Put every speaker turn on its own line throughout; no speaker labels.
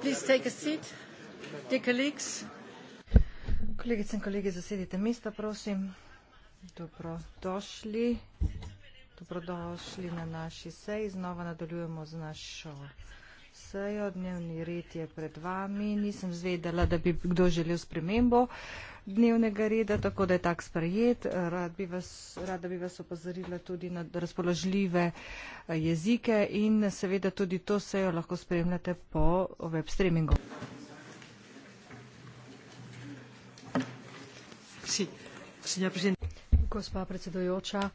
Please take a seat. Dear colleagues.
Kolegice in kolege, zasedite mesta, prosim. Dobrodošli. Dobrodošli na naši seji. Znova nadaljujemo z našo sejo, dnevni red je pred vami. Nisem zvedela, da bi kdo želel spremembo dnevnega reda, tako da je tak sprejet. Rad bi vas, rada bi vas opozorila tudi na razpoložljive eh, jezike in seveda tudi to sejo lahko spremljate po web streamingu. Si,
Gospa predsedujoča,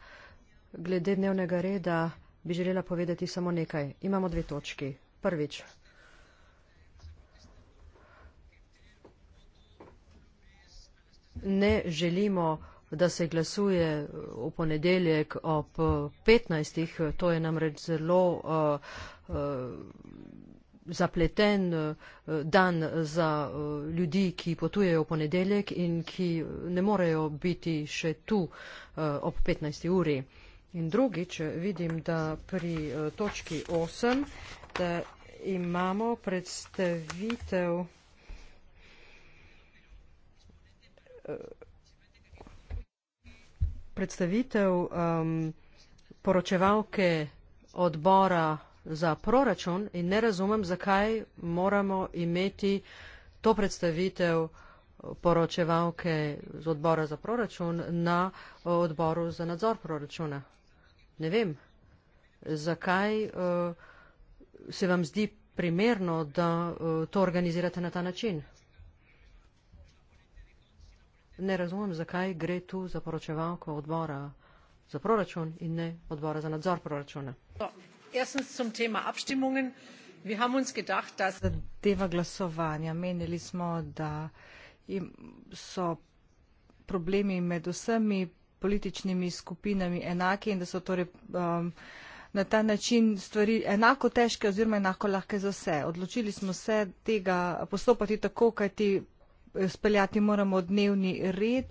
glede dnevnega reda bi želela povedati samo nekaj. Imamo dve točki prvič. Ne želimo, da se glasuje v ponedeljek ob 15. To je namreč zelo uh, uh, zapleten eh, dan za ljudi, ki potujejo v ponedeljek in ki ne morejo biti še tu ob 15. uri. In drugič vidim, da pri točki 8, da imamo predstavitev predstavitev um, poročevalke odbora za proračun in ne razumem, zakaj moramo imeti to predstavitev poročevalke z odbora za proračun na odboru za nadzor proračuna. Ne vem, zakaj uh, se vam zdi primerno, da eh, to organizirate na ta način? Ne razumem, zakaj gre tu za poročevalko odbora za proračun in ne odbora za nadzor proračuna.
Zadeva
glasovanja. Menili smo, da so problemi med vsemi političnimi skupinami enake in da so torej um, na ta način stvari enako težke oziroma enako lahke za vse. Odločili smo se tega postopati tako, kajti eh, speljati moramo dnevni red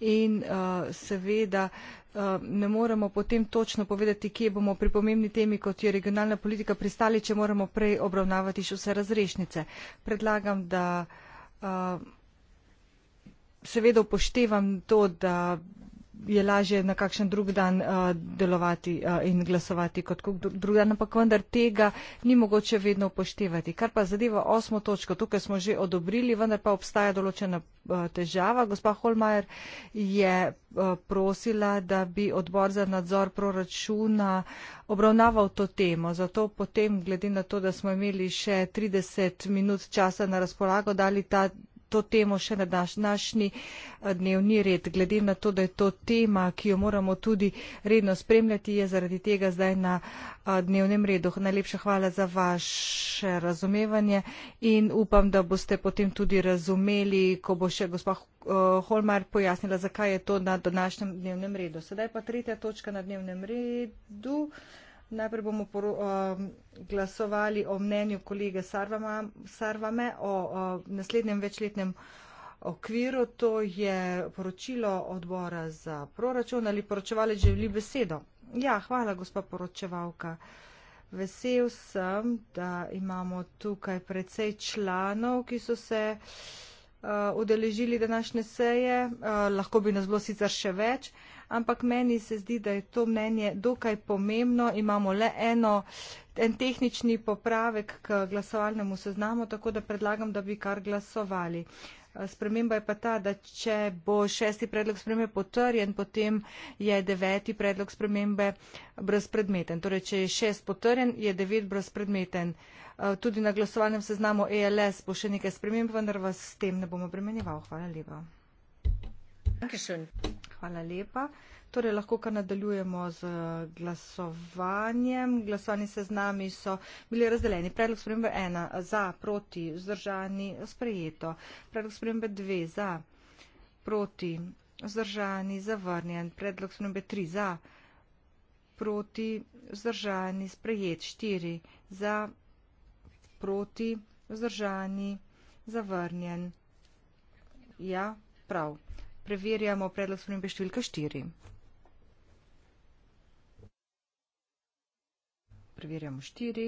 in uh, seveda uh, ne moremo potem točno povedati, kje bomo pri pomembni temi, kot je regionalna politika, pristali, če moramo prej obravnavati še vse razrešnice. Predlagam, da. Uh, Seveda upoštevam to, da je lažje na kakšen drug dan uh, delovati uh, in glasovati kot drug dan, ampak vendar tega ni mogoče vedno upoštevati. Kar pa zadeva osmo točko, tukaj smo že odobrili, vendar pa obstaja določena uh, težava. Gospa Holmajer je uh, prosila, da bi odbor za nadzor proračuna obravnaval to temo. Zato potem, glede na to, da smo imeli še 30 minut časa na razpolago, dali ta to temo še na današnji eh, dnevni red. Glede na to, da je to tema, ki jo moramo tudi redno spremljati, je zaradi tega zdaj na eh, dnevnem redu. Najlepša hvala za vaše razumevanje in upam, da boste potem tudi razumeli, ko bo še gospa eh, Holmar pojasnila, zakaj je to na današnjem dnevnem redu. Sedaj pa tretja točka na dnevnem redu. Najprej bomo poru, uh, eh, glasovali o mnenju kolege Sarvama, Sarvame o uh, naslednjem večletnem okviru. To je poročilo odbora za proračun ali poročevalec želi besedo. Ja, hvala, gospa poročevalka. Vesel sem, da imamo tukaj precej članov, ki so se uh, udeležili današnje seje. Uh, lahko bi nas bilo sicer še več. Uh, ampak meni se zdi, da je to mnenje dokaj pomembno. Imamo le eno, en tehnični popravek k glasovalnemu seznamu, tako da predlagam, da bi kar glasovali. Eh, sprememba je pa ta, da če bo šesti predlog spremembe potrjen, potem je deveti predlog spremembe brezpredmeten. Torej, če je šest potrjen, je devet brezpredmeten. Eh, tudi na glasovalnem seznamu ELS bo še nekaj sprememb, vendar vas s tem ne bomo bremenjeval. Hvala lepa. Hvala lepa. Torej lahko kar nadaljujemo z eh, glasovanjem. Glasovanje se z nami so bili razdeljeni. Predlog spremembe 1 za, proti, vzdržani, sprejeto. Predlog spremembe 2 za, proti, vzdržani, zavrnjen. Predlog spremembe 3 za, proti, vzdržani, sprejet. 4 za, proti, vzdržani, zavrnjen. Ja, prav preverjamo predlog spremembe številka 4. Preverjamo 4.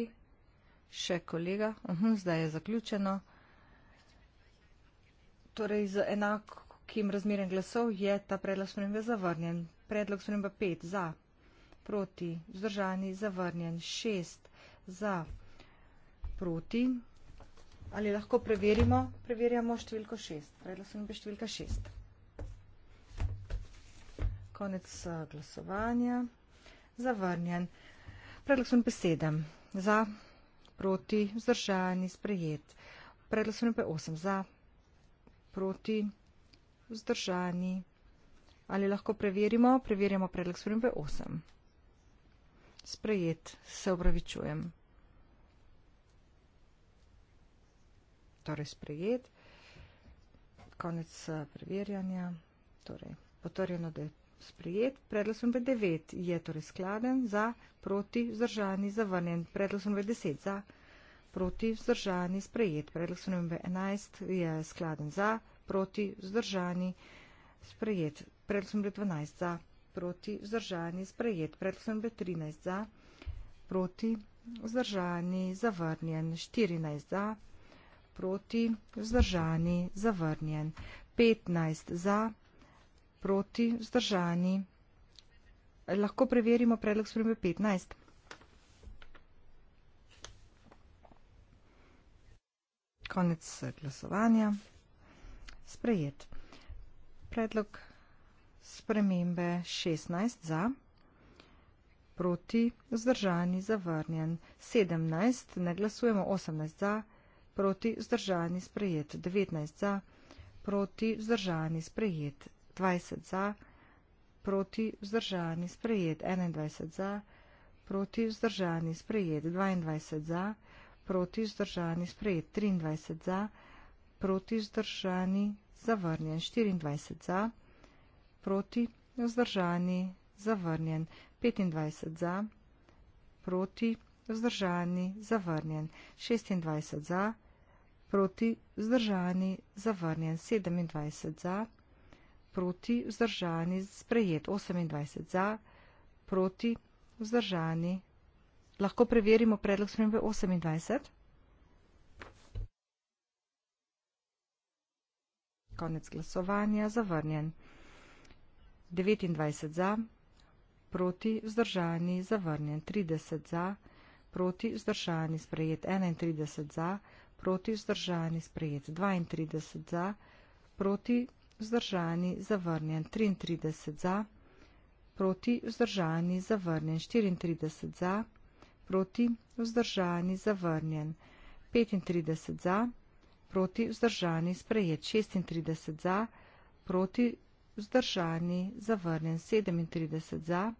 Še kolega. Uhum, zdaj je zaključeno. Torej, z enakim razmerjem glasov je ta predlog spremembe zavrnjen. Predlog spremembe 5 za, proti, vzdržani, zavrnjen. 6 za, proti. Ali lahko preverimo? Preverjamo številko 6. Predlog spremembe številka 6. Konec eh, glasovanja. Zavrnjen. Predlog sem besedem. Za, proti, vzdržani, sprejet. Predlog sem pa osem. Za, proti, vzdržani. Ali lahko preverimo? Preverjamo predlog sem pa osem. Sprejet. Se upravičujem. Torej, sprejet. Konec eh, preverjanja. Torej, potrjeno, da je sprejet. Predlog SNV 9 je torej skladen za proti vzdržani zavrnjen. Predlog SNV 10 za proti vzdržani sprejet. Predlog SNV 11 je skladen za proti vzdržani sprejet. Predlog SNV 12 za proti vzdržani sprejet. Predlog SNV 13 za proti vzdržani zavrnjen. 14 za proti vzdržani zavrnjen. 15 za proti vzdržani zavrnjen proti vzdržani. Lahko preverimo predlog spremembe 15. Konec glasovanja. Sprejet. Predlog spremembe 16 za, proti vzdržani, zavrnjen. 17, ne glasujemo, 18 za, proti vzdržani, sprejet. 19 za, proti vzdržani, sprejet. 20 za, proti vzdržani sprejet, 21 za, proti vzdržani sprejet, 22 za, proti vzdržani sprejet, 23 za, proti vzdržani zavrnjen, 24 za, proti vzdržani zavrnjen, 25 za, proti vzdržani zavrnjen, 26 za, proti vzdržani zavrnjen, 27 za, proti, vzdržani, sprejet 28 za, proti, vzdržani. Lahko preverimo predlog spremembe 28. Konec glasovanja, zavrnjen. 29 za, proti, vzdržani, zavrnjen. 30 za, proti, vzdržani, sprejet 31 za, proti, vzdržani, sprejet 32 za, proti, vzdržani, sprejet 32 za, vzdržani, zavrnjen, 33 za, proti, vzdržani, zavrnjen, 34 za, proti, vzdržani, zavrnjen, 35 za, proti, vzdržani, sprejet, 36 za, proti, vzdržani, zavrnjen, 37 za,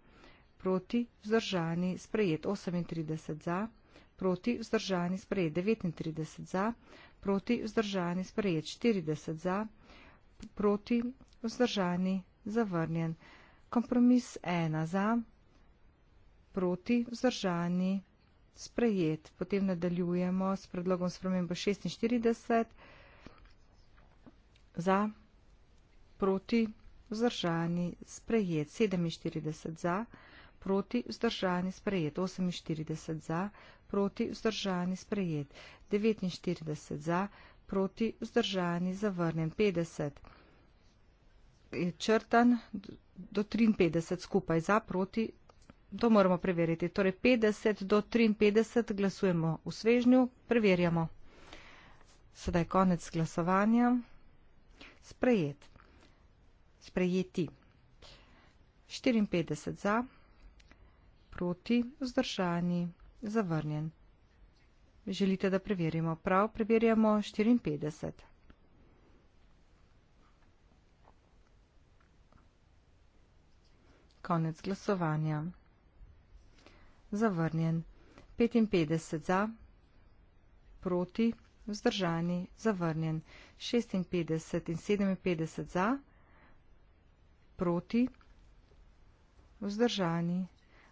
proti, vzdržani, sprejet, 38 za, proti, vzdržani, sprejet, 39 za, proti, vzdržani, sprejet, 40 za, proti, proti, vzdržani, zavrnjen. Kompromis ena za, proti, vzdržani, sprejet. Potem nadaljujemo s predlogom spremembo 46 za, proti, vzdržani, sprejet. 47 za, proti, vzdržani, sprejet. 48 za, proti, vzdržani, sprejet. 49 za, proti vzdržani zavrnjen 50. Je črtan do 53 skupaj za proti. To moramo preveriti. Torej 50 do 53 glasujemo v svežnju, preverjamo. Sedaj je konec glasovanja. Sprejet. Sprejeti. 54 za, proti, vzdržani, zavrnjen Želite, da preverimo? Prav, preverjamo 54. Konec glasovanja. Zavrnjen. 55 za, proti, vzdržani, zavrnjen. 56 in 57 za, proti, vzdržani.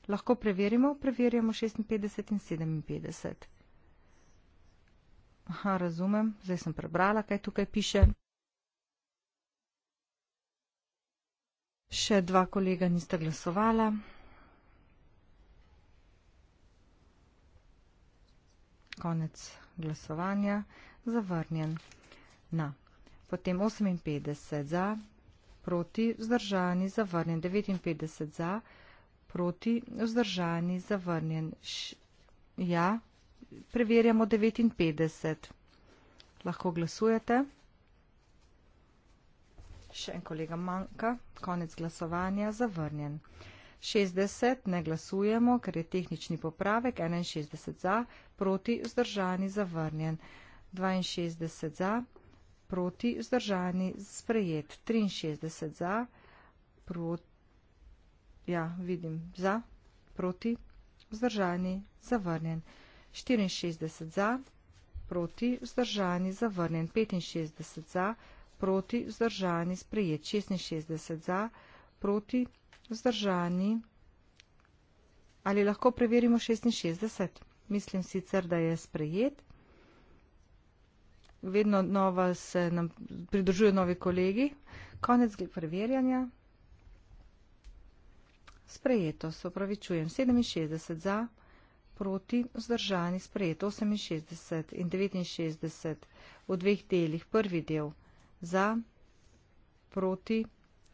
Lahko preverimo? Preverjamo 56 in 57. Aha, razumem, zdaj sem prebrala, kaj tukaj piše. Še dva kolega nista glasovala. Konec glasovanja, zavrnjen. Na. Potem 58 za, proti, vzdržani, zavrnjen. 59 za, proti, vzdržani, zavrnjen. Š ja, preverjamo 59. Lahko glasujete. Še en kolega manjka. Konec glasovanja. Zavrnjen. 60. Ne glasujemo, ker je tehnični popravek. 61 za, proti, vzdržani, zavrnjen. 62 za, proti, vzdržani, sprejet. 63 za, proti, ja, vidim, za, proti, vzdržani, zavrnjen. 64 za, proti vzdržani, zavrnjen 65 za, proti vzdržani, sprejet 66 za, proti vzdržani. Ali lahko preverimo 66? Mislim sicer, da je sprejet. Vedno nova se nam pridružuje novi kolegi. Konec preverjanja. Sprejeto, se opravičujem. 67 za, proti vzdržani proti vzdržani sprejet 68 in 69 v dveh delih. Prvi del za, proti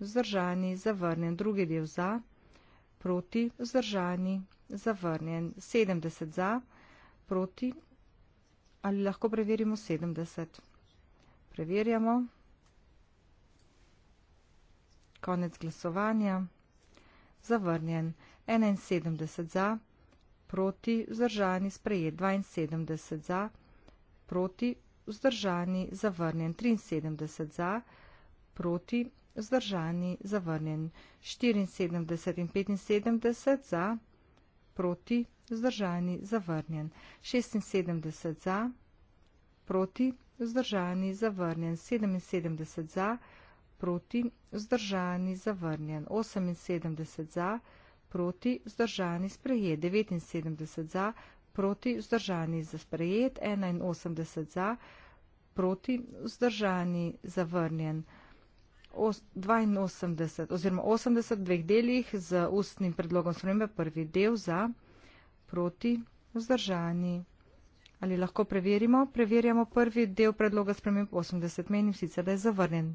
vzdržani, zavrnjen. Drugi del za, proti vzdržani, zavrnjen. 70 za, proti ali lahko preverimo 70. Preverjamo. Konec glasovanja. Zavrnjen. 71 za, proti vzdržani, zavrnjen proti vzdržani sprejet 72 za, proti vzdržani zavrnjen 73 za, proti vzdržani zavrnjen 74 in 75 za, proti vzdržani zavrnjen 76 za, proti vzdržani zavrnjen 77 za, proti vzdržani zavrnjen 78 za, proti proti, vzdržani sprejet, 79 za, proti, vzdržani za sprejet, 81 za, proti, vzdržani zavrnjen. 82 oziroma 80 dveh delih z ustnim predlogom spremembe prvi del za proti vzdržani. Ali lahko preverimo? Preverjamo prvi del predloga spremembe 80 menim sicer, da je zavrnjen.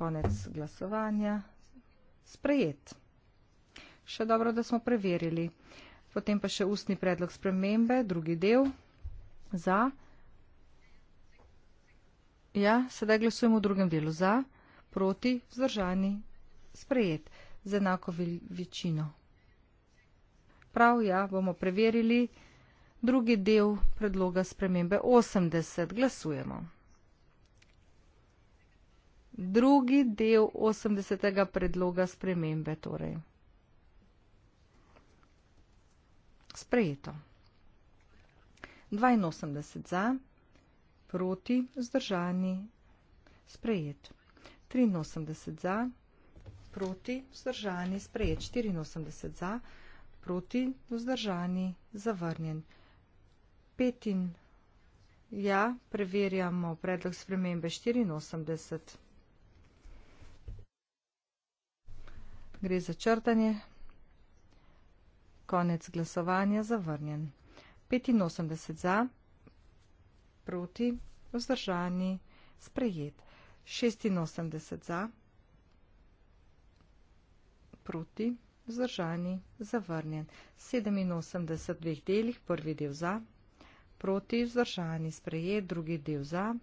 konec glasovanja. Sprejet. Še dobro, da smo preverili. Potem pa še ustni predlog spremembe, drugi del. Za. Ja, sedaj glasujemo v drugem delu. Za, proti, vzdržani, sprejet. Z enako večino. Prav, ja, bomo preverili. Drugi del predloga spremembe 80. Glasujemo drugi del 80. predloga spremembe. Torej. Sprejeto. 82 za, proti, zdržani, sprejet. 83 za, proti, zdržani, sprejet. 84 za, proti, zdržani, zavrnjen. 5 in ja, preverjamo predlog spremembe 84. gre za črtanje. Konec glasovanja zavrnjen. 85 za, proti, vzdržani, sprejet. 86 za, proti, vzdržani, zavrnjen. 87 v dveh delih, prvi del za, proti, vzdržani, sprejet, drugi del za,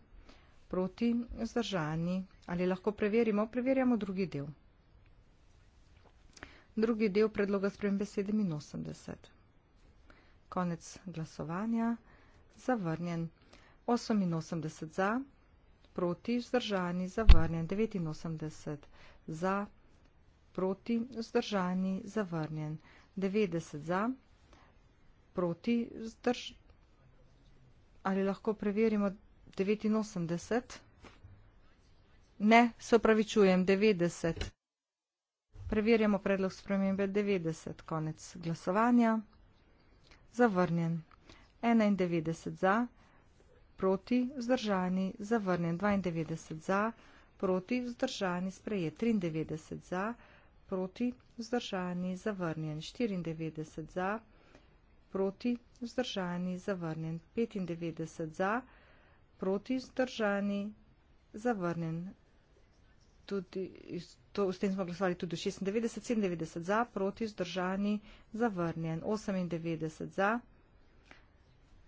proti, vzdržani. Ali lahko preverimo? Preverjamo drugi del. Drugi del predloga spremembe 87. Konec glasovanja. Zavrnjen. 88 za, proti, zdržani, zavrnjen. 89 za, proti, zdržani, zavrnjen. 90 za, proti, zdržani. Ali lahko preverimo 89? Ne, se opravičujem, 90. Preverjamo predlog spremembe 90. Konec glasovanja. Zavrnjen. 91 za, proti, vzdržani, zavrnjen. 92 za, proti, vzdržani, sprejet. 93 za, proti, vzdržani, zavrnjen. 94 za, proti, vzdržani, zavrnjen. 95 za, proti, vzdržani, zavrnjen tudi, to, s tem smo glasovali tudi 96, 97 za, proti, zdržani, zavrnjen, 98 za.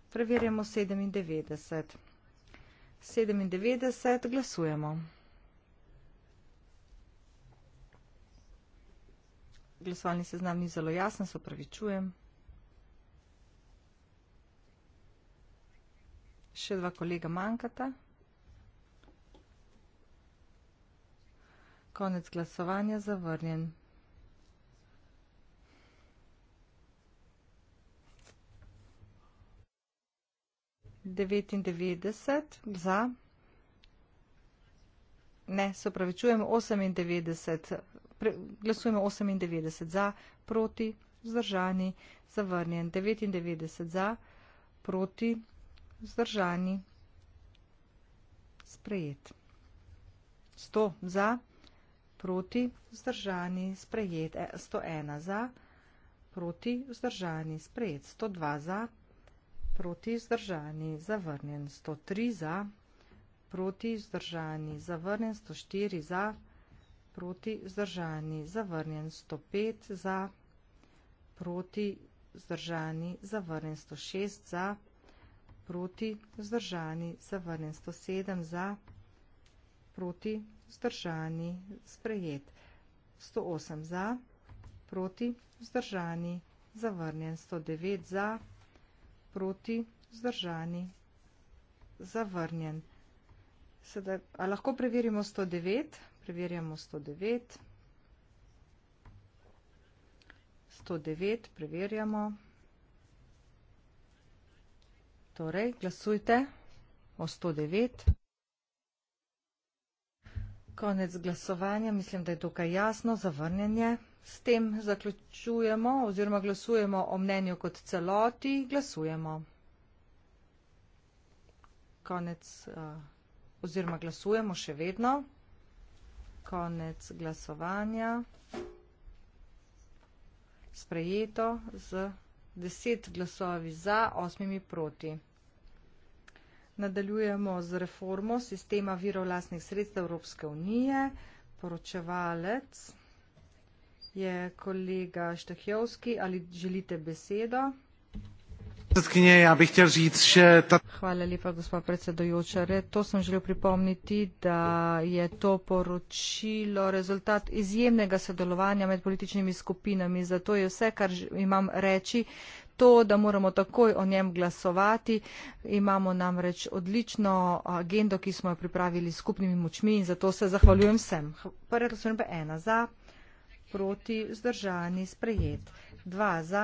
Preverjamo 97. 97 glasujemo. Glasovalni seznam ni zelo jasen, se pravi čujem. Še dva kolega manjkata. Konec glasovanja zavrnjen. Devetindevetdeset za. Ne, se opravičujem, osemindevetdeset. Glasujemo osemindevetdeset za, proti, vzdržani, zavrnjen. Devetindevetdeset za, proti, vzdržani, sprejet. Sto za proti, vzdržani, sprejet, 101 e, za, proti, vzdržani, sprejet, 102 za, proti, vzdržani, zavrnjen, 103 za, proti, vzdržani, zavrnjen, 104 za, proti, vzdržani, zavrnjen, 105 za, proti, vzdržani, zavrnjen, 106 za, proti, vzdržani, zavrnjen, 107 za, proti, vzdržani, zavrnjen, 107 za, proti, vzdržani, sprejet. 108 za, proti, vzdržani, zavrnjen. 109 za, proti, vzdržani, zavrnjen. Sedaj, a lahko preverimo 109? Preverjamo 109. 109 preverjamo. Torej, glasujte o 109. Konec glasovanja. Mislim, da je tukaj jasno zavrnjenje. S tem zaključujemo oziroma glasujemo o mnenju kot celoti. Glasujemo. Konec eh, oziroma glasujemo še vedno. Konec glasovanja. Sprejeto z deset glasovi za, osmimi proti. Nadaljujemo z reformo sistema virovlasnih sredstev Evropske unije. Poročevalec je kolega Štehjovski. Ali želite besedo?
Ja bi říct, že ta...
Hvala lepa, gospa predsedojoča. To sem želel pripomniti, da je to poročilo rezultat izjemnega sodelovanja med političnimi skupinami. Zato je vse, kar imam reči, to, da moramo takoj o njem glasovati. Imamo namreč odlično agendo, ki smo jo pripravili skupnimi močmi in zato se zahvaljujem vsem. Prva glasovanja je ena za, proti, zdržani, sprejet. Dva za,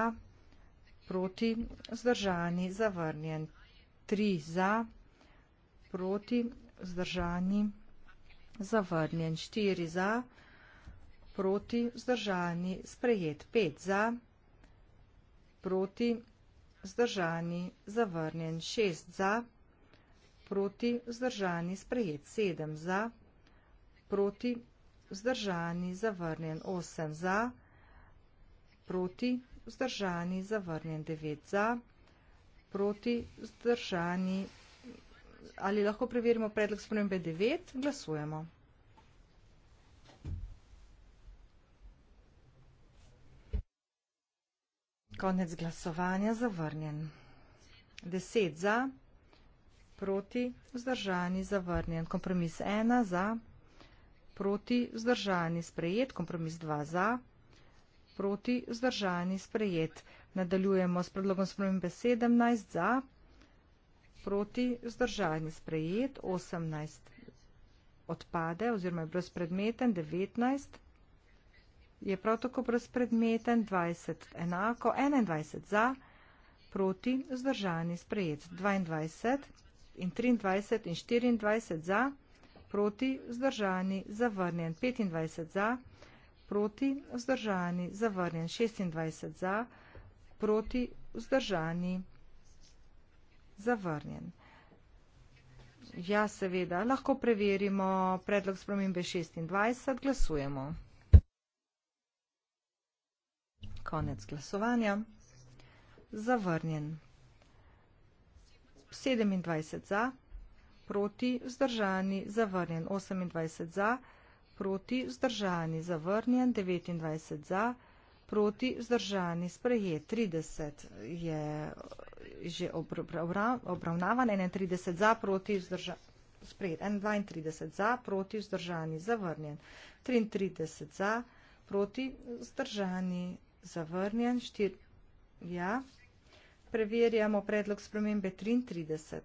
proti, zdržani, zavrnjen. Tri za, proti, zdržani, zavrnjen. Štiri za, proti, zdržani, sprejet. Pet za, proti, zdržani, sprejet proti, vzdržani, zavrnjen, šest za, proti, vzdržani, sprejet, sedem za, proti, vzdržani, zavrnjen, osem za, proti, vzdržani, zavrnjen, devet za, proti, vzdržani, ali lahko preverimo predlog spremembe devet, glasujemo. 9. Konec glasovanja zavrnjen. Deset za, proti, vzdržani, zavrnjen. Kompromis ena za, proti, vzdržani, sprejet. Kompromis dva za, proti, vzdržani, sprejet. Nadaljujemo s predlogom spremembe 17 za, proti, vzdržani, sprejet. 18 odpade oziroma je brezpredmeten, 19 za je prav tako brezpredmeten, 20 enako, 21 za, proti, vzdržani, sprejet, 22 in 23 in 24 za, proti, vzdržani, zavrnjen, 25 za, proti, vzdržani, zavrnjen, 26 za, proti, vzdržani, zavrnjen. Ja, seveda, lahko preverimo predlog spremembe 26, glasujemo. Konec glasovanja. Zavrnjen. 27 za, proti, vzdržani, zavrnjen. 28 za, proti, vzdržani, zavrnjen. 29 za, proti, vzdržani, sprejet. 30 je že obravnavan. 31 za, proti, vzdržani. Sprejet 32 za, proti vzdržani, zavrnjen. 33 za, proti vzdržani, zavrnjen. Štir... Ja. Preverjamo predlog spremembe 33.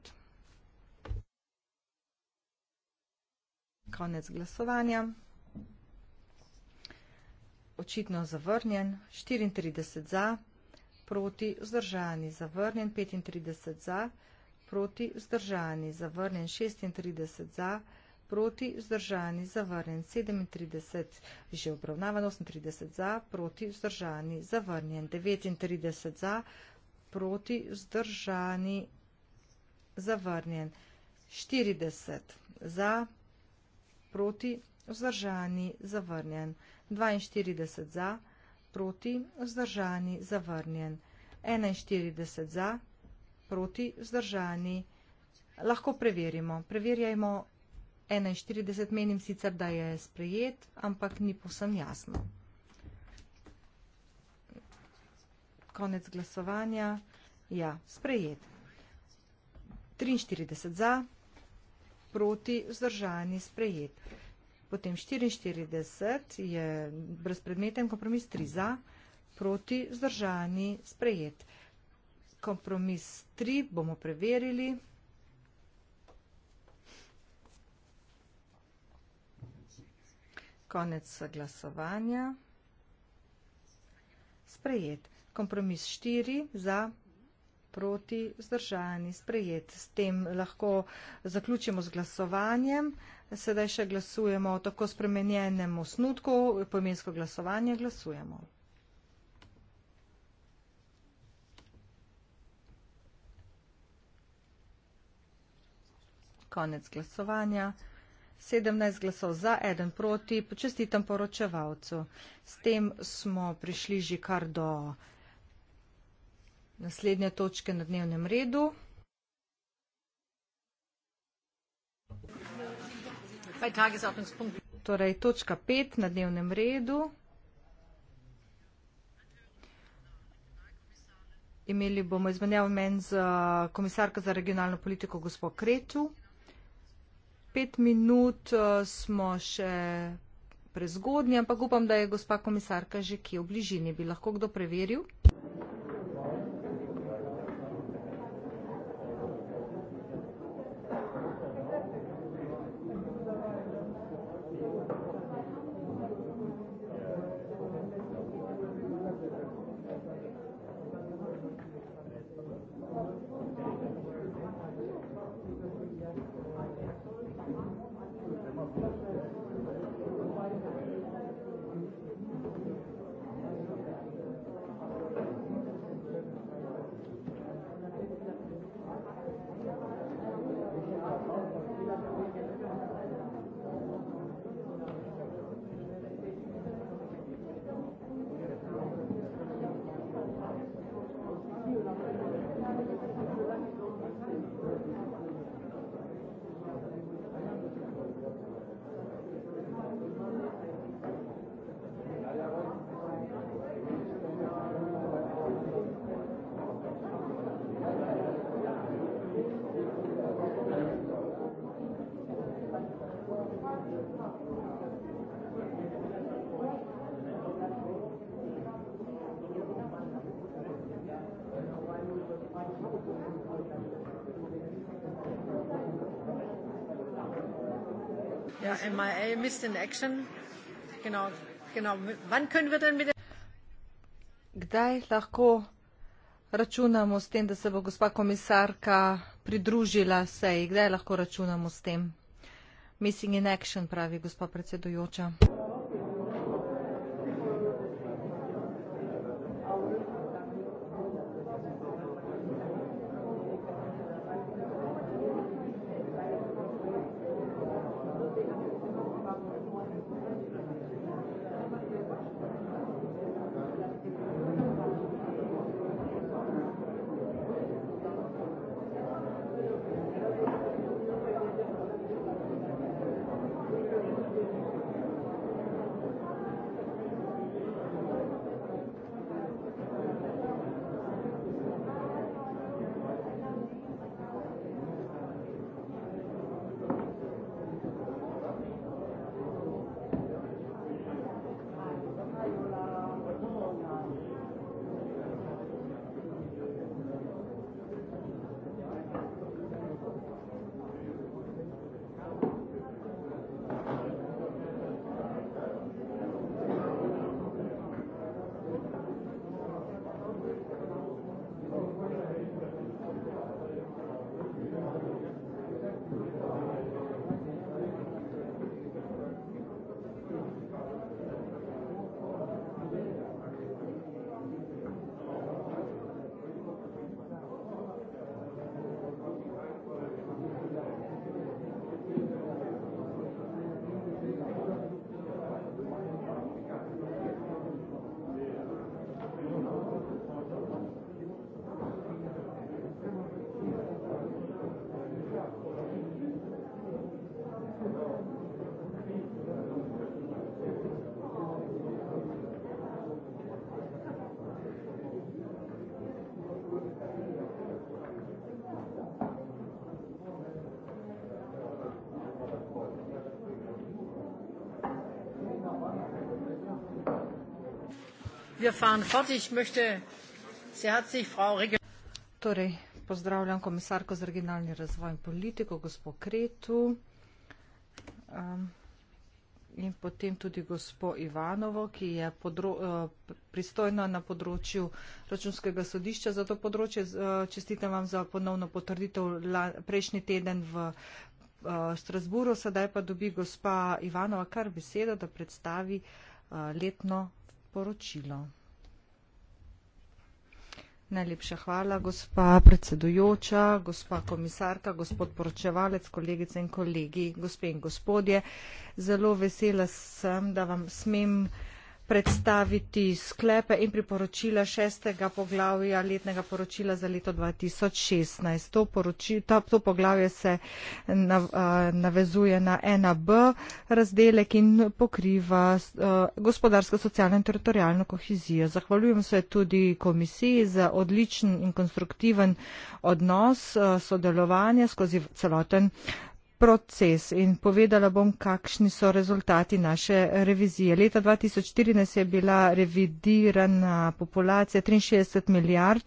Konec glasovanja. Očitno zavrnjen. 34 za, proti vzdržani zavrnjen. 35 za, proti vzdržani zavrnjen. 36 za, proti vzdržani zavrnjen proti, vzdržani, zavrnjen, 37, že obravnavan, 38 za, proti, vzdržani, zavrnjen, 39 za, proti, vzdržani, zavrnjen, 40 za, proti, vzdržani, zavrnjen, 42 za, proti, vzdržani, zavrnjen, 41 za, proti, vzdržani, lahko preverimo, preverjajmo 41 menim sicer, da je sprejet, ampak ni povsem jasno. Konec glasovanja. Ja, sprejet. 43 za, proti vzdržani sprejet. Potem 44 je brezpredmeten kompromis 3 za, proti vzdržani sprejet. Kompromis 3 bomo preverili. Konec glasovanja. Sprejet. Kompromis štiri za proti zdržani sprejet. S tem lahko zaključimo z glasovanjem. Sedaj še glasujemo o tako spremenjenem osnutku. Pojmensko glasovanje glasujemo. Konec glasovanja. 17 glasov za, eden proti, počestitam poročevalcu. S tem smo prišli že kar do naslednje točke na dnevnem redu. Torej, točka 5 na dnevnem redu. Imeli bomo izmenjav men z eh, komisarko za regionalno politiko gospod Kretu pet minut eh, smo še prezgodnji, ampak upam, da je gospa komisarka že kje v bližini. Bi lahko kdo preveril?
missed in action. Genau,
genau. Wann können wir denn mit Kdaj lahko računamo s tem, da se bo gospa komisarka pridružila seji? Kdaj lahko računamo s tem? Missing in action, pravi gospa predsedujoča. Torej, pozdravljam komisarko za regionalni razvoj in politiko, gospod Kretu, um, in potem tudi gospod Ivanovo, ki je podro, uh, pristojna na področju računskega sodišča za to področje. Uh, čestitam vam za ponovno potrditev la, prejšnji teden v uh, eh, Strasburu, sedaj pa dobi gospa Ivanova kar besedo, da predstavi uh, letno poročilo. Najlepša hvala, gospa predsedujoča, gospa komisarka, gospod poročevalec, kolegice in kolegi, gospe in gospodje. Zelo vesela sem, da vam smem uh, predstaviti sklepe in priporočila šestega poglavja letnega poročila za leto 2016. To, poroči, ta, to poglavje se nav, navezuje na 1B razdelek in pokriva uh, gospodarsko, socialno in teritorijalno kohezijo. Zahvaljujem se tudi komisiji za odličen in konstruktiven odnos uh, sodelovanja skozi celoten uh, proces in povedala bom, kakšni so rezultati naše revizije. Leta 2014 je bila revidirana populacija 63 milijard.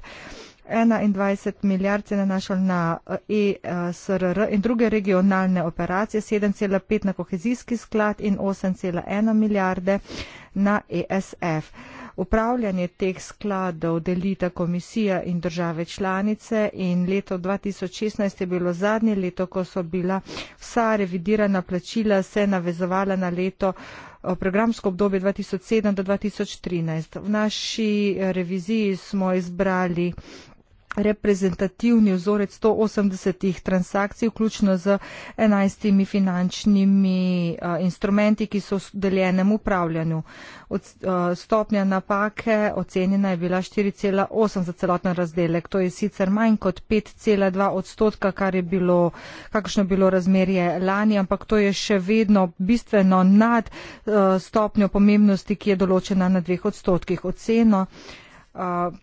21 milijard se nanašal na ESRR eh, e in druge regionalne operacije, 7,5 na kohezijski sklad in 8,1 milijarde na ESF. Uh, Upravljanje teh skladov delita komisija in države članice in leto 2016 je bilo zadnje leto, ko so bila vsa revidirana plačila se navezovala na leto eh, programsko obdobje 2007 do 2013. V naši eh, reviziji smo izbrali reprezentativni vzorec 180 transakcij, vključno z 11 finančnimi uh, instrumenti, ki so v deljenem upravljanju. Od, uh, stopnja napake ocenjena je bila 4,8 za celotno razdelek. To je sicer manj kot 5,2 odstotka, kar je bilo, kakšno je bilo razmerje lani, ampak to je še vedno bistveno nad uh, stopnjo pomembnosti, ki je določena na dveh odstotkih. Oceno uh,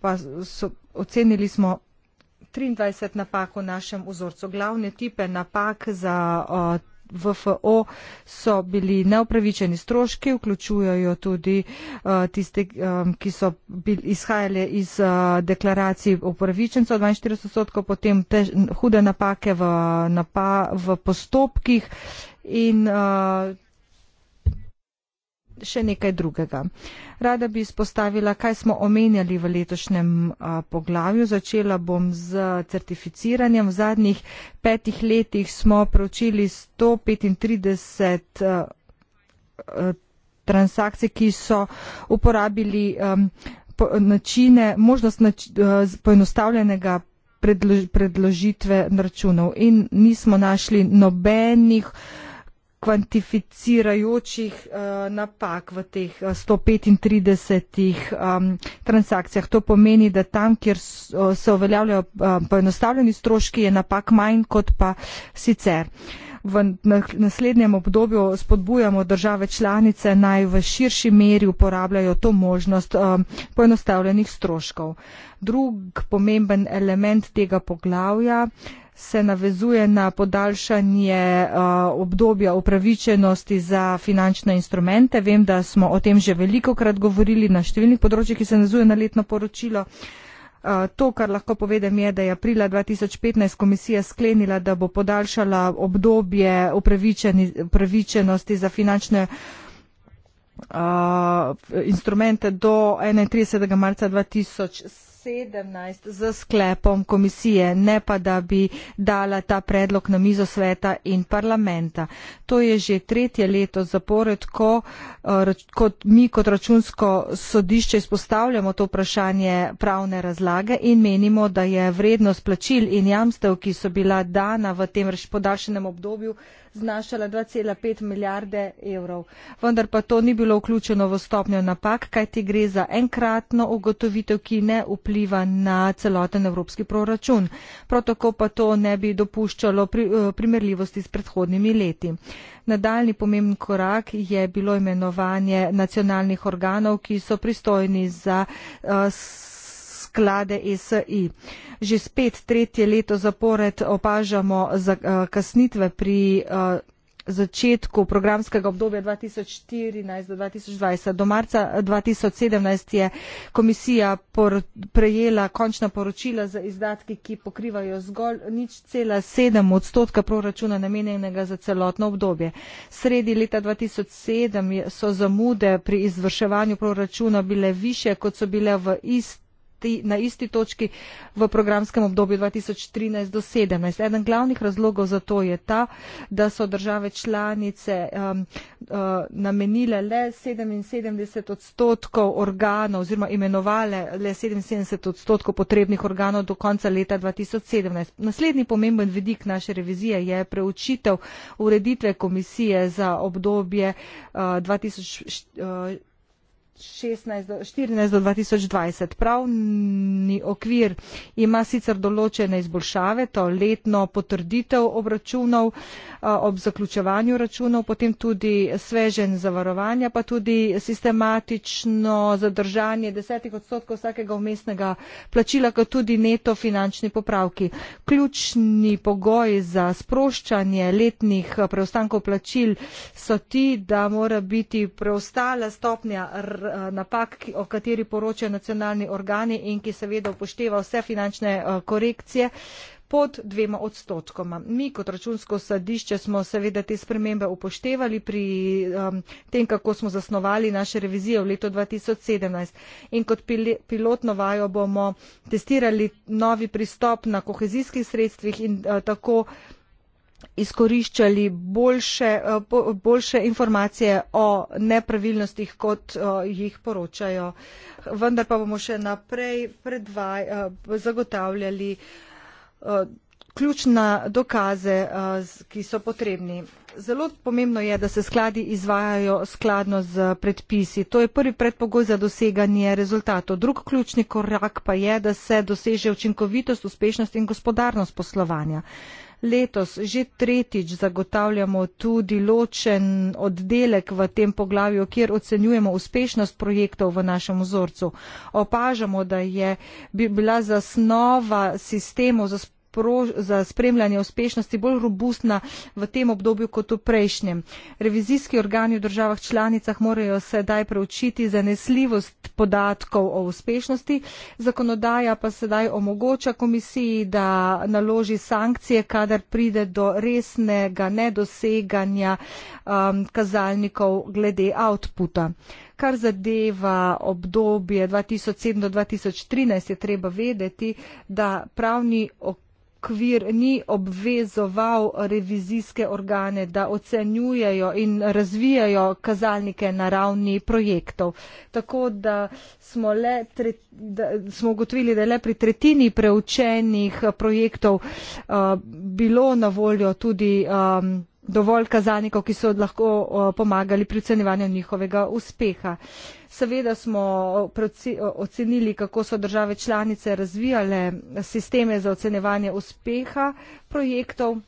pa so ocenili smo 23 napak v našem vzorcu. Glavne tipe napak za uh, VFO so bili neupravičeni stroški, vključujejo tudi uh, tiste, um, ki so bil, izhajale iz uh, deklaracij upravičencev 42 odstotkov, potem tež, hude napake v, napa, v postopkih in. Uh, še nekaj drugega. Rada bi izpostavila, kaj smo omenjali v letošnjem a, poglavju. Začela bom z certificiranjem. V zadnjih petih letih smo pročili 135 a, a, transakcij, ki so uporabili a, po, načine, možnost nač, a, poenostavljenega predlož, predložitve računov in nismo našli nobenih kvantificirajočih uh, napak v teh 135 eh, um, transakcijah. To pomeni, da tam, kjer so, se uveljavljajo uh, poenostavljeni stroški, je napak manj kot pa sicer. V naslednjem obdobju spodbujamo države članice naj v širši meri uporabljajo to možnost um, poenostavljenih stroškov. Drug pomemben element tega poglavja se navezuje na podaljšanje uh, obdobja upravičenosti za finančne instrumente. Vem, da smo o tem že veliko krat govorili na številnih področjih, ki se navezuje na letno poročilo. Uh, to, kar lahko povedem, je, da je aprila 2015 komisija sklenila, da bo podaljšala obdobje upravičenosti za finančne uh, instrumente do 31. marca 2017 sedemnajst z sklepom komisije, ne pa da bi dala ta predlog na mizo sveta in parlamenta. To je že tretje leto zapored, ko eh, kot mi kot računsko sodišče izpostavljamo to vprašanje pravne razlage in menimo, da je vrednost plačil in jamstev, ki so bila dana v tem podaljšanem obdobju, znašala 2,5 milijarde evrov. Vendar pa to ni bilo vključeno v stopnjo napak, kaj ti gre za enkratno ugotovitev, ki ne vpliva na celoten evropski proračun. Prav tako pa to ne bi dopuščalo pri, eh, primerljivosti s predhodnimi leti. Nadaljni pomemben korak je bilo imenovanje nacionalnih organov, ki so pristojni za uh, sklade ESI. Že spet tretje leto zapored opažamo za, uh, kasnitve pri uh, začetku programskega obdobja 2014-2020. Do marca 2017 je komisija por, prejela končna poročila za izdatki, ki pokrivajo zgolj nič cela sedem odstotka proračuna namenjenega za celotno obdobje. Sredi leta 2007 so zamude pri izvrševanju proračuna bile više, kot so bile v ist ti, na isti točki v programskem obdobju 2013 do 2017. Eden glavnih razlogov za to je ta, da so države članice um, uh, namenile le 77 odstotkov organov oziroma imenovale le 77 odstotkov potrebnih organov do konca leta 2017. Naslednji pomemben vidik naše revizije je preučitev ureditve komisije za obdobje uh, 2014. 2014 do 2020. Pravni okvir ima sicer določene izboljšave, to letno potrditev obračunov ob zaključevanju računov, potem tudi svežen zavarovanja, pa tudi sistematično zadržanje desetih odstotkov vsakega umestnega plačila, kot tudi neto finančni popravki. Ključni pogoj za sproščanje letnih preostankov plačil so ti, da mora biti preostala stopnja r Eh, napak, o kateri poročajo nacionalni organi in ki seveda upošteva vse finančne eh, korekcije pod dvema odstotkoma. Mi kot računsko sadišče smo seveda te spremembe upoštevali pri um, tem, kako smo zasnovali naše revizije v letu 2017. In kot pil pilotno vajo bomo testirali novi pristop na kohezijskih sredstvih in uh, tako izkoriščali boljše, eh, boljše informacije o nepravilnostih, kot eh, jih poročajo. Vendar pa bomo še naprej predvaj, eh, zagotavljali ključna dokaze, ki so potrebni. Zelo pomembno je, da se skladi izvajajo skladno z predpisi. To je prvi predpogoj za doseganje rezultatov. Drug ključni korak pa je, da se doseže učinkovitost, uspešnost in gospodarnost poslovanja letos že tretjič zagotavljamo tudi ločen oddelek v tem poglavju, kjer ocenjujemo uspešnost projektov v našem vzorcu. Opažamo, da je bila zasnova sistemov za spoštovanje za spremljanje uspešnosti bolj robustna v tem obdobju kot v prejšnjem. Revizijski organi v državah članicah morajo sedaj preučiti zanesljivost podatkov o uspešnosti, zakonodaja pa sedaj omogoča komisiji, da naloži sankcije, kadar pride do resnega nedoseganja um, kazalnikov glede outputa. Kar zadeva obdobje 2007 do 2013, je treba vedeti, da pravni okvir okvir ni obvezoval revizijske organe, da ocenjujejo in razvijajo kazalnike na ravni projektov. Tako da smo, le, da smo ugotovili, da je le pri tretjini preučenih projektov uh, bilo na voljo tudi um, dovolj kazalnikov, ki so lahko pomagali pri ocenjevanju njihovega uspeha. Seveda smo ocenili, kako so države članice razvijale sisteme za ocenjevanje uspeha projektov,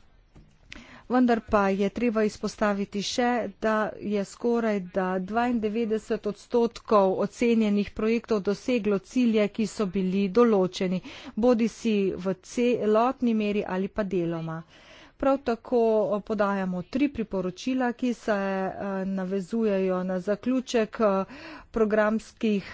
vendar pa je treba izpostaviti še, da je skoraj da 92 odstotkov ocenjenih projektov doseglo cilje, ki so bili določeni, bodi si v celotni meri ali pa deloma. Prav tako eh, podajamo tri priporočila, ki se eh, navezujejo na zaključek eh, programskih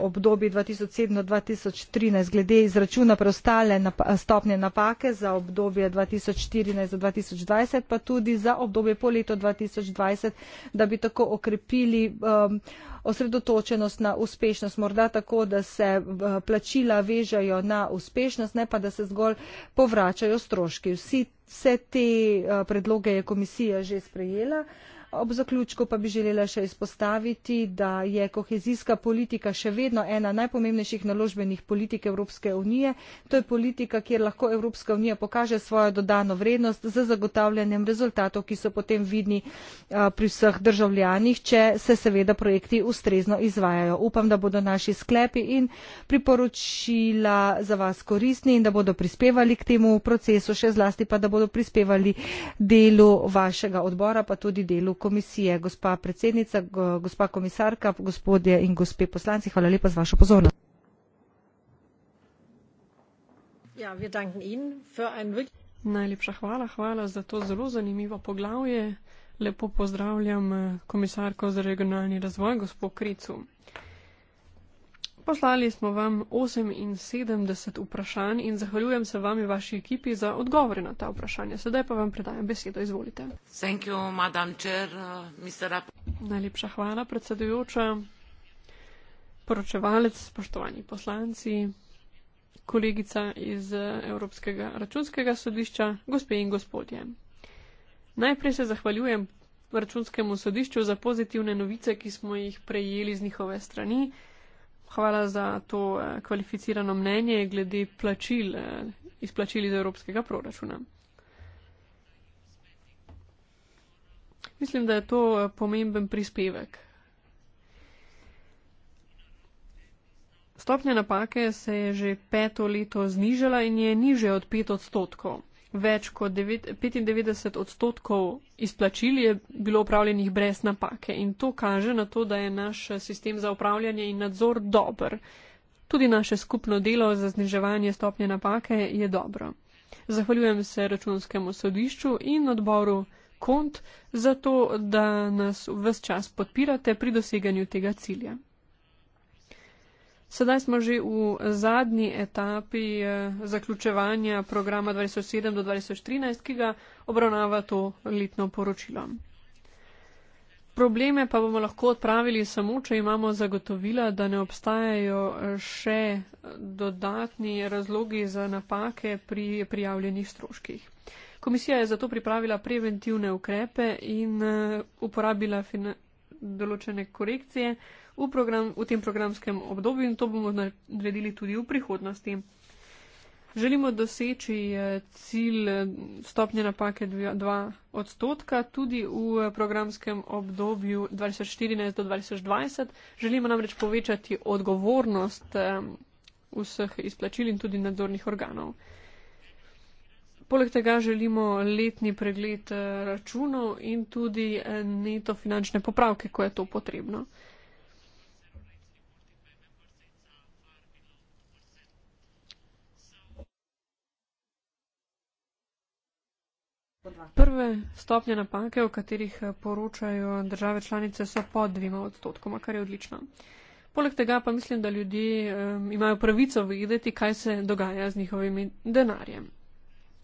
obdobij 2007-2013 glede izračuna preostale stopnje napake za obdobje 2014-2020, pa tudi za obdobje po leto 2020, da bi tako okrepili ehm, osredotočenost na uspešnost, morda tako, da se plačila vežajo na uspešnost, ne pa da se zgolj povračajo stroški. Vsi Vse te eh, predloge je komisija že sprejela. Ob zaključku pa bi želela še izpostaviti, da je kohezijska politika še vedno ena najpomembnejših naložbenih politik Evropske unije. To je politika, kjer lahko Evropska unija pokaže svojo dodano vrednost z zagotavljanjem rezultatov, ki so potem vidni pri vseh državljanih, če se seveda projekti ustrezno izvajajo. Upam, da bodo naši sklepi in priporočila za vas koristni in da bodo prispevali k temu procesu, še zlasti pa, da bodo prispevali delu vašega odbora, pa tudi delu komisije. Gospa predsednica, gospa komisarka, gospodje in gospe poslanci, hvala lepa za vašo pozornost.
Ja, Najlepša hvala, hvala za to zelo zanimivo poglavje. Lepo pozdravljam eh, komisarko za regionalni razvoj, gospod Kricu. Poslali smo vam 78 vprašanj in zahvaljujem se vam in vaši ekipi za odgovore na ta vprašanja. Sedaj pa vam predajam besedo. Izvolite.
You, Chair, uh,
Najlepša hvala, predsedujoča. Poročevalec, spoštovani poslanci, kolegica iz uh, Evropskega računskega sodišča, gospe in gospodje. Najprej se zahvaljujem računskemu sodišču za pozitivne novice, ki smo jih prejeli z njihove strani hvala za to eh, kvalificirano mnenje glede plačil, eh, izplačil iz evropskega proračuna. Mislim, da je to eh, pomemben prispevek. Stopnja napake se je že peto leto znižala in je niže od pet odstotkov. Več kot 95 odstotkov izplačil je bilo upravljenih brez napake in to kaže na to, da je naš sistem za upravljanje in nadzor dober. Tudi naše skupno delo za zniževanje stopnje napake je dobro. Zahvaljujem se računskemu sodišču in odboru KONT za to, da nas v vse čas podpirate pri doseganju tega cilja. Sedaj smo že v zadnji etapi eh, zaključevanja programa 2007 do 2013, ki ga obravnava to letno poročilo. Probleme pa bomo lahko odpravili samo, če imamo zagotovila, da ne obstajajo eh, še dodatni razlogi za napake pri prijavljenih stroških. Komisija je zato pripravila preventivne ukrepe in eh, uporabila določene korekcije v, program, v tem programskem obdobju in to bomo naredili tudi v prihodnosti. Želimo doseči eh, cilj eh, stopnje napake 2 odstotka tudi v eh, programskem obdobju 2014 do 2020. Želimo namreč povečati odgovornost vseh izplačil in tudi nadzornih organov. Poleg tega želimo letni pregled računov in tudi neto finančne popravke, ko je to potrebno. Prve stopnje napake, o katerih eh, poročajo države članice, so pod dvima odstotkoma, kar je odlično. Poleg tega pa mislim, da ljudje um, imajo pravico vedeti, kaj se dogaja z njihovimi denarjem.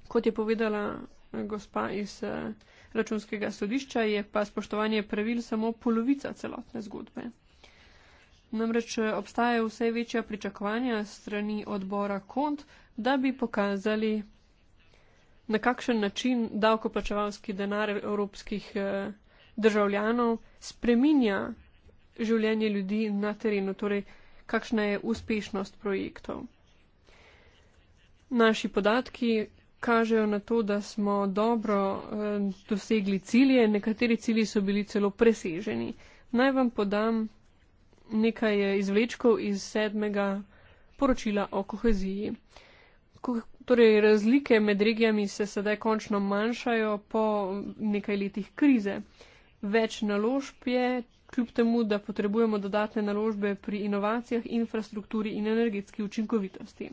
Kot je povedala eh, gospa iz eh, računskega sodišča, je pa spoštovanje pravil samo polovica celotne zgodbe. Namreč obstajajo vse večja pričakovanja strani odbora kont, da bi pokazali na kakšen način davkoplačevalski denar evropskih eh, državljanov spreminja življenje ljudi na terenu, torej kakšna je uspešnost projektov. Naši podatki kažejo na to, da smo dobro eh, dosegli cilje, nekateri cilji so bili celo preseženi. Naj vam podam nekaj eh, izvlečkov iz sedmega poročila o koheziji torej razlike med regijami se sedaj končno manjšajo po nekaj letih krize. Več naložb je, kljub temu, da potrebujemo dodatne naložbe pri inovacijah, infrastrukturi in energetski učinkovitosti.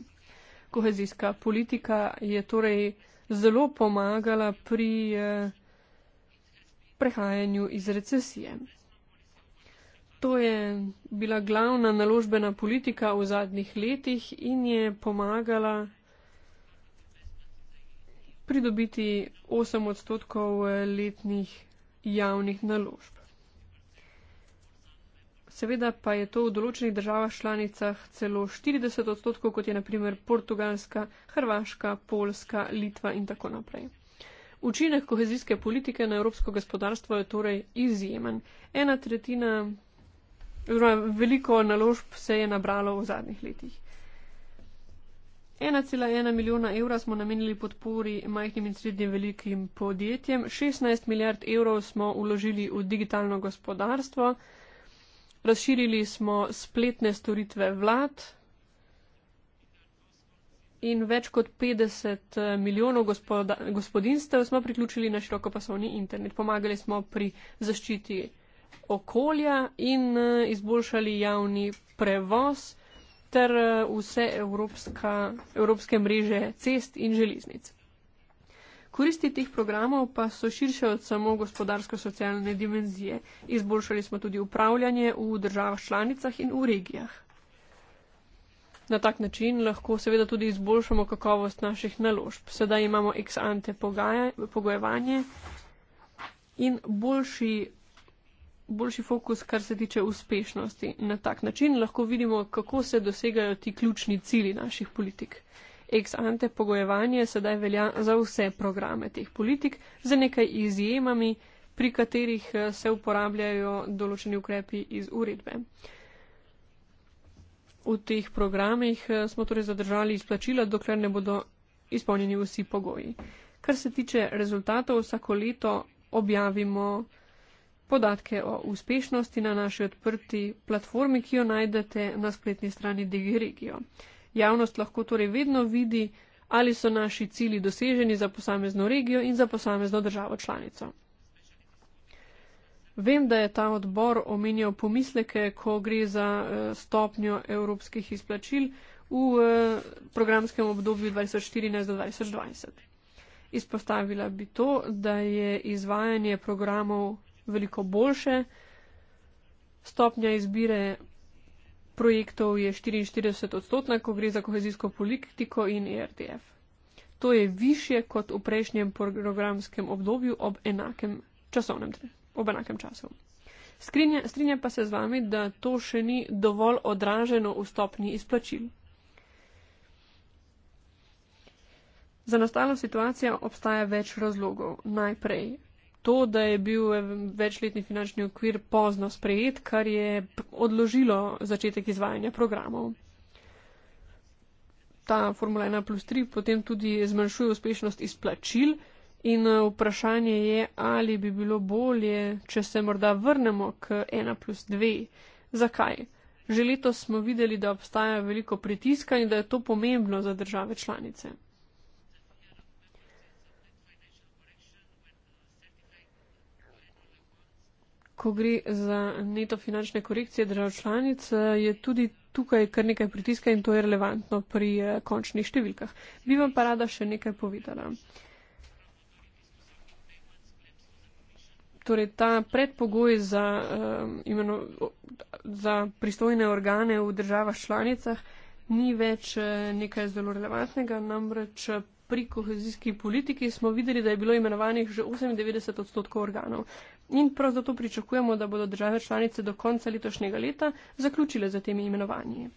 Kohezijska politika je torej zelo pomagala pri eh, prehajanju iz recesije. To je bila glavna naložbena politika v zadnjih letih in je pomagala pridobiti 8 odstotkov eh, letnih javnih naložb. Seveda pa je to v določenih državah članicah celo 40 odstotkov, kot je naprimer Portugalska, Hrvaška, Polska, Litva in tako naprej. Učinek kohezijske politike na evropsko gospodarstvo je torej izjemen. Ena tretjina, oziroma veliko naložb se je nabralo v zadnjih letih. 1,1 milijona evra smo namenili podpori majhnim in srednjim velikim podjetjem, 16 milijard evrov smo uložili v digitalno gospodarstvo, razširili smo spletne storitve vlad in več kot 50 eh, milijonov gospodinstev smo priključili na širokopasovni internet. Pomagali smo pri zaščiti okolja in eh, izboljšali javni prevoz ter eh, vse evropska, evropske mreže cest in železnic. Koristi teh programov pa so širše od samo gospodarsko-socialne dimenzije. Izboljšali smo tudi upravljanje v državah članicah in v regijah. Na tak način lahko seveda tudi izboljšamo kakovost naših naložb. Sedaj imamo ex ante pogaja, pogojevanje in boljši boljši fokus, kar se tiče uspešnosti. Na tak način lahko vidimo, kako se dosegajo ti ključni cili naših politik. Ex ante pogojevanje sedaj velja za vse programe teh politik, z nekaj izjemami, pri katerih eh, se uporabljajo določeni ukrepi iz uredbe. V teh programih eh, smo torej zadržali izplačila, dokler ne bodo izpolnjeni vsi pogoji. Kar se tiče rezultatov, vsako leto objavimo podatke o uspešnosti na naši odprti platformi, ki jo najdete na spletni strani Digiregio. Javnost lahko torej vedno vidi, ali so naši cili doseženi za posamezno regijo in za posamezno državo članico. Vem, da je ta odbor omenjal pomisleke, ko gre za eh, stopnjo evropskih izplačil v eh, programskem obdobju 2014-2020. Izpostavila bi to, da je izvajanje programov veliko boljše. Stopnja izbire projektov je 44 odstotna, ko gre za kohezijsko politiko in ERTF. To je više kot v prejšnjem programskem obdobju ob enakem časovnem, ob enakem času. Skrinja, strinja pa se z vami, da to še ni dovolj odraženo v stopni izplačil. Za nastalo situacijo obstaja več razlogov. Najprej to, da je bil večletni finančni okvir pozno sprejet, kar je odložilo začetek izvajanja programov. Ta formula 1 plus 3 potem tudi zmanjšuje uspešnost izplačil in eh, vprašanje je, ali bi bilo bolje, če se morda vrnemo k 1 plus 2. Zakaj? Že letos smo videli, da obstaja veliko pritiska in da je to pomembno za države članice. ko gre za neto finančne korekcije držav članic, je tudi tukaj kar nekaj pritiska in to je relevantno pri eh, končnih številkah. Bi vam pa rada še nekaj povedala. Torej, ta predpogoj za, um, imeno, za pristojne organe v državah članicah ni več eh, nekaj zelo relevantnega, namreč pri kohezijski politiki smo videli, da je bilo imenovanih že 98 odstotkov organov in prav zato pričakujemo, da bodo države članice do konca letošnjega leta zaključile za temi imenovanji.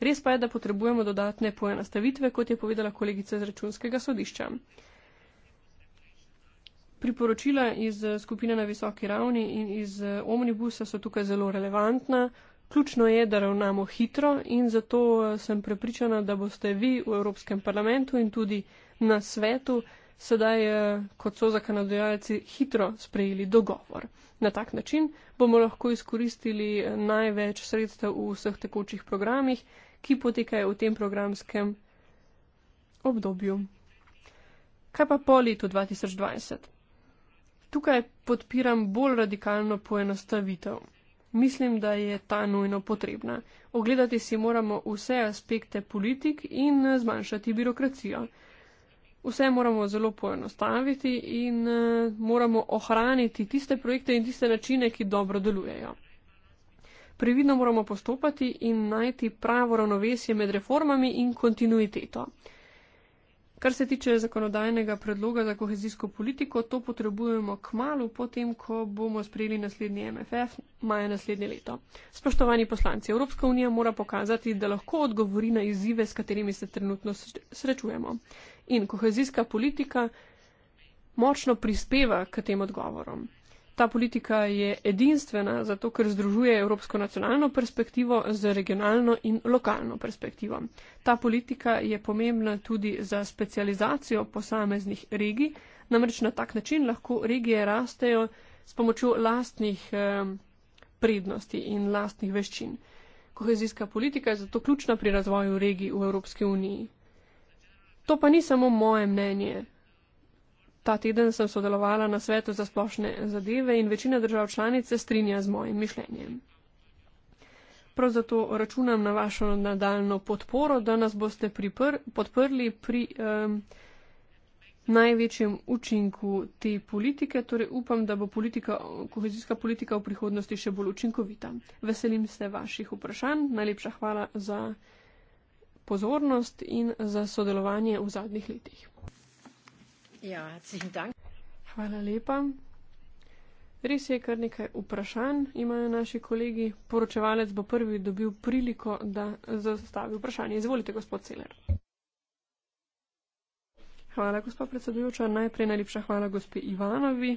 Res pa je, da potrebujemo dodatne poenostavitve, kot je povedala kolegica iz računskega sodišča. Priporočila iz eh, skupine na visoki ravni in iz eh, omnibusa so tukaj zelo relevantna. Ključno je, da ravnamo hitro in zato eh, sem prepričana, da boste vi v Evropskem parlamentu in tudi na svetu sedaj, eh, kot so zakonodajalci, hitro sprejeli dogovor. Na tak način bomo lahko izkoristili eh, največ sredstev v vseh tekočih programih, ki potekajo v tem programskem obdobju. Kaj pa po letu 2020? Tukaj podpiram bolj radikalno poenostavitev. Mislim, da je ta nujno potrebna. Ogledati si moramo vse aspekte politik in eh, zmanjšati birokracijo vse moramo zelo poenostaviti in eh, moramo ohraniti tiste projekte in tiste načine, ki dobro delujejo. Previdno moramo postopati in najti pravo ravnovesje med reformami in kontinuiteto. Kar se tiče zakonodajnega predloga za kohezijsko politiko, to potrebujemo k malu potem, ko bomo sprejeli naslednji MFF maja naslednje leto. Spoštovani poslanci, Evropska unija mora pokazati, da lahko odgovori na izzive, s katerimi se trenutno srečujemo in kohezijska politika močno prispeva k tem odgovorom. Ta politika je edinstvena, zato ker združuje evropsko nacionalno perspektivo z regionalno in lokalno perspektivo. Ta politika je pomembna tudi za specializacijo posameznih regij, namreč na tak način lahko regije rastejo s pomočjo lastnih prednosti in lastnih veščin. Kohezijska politika je zato ključna pri razvoju regij v Evropski uniji. To pa ni samo moje mnenje. Ta teden sem sodelovala na svetu za splošne zadeve in večina držav članice strinja z mojim mišljenjem. Prav zato računam na vašo nadaljno podporo, da nas boste pripr, podprli pri um, največjem učinku te politike, torej upam, da bo politika, kohezijska politika v prihodnosti še bolj učinkovita. Veselim se vaših vprašanj, najlepša hvala za pozornost in za sodelovanje v zadnjih letih. Ja, Hvala lepa. Res je, kar nekaj vprašanj imajo naši kolegi. Poročevalec bo prvi dobil priliko, da zastavi vprašanje. Izvolite, gospod Celer. Hvala, gospod predsedujoča. Najprej najlepša hvala gospe Ivanovi,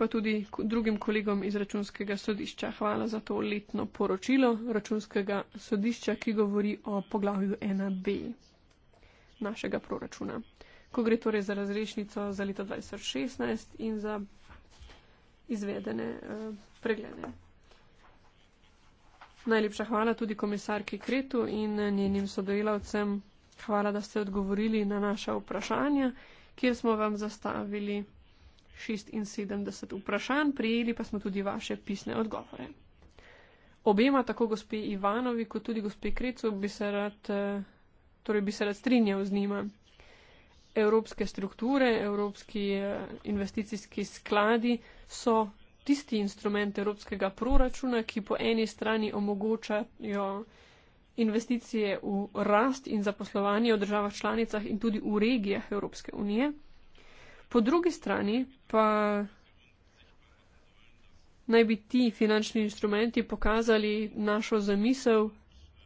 pa tudi drugim kolegom iz računskega sodišča. Hvala za to letno poročilo računskega sodišča, ki govori o poglavju 1b našega proračuna. Ko gre torej za razrešnico za leto 2016 in za izvedene eh, preglede. Najlepša hvala tudi komisarki Kretu in eh, njenim sodelavcem. Hvala, da ste odgovorili na naša vprašanja, kjer smo vam zastavili. 76 vprašanj, prijeli pa smo tudi vaše pisne odgovore. Obema, tako gospe Ivanovi, kot tudi gospe Krecu, bi se rad, eh, torej bi se rad strinjal z njima. Evropske strukture, evropski eh, investicijski skladi so tisti instrument evropskega proračuna, ki po eni strani omogočajo investicije v rast in zaposlovanje v državah članicah in tudi v regijah Evropske unije. Po drugi strani pa naj bi ti finančni instrumenti pokazali našo zamisel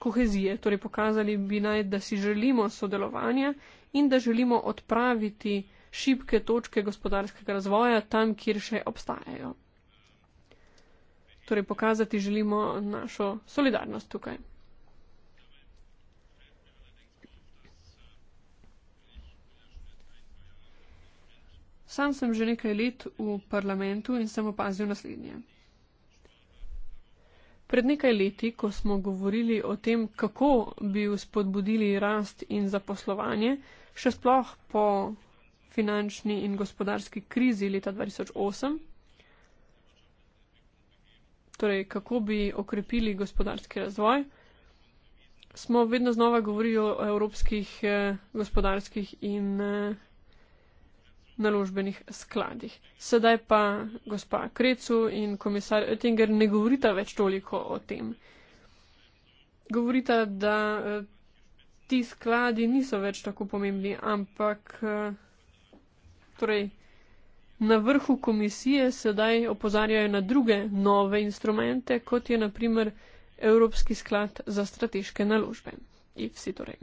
kohezije, torej pokazali bi naj, da si želimo sodelovanja in da želimo odpraviti šibke točke gospodarskega razvoja tam, kjer še obstajajo. Torej pokazati želimo našo solidarnost tukaj. Sam sem že nekaj let v parlamentu in sem opazil naslednje. Pred nekaj leti, ko smo govorili o tem, kako bi spodbudili rast in zaposlovanje, še sploh po finančni in gospodarski krizi leta 2008, torej kako bi okrepili gospodarski razvoj, smo vedno znova govorili o evropskih eh, gospodarskih in eh, naložbenih skladih. Sedaj pa gospa Krecu in komisar Oettinger ne govorita več toliko o tem. Govorita, da eh, ti skladi niso več tako pomembni, ampak eh, torej, na vrhu komisije sedaj opozarjajo na druge nove instrumente, kot je naprimer Evropski sklad za strateške naložbe. IFSI torej.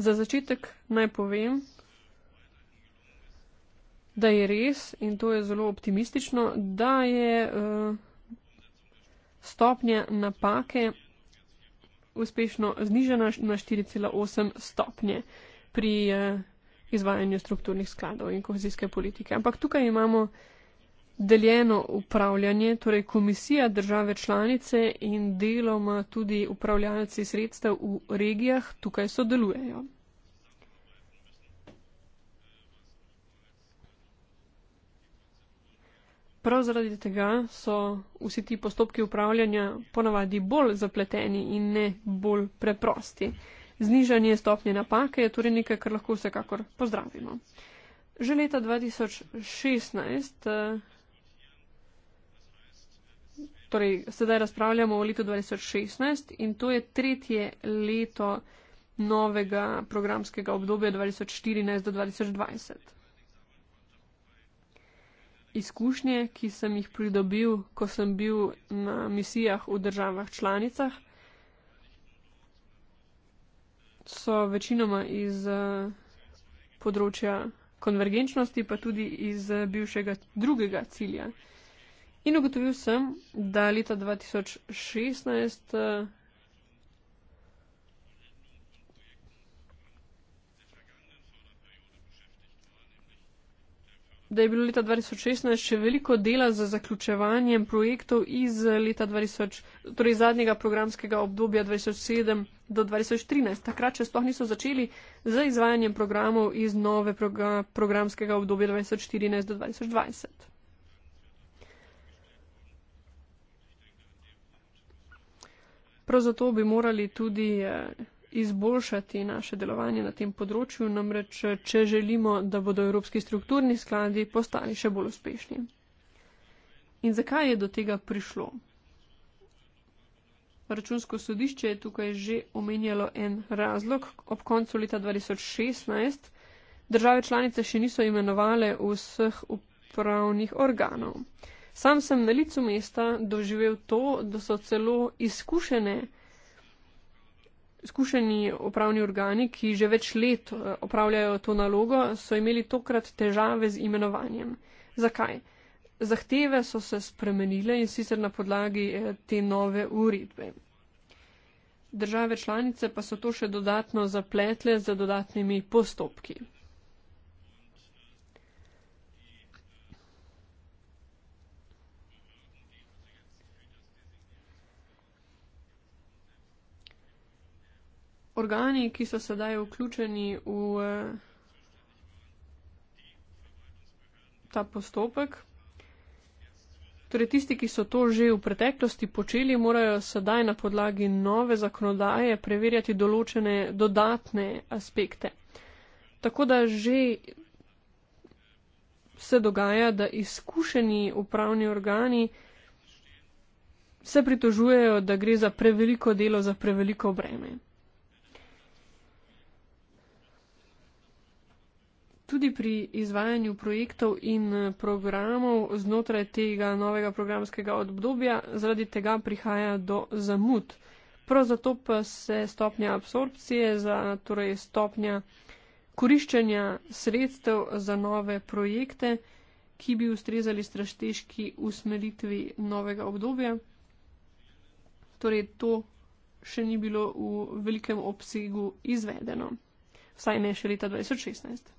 Za začetek naj povem, da je res, in to je zelo optimistično, da je uh, stopnja napake uspešno znižena na 4,8 stopnje pri uh, izvajanju strukturnih skladov in kohezijske politike. Ampak tukaj imamo uh, deljeno upravljanje, torej komisija države članice in deloma tudi upravljalci sredstev v regijah tukaj sodelujejo. Prav zaradi tega so vsi ti postopki upravljanja ponavadi bolj zapleteni in ne bolj preprosti. Znižanje stopnje napake je torej nekaj, kar lahko vsekakor pozdravimo. Že leta 2016 torej sedaj razpravljamo o letu 2016 in to je tretje leto novega programskega obdobja 2014 do 2020. Izkušnje, ki sem jih pridobil, ko sem bil na misijah v državah članicah, so večinoma iz eh, področja konvergenčnosti, pa tudi iz eh, bivšega drugega cilja. In ugotovil sem, da leta 2016 da je bilo leta 2016 še veliko dela za zaključevanjem projektov iz leta 2000, torej zadnjega programskega obdobja 2007 do 2013. Takrat še sploh niso začeli z izvajanjem programov iz nove programskega obdobja 2014 do 2020. prav zato bi morali tudi eh, izboljšati naše delovanje na tem področju, namreč eh, če želimo, da bodo evropski strukturni skladi postali še bolj uspešni. In zakaj je do tega prišlo? Računsko sodišče je tukaj že omenjalo en razlog. Ob koncu leta 2016 države članice še niso imenovale vseh upravnih organov. Sam sem na licu mesta doživel to, da so celo izkušene, izkušeni upravni organi, ki že več let eh, opravljajo to nalogo, so imeli tokrat težave z imenovanjem. Zakaj? Zahteve so se spremenile in sicer na podlagi eh, te nove uredbe. Države članice pa so to še dodatno zapletle z dodatnimi postopki. organi, ki so sedaj vključeni v eh, ta postopek. Torej, tisti, ki so to že v preteklosti počeli, morajo sedaj na podlagi nove zakonodaje preverjati določene dodatne aspekte. Tako da že se dogaja, da izkušeni upravni organi se pritožujejo, da gre za preveliko delo, za preveliko breme. tudi pri izvajanju projektov in eh, programov znotraj tega novega programskega obdobja, zaradi tega prihaja do zamud. Prav zato pa se stopnja absorpcije, za, torej stopnja koriščenja sredstev za nove projekte, ki bi ustrezali strateški usmeritvi novega obdobja. Torej to še ni bilo v velikem obsegu izvedeno, vsaj ne še leta 2016.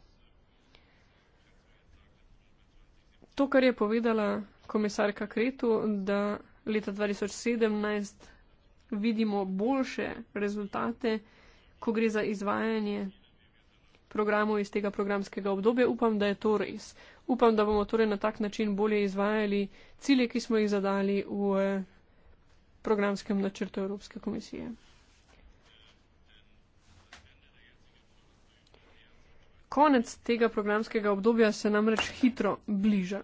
to, kar je povedala komisarka Kretu, da leta 2017 vidimo boljše rezultate, ko gre za izvajanje programov iz tega programskega obdobja. Upam, da je to res. Upam, da bomo torej na tak način bolje izvajali cilje, ki smo jih zadali v eh, programskem načrtu Evropske komisije. Konec tega programskega obdobja se namreč hitro bliža.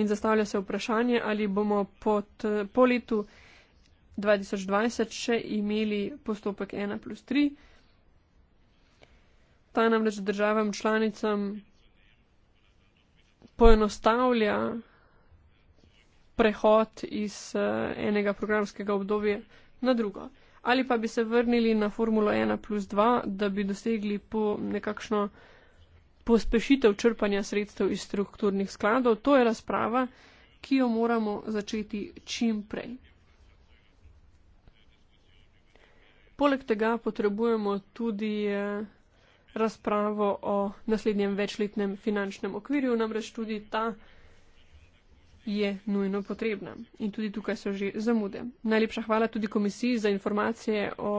In zastavlja se vprašanje, ali bomo pod, po letu 2020 še imeli postopek 1 plus 3. Ta namreč državam članicam poenostavlja prehod iz eh, enega programskega obdobja na drugo ali pa bi se vrnili na Formulo 1 plus 2, da bi dosegli po nekakšno pospešitev črpanja sredstev iz strukturnih skladov. To je razprava, ki jo moramo začeti čim prej. Poleg tega potrebujemo tudi eh, razpravo o naslednjem večletnem finančnem okvirju, namreč tudi ta je nujno potrebna. In tudi tukaj so že zamude. Najlepša hvala tudi komisiji za informacije o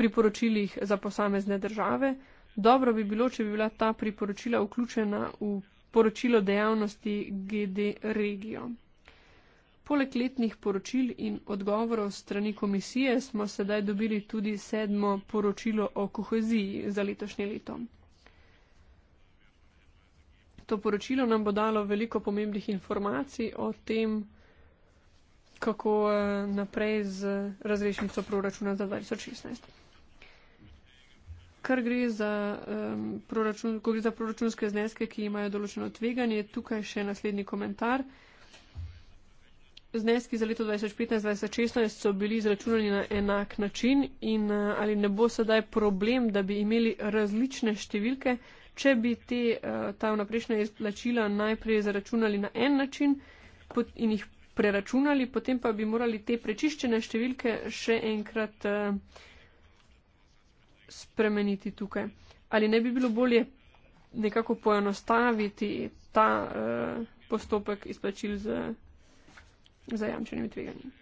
priporočilih za posamezne države. Dobro bi bilo, če bi bila ta priporočila vključena v poročilo dejavnosti GD regijo. Poleg letnih poročil in odgovorov strani komisije smo sedaj dobili tudi sedmo poročilo o koheziji za letošnje leto. To poročilo nam bo dalo veliko pomembnih informacij o tem, kako eh, naprej z razrešnico proračuna za 2016. Kar gre za, um, proračun, ko gre za proračunske zneske, ki imajo določeno tveganje, tukaj še naslednji komentar. Zneski za leto 2015-2016 so bili izračunani na enak način in eh, ali ne bo sedaj problem, da bi imeli različne številke, če bi te, eh, ta vnaprejšnja izplačila najprej zaračunali na en način in jih preračunali, potem pa bi morali te prečiščene številke še enkrat eh, spremeniti tukaj. Ali ne bi bilo bolje nekako poenostaviti ta eh, postopek izplačil z zajamčenimi tveganji?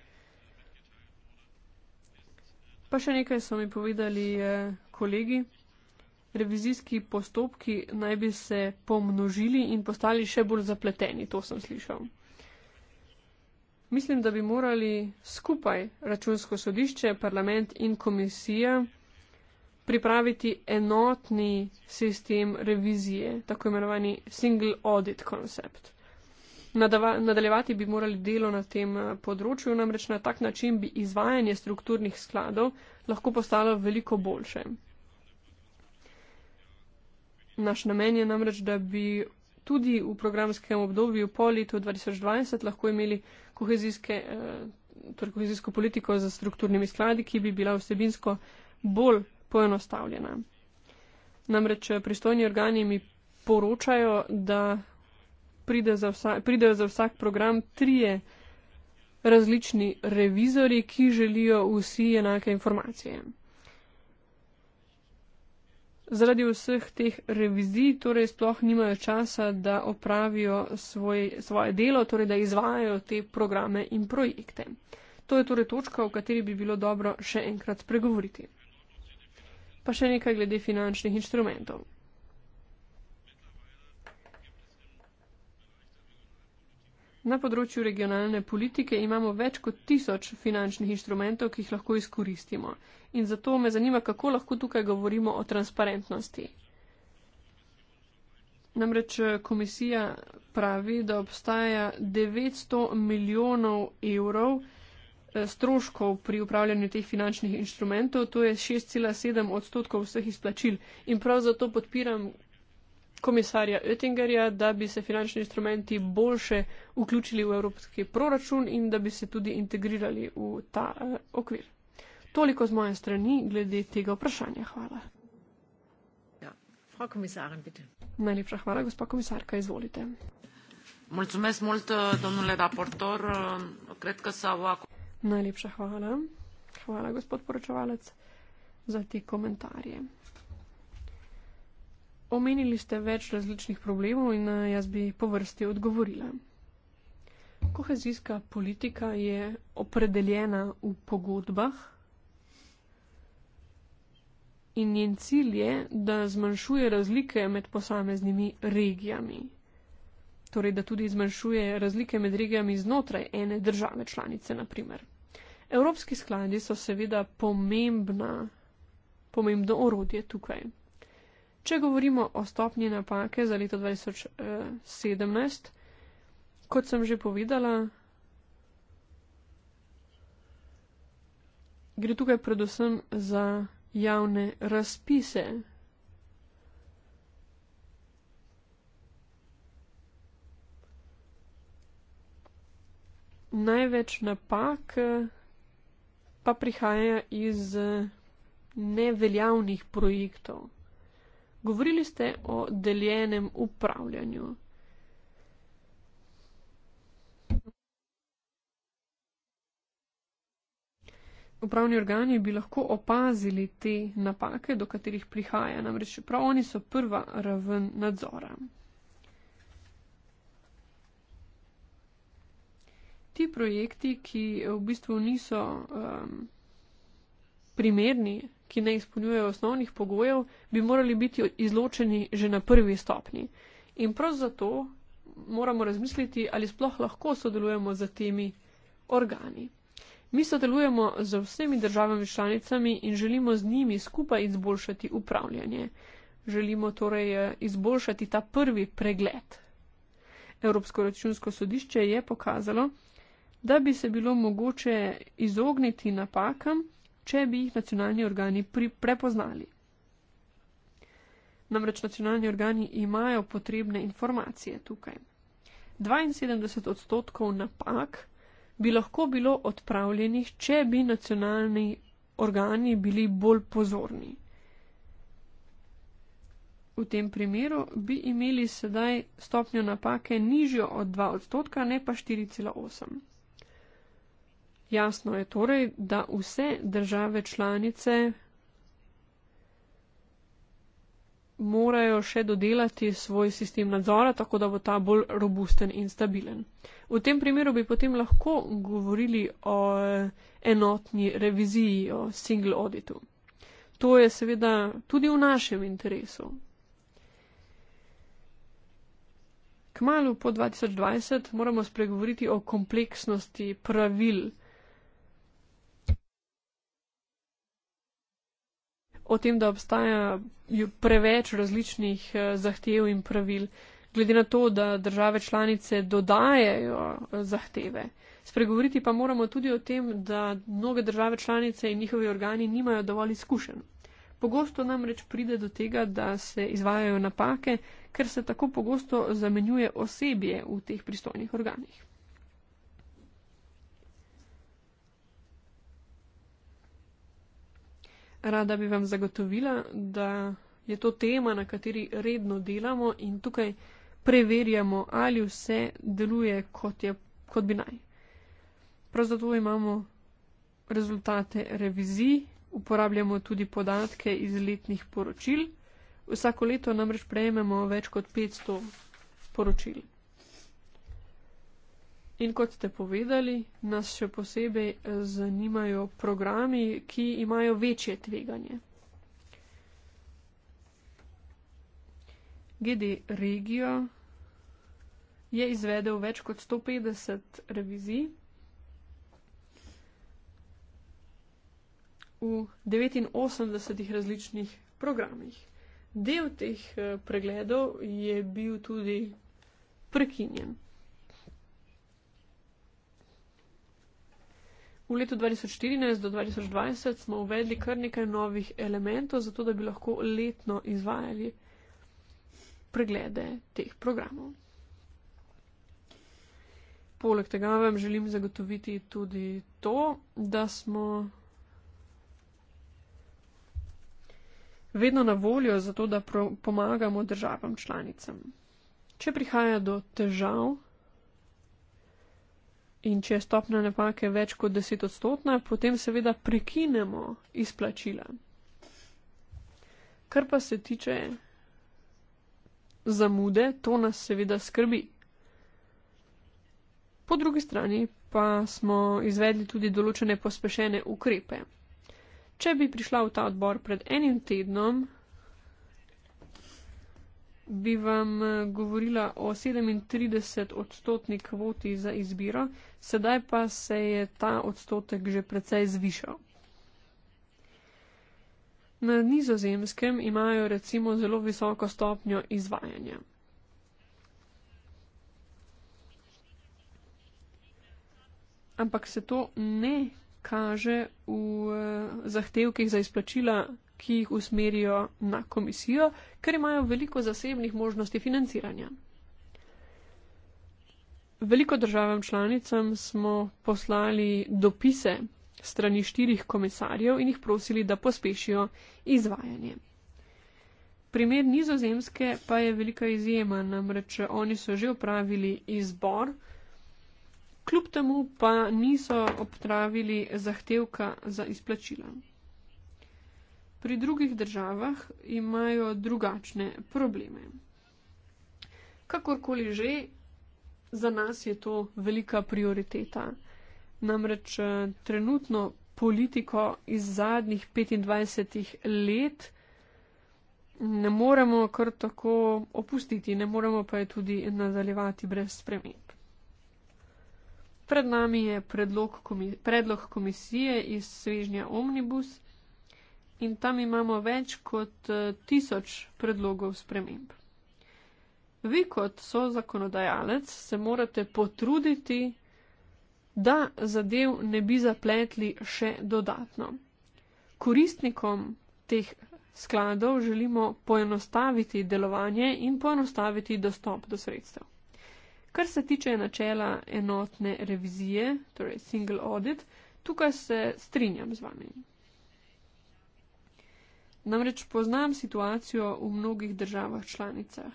Pa še nekaj so mi povedali kolegi revizijski postopki naj bi se pomnožili in postali še bolj zapleteni, to sem slišal. Mislim, da bi morali skupaj računsko sodišče, parlament in komisija pripraviti enotni sistem revizije, tako imenovani single audit concept. Nadava, nadaljevati bi morali delo na tem eh, področju, namreč na tak način bi izvajanje strukturnih skladov lahko postalo veliko boljše. Naš namen je namreč, da bi tudi v programskem obdobju po letu 2020 lahko imeli eh, torej kohezijsko politiko z strukturnimi skladi, ki bi bila vsebinsko bolj poenostavljena. Namreč eh, pristojni organi mi poročajo, da pride za vsa, pridejo za vsak program trije različni revizori, ki želijo vsi enake informacije zaradi vseh teh revizij, torej sploh nimajo časa, da opravijo svoj, svoje delo, torej da izvajajo te programe in projekte. To je torej točka, o kateri bi bilo dobro še enkrat spregovoriti. Pa še nekaj glede finančnih inštrumentov. Na področju regionalne politike imamo več kot tisoč finančnih inštrumentov, ki jih lahko izkoristimo. In zato me zanima, kako lahko tukaj govorimo o transparentnosti. Namreč eh, komisija pravi, da obstaja 900 milijonov evrov eh, stroškov pri upravljanju teh finančnih inštrumentov, to je 6,7 odstotkov vseh izplačil. In prav zato podpiram komisarja Oettingerja, da bi se finančni instrumenti boljše vključili v evropski proračun in da bi se tudi integrirali v ta uh, okvir. Toliko z moje strani glede tega vprašanja. Hvala.
Ja, Frau komisarin, bitte.
Najlepša hvala, gospa komisarka, izvolite.
Mulțumesc mult, domnule raportor. Cred că s-au...
Najlepša hvala. Hvala, gospod poročevalec, za te komentarje. Omenili ste več različnih problemov in eh, jaz bi po vrsti odgovorila. Kohezijska politika je opredeljena v pogodbah in njen cilj je, da zmanjšuje razlike med posameznimi regijami. Torej, da tudi zmanjšuje razlike med regijami znotraj ene države članice, naprimer. Evropski skladi so seveda pomembna, pomembno orodje tukaj. Če govorimo o stopnji napake za leto 2017, kot sem že povedala, gre tukaj predvsem za javne razpise. Največ napak eh, pa prihaja iz neveljavnih projektov. Govorili ste o deljenem upravljanju. Upravni organi bi lahko opazili te napake, do katerih prihaja, namreč prav oni so prva raven nadzora. Ti projekti, ki v bistvu niso um, primerni ki ne izpolnjujejo osnovnih pogojev, bi morali biti izločeni že na prvi stopni. In prav zato moramo razmisliti, ali sploh lahko sodelujemo z temi organi. Mi sodelujemo z vsemi državami članicami in želimo z njimi skupaj izboljšati upravljanje. Želimo torej eh, izboljšati ta prvi pregled. Evropsko računsko sodišče je pokazalo, da bi se bilo mogoče izogniti napakam, če bi jih nacionalni organi prepoznali. Namreč nacionalni organi imajo potrebne informacije tukaj. 72 odstotkov napak bi lahko bilo odpravljenih, če bi nacionalni organi bili bolj pozorni. V tem primeru bi imeli sedaj stopnjo napake nižjo od 2 odstotka, ne pa Jasno je torej, da vse države članice morajo še dodelati svoj sistem nadzora, tako da bo ta bolj robusten in stabilen. V tem primeru bi potem lahko govorili o eh, enotni reviziji, o single auditu. To je seveda tudi v našem interesu. Kmalo po 2020 moramo spregovoriti o kompleksnosti pravil o tem, da obstaja preveč različnih eh, zahtev in pravil, glede na to, da države članice dodajajo eh, zahteve. Spregovoriti pa moramo tudi o tem, da mnoge države članice in njihovi organi nimajo dovolj izkušen. Pogosto namreč pride do tega, da se izvajajo napake, ker se tako pogosto zamenjuje osebje v teh pristojnih organih. Rada bi vam zagotovila, da je to tema, na kateri redno delamo in tukaj preverjamo, ali vse deluje, kot, je, kot bi naj. Prav zato imamo rezultate revizij, uporabljamo tudi podatke iz letnih poročil. Vsako leto namreč prejmemo več kot 500 poročil. In kot ste povedali, nas še posebej eh, zanimajo programi, ki imajo večje tveganje. GD Regio je izvedel več kot 150 revizij v 89 različnih programih. Del teh eh, pregledov je bil tudi prekinjen. V letu 2014 do 2020 smo uvedli kar nekaj novih elementov, zato da bi lahko letno izvajali preglede teh programov. Poleg tega vam želim zagotoviti tudi to, da smo vedno na voljo za to, da pomagamo državam članicam. Če prihaja do težav In če je stopna napake več kot deset odstotna, potem seveda prekinemo izplačila. Kar pa se tiče zamude, to nas seveda skrbi. Po drugi strani pa smo izvedli tudi določene pospešene ukrepe. Če bi prišla v ta odbor pred enim tednom, bi vam eh, govorila o 37-odstotni kvoti za izbiro, sedaj pa se je ta odstotek že precej zvišal. Na nizozemskem imajo recimo zelo visoko stopnjo izvajanja. Ampak se to ne kaže v eh, zahtevkih za izplačila ki jih usmerijo na komisijo, ker imajo veliko zasebnih možnosti financiranja. Veliko državam članicam smo poslali dopise strani štirih komisarjev in jih prosili, da pospešijo izvajanje. Primer nizozemske pa je velika izjema, namreč oni so že upravili izbor, kljub temu pa niso opravili zahtevka za izplačila pri drugih državah imajo drugačne probleme. Kakorkoli že, za nas je to velika prioriteta. Namreč eh, trenutno politiko iz zadnjih 25 let ne moremo kar tako opustiti, ne moremo pa je tudi nadaljevati brez sprememb. Pred nami je predlog komisije iz svežnja Omnibus in tam imamo več kot eh, tisoč predlogov sprememb. Vi kot so zakonodajalec se morate potruditi, da zadev ne bi zapletli še dodatno. Koristnikom teh skladov želimo poenostaviti delovanje in poenostaviti dostop do sredstev. Kar se tiče načela enotne revizije, torej single audit, tukaj se strinjam z vami. Namreč poznam situacijo v mnogih državah članicah.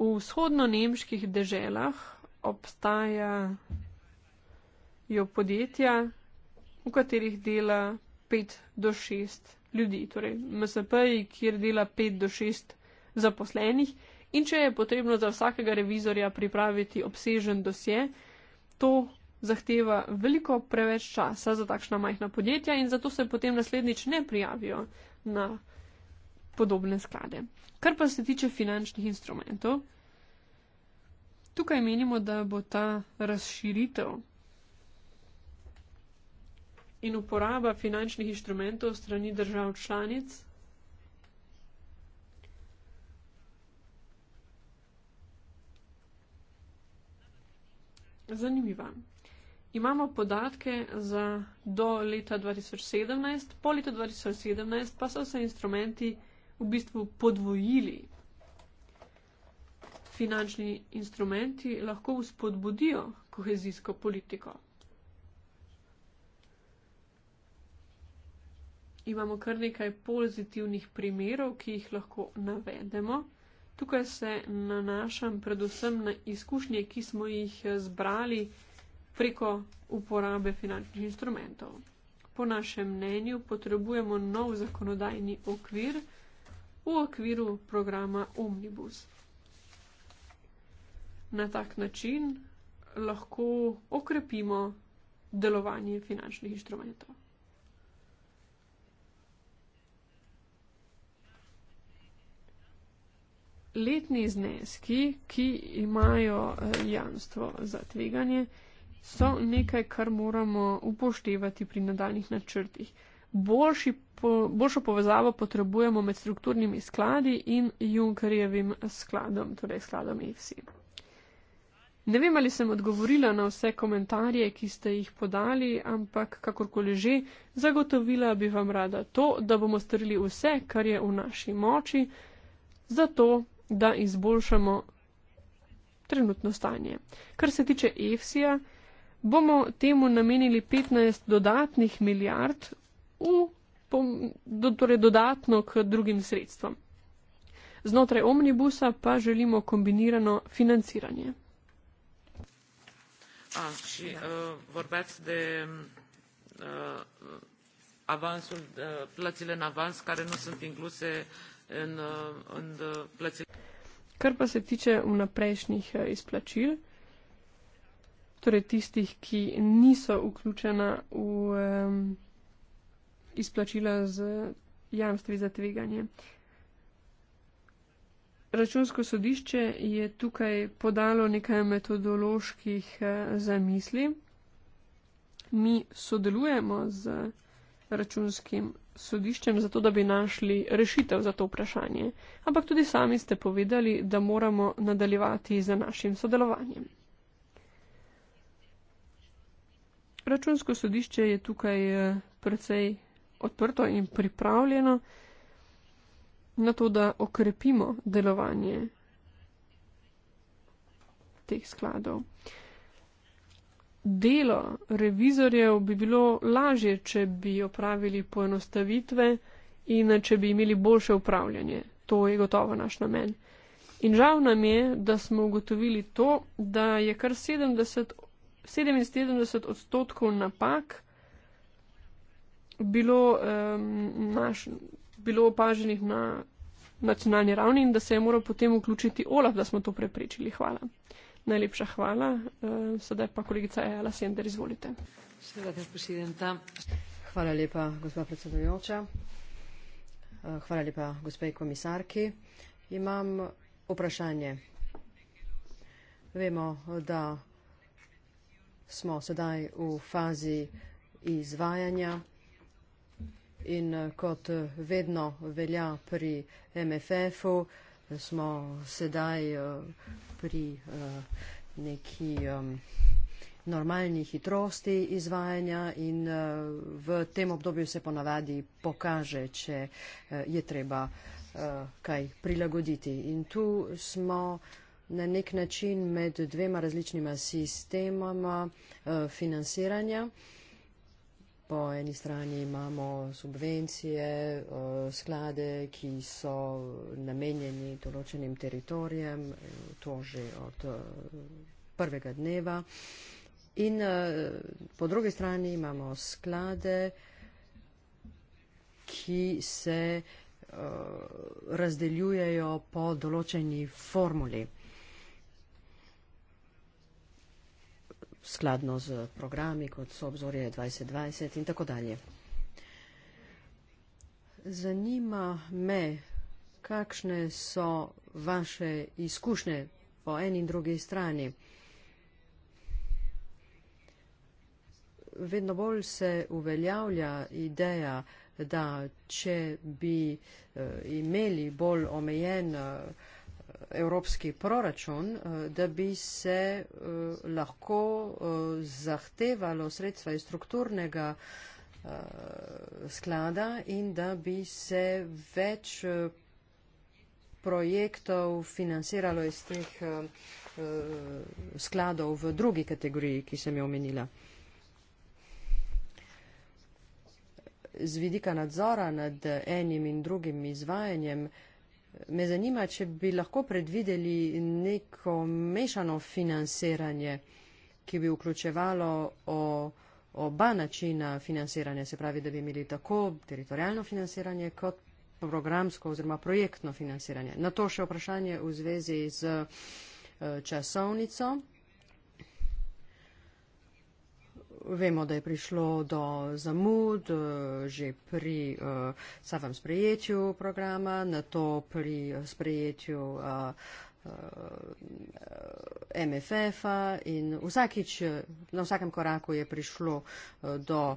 V vzhodno-nemških deželah obstajajo podjetja, v katerih dela pet do šest ljudi, torej MSP-ji, kjer dela pet do šest zaposlenih. In če je potrebno za vsakega revizorja pripraviti obsežen dosje, to zahteva veliko preveč časa za takšna majhna podjetja in zato se potem naslednjič ne prijavijo na podobne sklade. Kar pa se tiče finančnih instrumentov, tukaj menimo, da bo ta razširitev in uporaba finančnih instrumentov strani držav članic zanimiva. Imamo podatke za do leta 2017, po letu 2017 pa so se instrumenti v bistvu podvojili. Finančni instrumenti lahko vzpodbudijo kohezijsko politiko. Imamo kar nekaj pozitivnih primerov, ki jih lahko navedemo. Tukaj se nanašam predvsem na izkušnje, ki smo jih zbrali preko uporabe finančnih instrumentov. Po našem mnenju potrebujemo nov zakonodajni okvir v okviru programa Omnibus. Na tak način lahko okrepimo delovanje finančnih inštrumentov. Letni zneski, ki imajo eh, jamstvo za tveganje, so nekaj, kar moramo upoštevati pri nadaljnih načrtih. Boljši, po, boljšo povezavo potrebujemo med strukturnimi skladi in Junkerjevim skladom, torej skladom EFSI. Ne vem, ali sem odgovorila na vse komentarje, ki ste jih podali, ampak kakorkoli že, zagotovila bi vam rada to, da bomo storili vse, kar je v naši moči, za to, da izboljšamo trenutno stanje. Kar se tiče EFSI-ja, bomo temu namenili 15 dodatnih milijard, v, do, torej dodatno k drugim sredstvom. Znotraj omnibusa pa želimo kombinirano financiranje.
A, și uh, vorbeați de uh, avansul, de plățile în avans care nu sunt incluse în, uh, în plățile. Kar
pa se tiče vnaprejšnjih uh, izplačil torej tistih, ki niso vključena v um, izplačila z jamstvi za tveganje. Računsko sodišče je tukaj podalo nekaj metodoloških eh, zamisli. Mi sodelujemo z računskim sodiščem, zato da bi našli rešitev za to vprašanje. Ampak tudi sami ste povedali, da moramo nadaljevati z našim sodelovanjem. Računsko sodišče je tukaj eh, precej odprto in pripravljeno na to, da okrepimo delovanje teh skladov. Delo revizorjev bi bilo lažje, če bi opravili poenostavitve in če bi imeli boljše upravljanje. To je gotovo naš namen. In žal nam je, da smo ugotovili to, da je kar 70 77 odstotkov napak bilo, um, naš, bilo opaženih na nacionalni ravni in da se je moral potem vključiti OLAF, da smo to preprečili. Hvala. Najlepša hvala. Uh, sedaj pa kolegica Ejala Sender,
izvolite. Hvala lepa, gospod predsedujoča. E, hvala lepa, gospod komisarki. Imam vprašanje. Vemo, da smo sedaj v fazi izvajanja in eh, kot eh, vedno velja pri MFF-u, smo sedaj eh, pri neki normalni hitrosti izvajanja in v tem obdobju se ponavadi pokaže, če je treba kaj prilagoditi. In tu smo na nek način med dvema različnima sistemama eh, financiranja. Po eni strani imamo subvencije, eh, sklade, ki so namenjeni določenim teritorijem, to že od eh, prvega dneva. In po drugi strani imamo sklade, ki se razdeljujejo po določeni formuli. skladno z programi, kot so obzorje 2020 in tako dalje. Zanima me, kakšne so vaše izkušnje po eni in drugi strani. Vedno bolj se uveljavlja ideja, da če bi eh, imeli bolj omejen uh, evropski proračun, eh, da bi se eh, lahko eh, zahtevalo sredstva iz strukturnega sklada in da bi se več projektov financiralo iz teh skladov v drugi kategoriji, ki sem jo omenila. Z vidika nadzora nad enim in drugim izvajanjem, Me zanima, če bi lahko predvideli neko mešano financiranje, ki bi vključevalo o, oba načina financiranja, se pravi, da bi imeli tako teritorijalno financiranje kot programsko oziroma projektno financiranje. Na to še vprašanje v zvezi z eh, časovnico. vemo, da je prišlo do zamud eh, že pri eh, samem sprejetju programa, na to pri sprejetju eh, MFF-a in vsakič, na vsakem koraku je prišlo do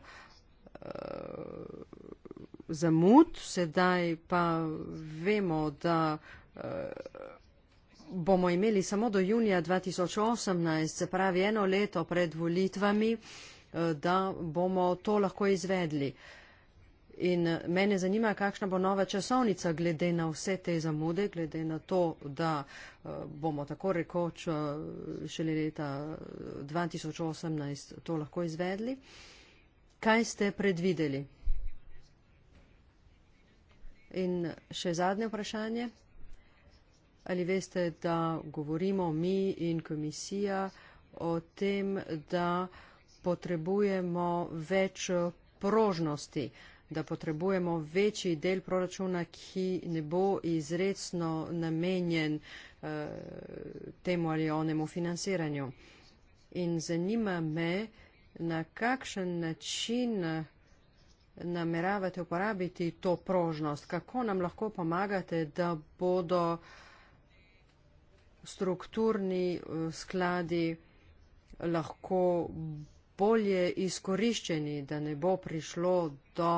zamud, sedaj pa vemo, da bomo imeli samo do junija 2018, se pravi eno leto pred volitvami, da bomo to lahko izvedli. In eh, mene zanima, kakšna bo nova časovnica glede na vse te zamude, glede na to, da eh, bomo tako rekoč eh, šele leta 2018 to lahko izvedli. Kaj ste predvideli? In še zadnje vprašanje. Ali veste, da govorimo mi in komisija o tem, da potrebujemo več eh, prožnosti, da potrebujemo večji del proračuna, ki ne bo izredno namenjen eh, temu ali onemu financiranju. In zanima me, na kakšen način eh, nameravate uporabiti to prožnost, kako nam lahko pomagate, da bodo strukturni skladi lahko bolje izkoriščeni, da ne bo prišlo do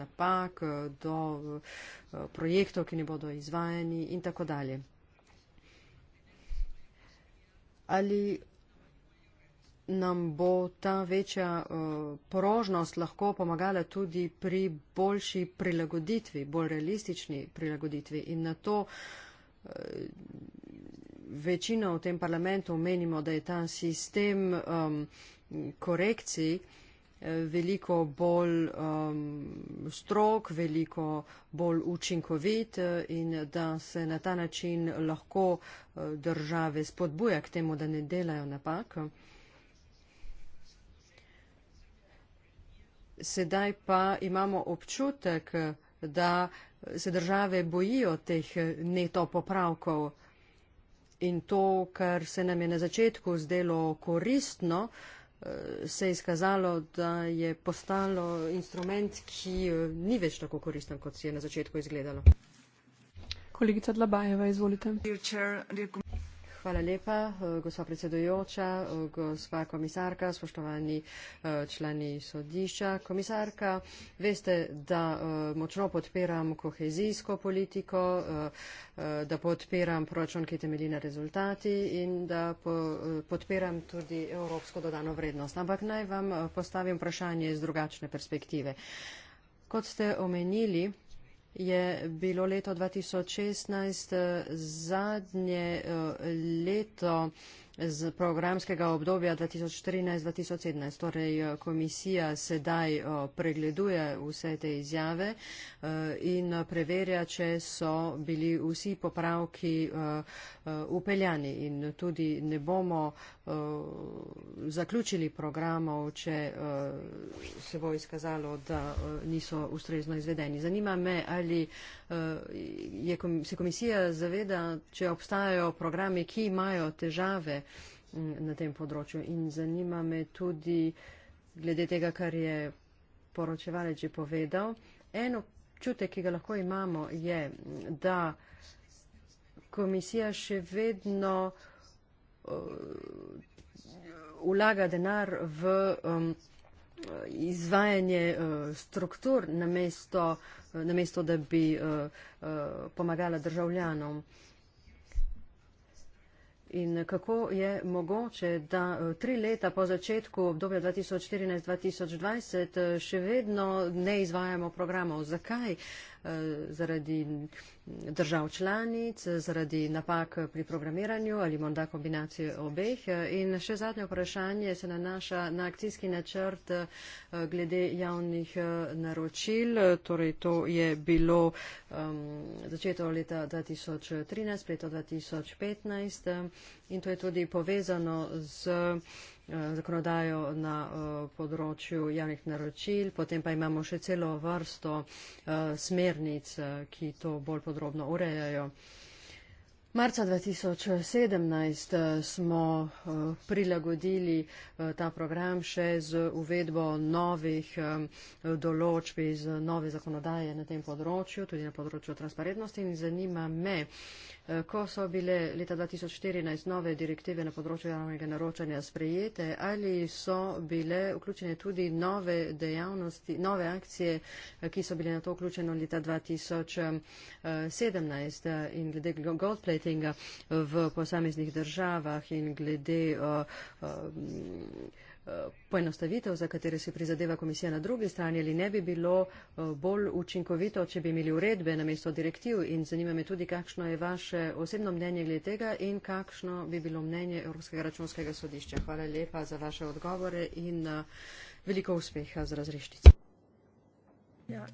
napak, do eh, projektov, ki ne bodo izvajani in tako dalje. Ali nam bo ta večja eh, porožnost lahko pomagala tudi pri boljši prilagoditvi, bolj realistični prilagoditvi in na to eh, večino v tem parlamentu menimo, da je ta sistem um, korekcij, eh, veliko bolj um, strok, veliko bolj učinkovit eh, in da se na ta način lahko eh, države spodbuja k temu, da ne delajo napak. Sedaj pa imamo občutek, da se države bojijo teh neto popravkov in to, kar se nam je na začetku zdelo koristno, uh, se je izkazalo, da je postalo instrument, ki eh, ni več tako koristen, kot si je na začetku izgledalo.
Kolegica Dlabajeva, izvolite.
Hvala lepa, eh, gospa predsedujoča, eh, gospa komisarka, spoštovani eh, člani sodišča. Komisarka, veste, da močno podpiram kohezijsko politiko, da podpiram proračun, ki temelji na rezultati in da podpiram tudi evropsko dodano vrednost. Ampak naj vam postavim vprašanje iz drugačne perspektive. Kot ste omenili, je bilo leto 2016 eh, zadnje eh, leto z programskega obdobja 2014-2017. Torej, eh, komisija sedaj eh, pregleduje vse te izjave eh, in preverja, če so bili vsi popravki upeljani in tudi ne bomo zaključili programov, če se bo izkazalo, da niso ustrezno izvedeni. Zanima me, ali Eh, je se komisija zaveda, če obstajajo programe, ki imajo težave mm, na tem področju. In zanima me tudi glede tega, kar je poročevalec že povedal. Eno čutek, ki ga lahko imamo, je, da komisija še vedno uh, vlaga denar v um, izvajanje uh, struktur na mesto uh, Eh, namesto da bi eh, eh, pomagala državljanom. In kako je mogoče, da tri leta po začetku obdobja 2014-2020 še vedno ne izvajamo programov? Zakaj? Uh, Eh, zaradi držav članic, zaradi napak pri programiranju ali morda kombinacije obeh. In še zadnje vprašanje se nanaša na akcijski načrt eh, glede javnih eh, naročil. Torej, to je bilo um, začeto leta 2013, leto 2015 in to je tudi povezano z Eh, zakonodajo na eh, področju javnih naročil, potem pa imamo še celo vrsto eh, smernic, ki to bolj podrobno urejajo. Marca 2017 eh, smo eh, prilagodili eh, ta program še z uvedbo novih določb iz nove zakonodaje na tem področju, tudi na področju transparentnosti. In zanima me, ko so bile leta 2014 nove direktive na področju javnega naročanja sprejete, ali so bile vključene tudi nove dejavnosti, nove akcije, ki so bile na to vključene leta 2017 in glede Goldplate marketinga v posameznih državah in glede poenostavitev, za katere si prizadeva komisija na drugi strani, ali ne bi bilo bolj učinkovito, če bi imeli uredbe na mesto direktiv in zanima me tudi, kakšno je vaše osebno mnenje glede tega in kakšno bi bilo mnenje Evropskega računskega sodišča. Hvala lepa za vaše odgovore in veliko uspeha z razreščico. Ja,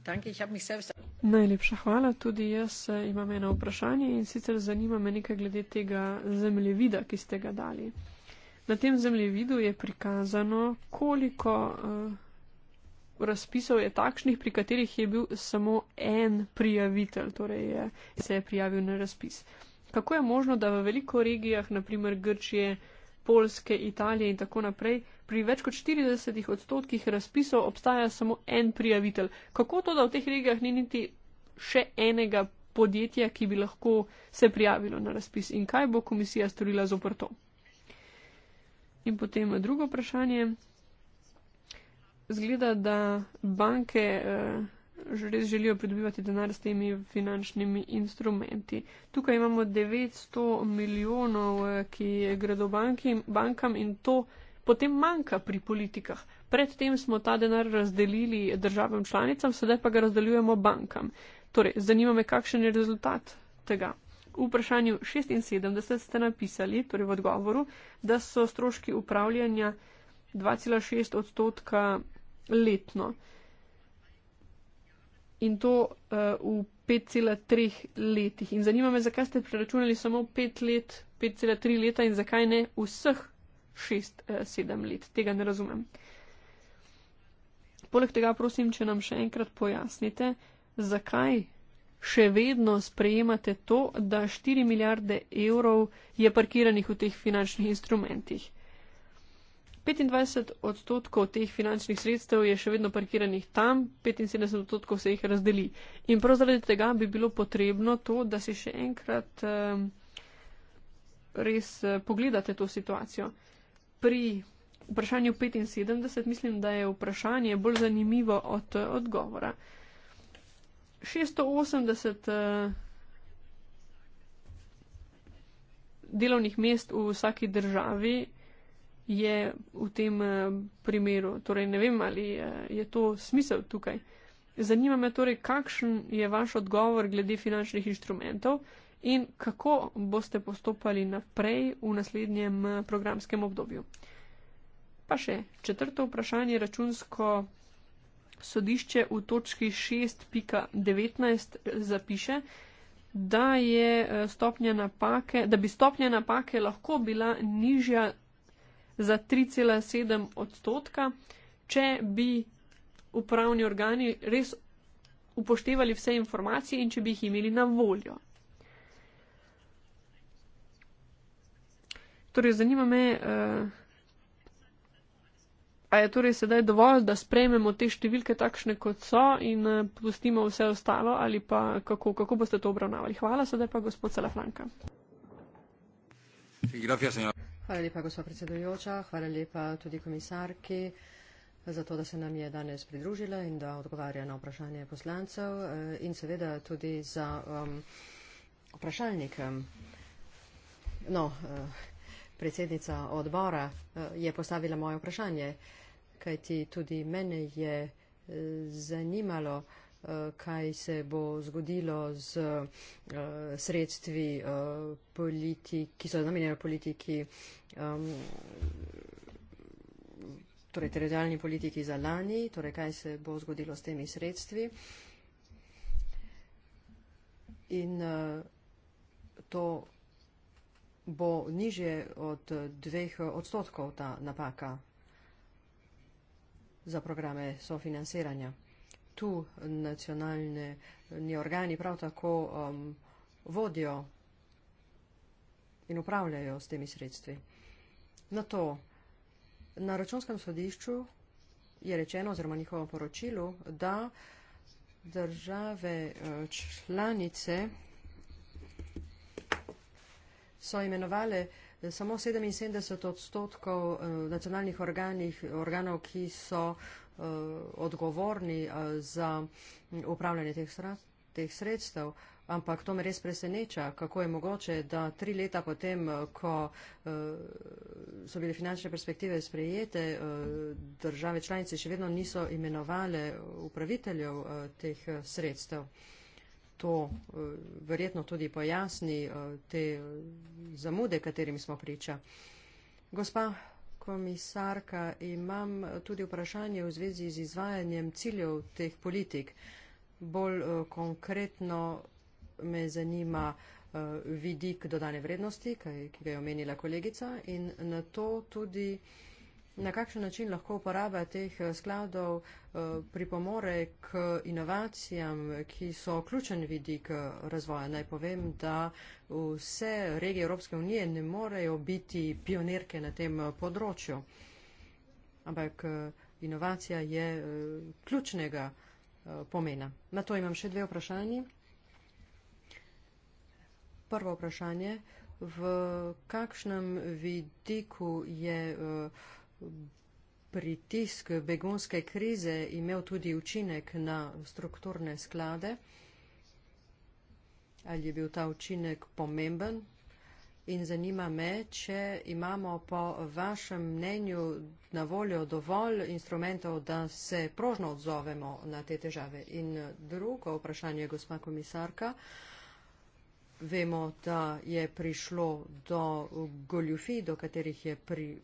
Najlepša hvala. Tudi jaz eh, imam eno vprašanje in sicer zanima me nekaj glede tega zemljevida, ki ste ga dali. Na tem zemljevidu je prikazano, koliko uh, razpisov je takšnih, pri katerih je bil samo en prijavitelj, torej je, se je prijavil na razpis. Kako je možno, da v veliko regijah, naprimer Grčije, Polske, Italije in tako naprej, pri več kot 40 odstotkih razpisov obstaja samo en prijavitelj. Kako to, da v teh regijah ni niti še enega podjetja, ki bi lahko se prijavilo na razpis in kaj bo komisija storila z oprto? In potem drugo vprašanje. Zgleda, da banke. Eh, res želijo pridobivati denar s temi finančnimi instrumenti. Tukaj imamo 900 milijonov, eh, ki gredo banki, bankam in to potem manjka pri politikah. Predtem smo ta denar razdelili državam članicam, sedaj pa ga razdeljujemo bankam. Torej, zanima me, kakšen je rezultat tega. V vprašanju 76 ste napisali, torej v odgovoru, da so stroški upravljanja 2,6 odstotka letno in to uh, v 5,3 letih. In zanima me, zakaj ste preračunali samo 5 let, 5,3 leta in zakaj ne vseh 6-7 eh, let. Tega ne razumem. Poleg tega, prosim, če nam še enkrat pojasnite, zakaj še vedno sprejemate to, da 4 milijarde evrov je parkiranih v teh finančnih instrumentih. 25 odstotkov teh finančnih sredstev je še vedno parkiranih tam, 75 odstotkov se jih razdeli. In prav zaradi tega bi bilo potrebno to, da si še enkrat um, res uh, pogledate to situacijo. Pri vprašanju 75 mislim, da je vprašanje bolj zanimivo od uh, odgovora. 680 uh, eh, delovnih mest v vsaki državi je v tem eh, primeru. Torej, ne vem, ali eh, je to smisel tukaj. Zanima me torej, kakšen je vaš odgovor glede finančnih inštrumentov in kako boste postopali naprej v naslednjem eh, programskem obdobju. Pa še četrto vprašanje računsko sodišče v točki 6.19 zapiše, da, je stopnja napake, da bi stopnja napake lahko bila nižja za 3,7 odstotka. Če bi upravni organi res upoštevali vse informacije in če bi jih imeli na voljo. Torej, zanima me, uh, a je torej sedaj dovolj, da sprejmemo te številke takšne, kot so in uh, pustimo vse ostalo ali
pa kako, kako boste to obravnavali. Hvala, sedaj pa gospod Salafranka. Hvala, senjora. Hvala lepa, gospod predsedujoča. Hvala lepa tudi komisarki za to, da se nam je danes pridružila in da odgovarja na vprašanje poslancev eh, in seveda tudi za um, vprašalnik. Um, no, eh, predsednica odbora eh, je postavila moje vprašanje, kajti tudi mene je zanimalo, Eh, kaj se bo zgodilo z eh, sredstvi eh, politik, ki so namenjene politiki, torej teritorijalni politiki za lani, torej kaj se bo zgodilo s temi sredstvi. In to bo niže od dveh odstotkov ta napaka za programe sofinanciranja tu nacionalni organi prav tako um, vodijo in upravljajo s temi sredstvi. Na to, na računskem sodišču je rečeno oziroma njihovo poročilo, da države eh, članice so imenovale eh, samo 77 odstotkov eh, nacionalnih organih, organov, ki so uh, Eh, odgovorni eh, za upravljanje teh sredstev. Ampak to me res preseneča, kako je mogoče, da tri leta potem, eh, ko so bile finančne perspektive sprejete, države članice še vedno niso imenovale upraviteljev teh sredstev. To verjetno tudi pojasni te zamude, katerim smo priča. Gospa komisarka, imam tudi vprašanje v zvezi z izvajanjem ciljev teh politik. Bolj eh, konkretno me zanima eh, vidik dodane vrednosti, ki ga je omenila kolegica, in na to tudi vprašanje, Na kakšen način lahko uporaba teh eh, skladov eh, pripomore k inovacijam, ki so ključen vidik eh, razvoja? Naj povem, da vse regije Evropske unije ne morejo biti pionirke na tem področju, ampak inovacija je ključnega pomena. Na to imam še dve vprašanji. Prvo vprašanje, v kakšnem vidiku je uh, pritisk begonske krize imel tudi učinek na strukturne sklade? Ali je bil ta učinek pomemben? In zanima me, če imamo po vašem mnenju na voljo dovolj instrumentov, da se prožno odzovemo na te težave. In drugo vprašanje, gospa komisarka. Uh, vemo, da je prišlo do goljufij, do katerih je pri,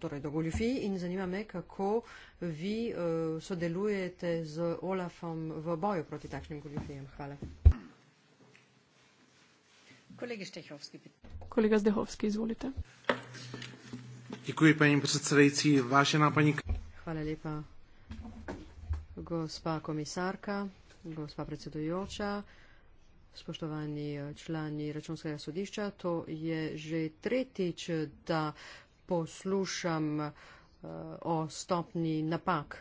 torej do goljufij in zanima me, kako vi uh, sodelujete z Olafom v boju proti takšnim goljufijem. Hvala. Kolega Štehovski. Kolega Zdehovski, izvolite.
Děkuji, paní předsedající. Vážená paní.
Hvala lepa. Gospa komisarka, gospa predsedujoča spoštovani eh, člani računskega sodišča. To je že tretjič, da poslušam uh, o stopni napak.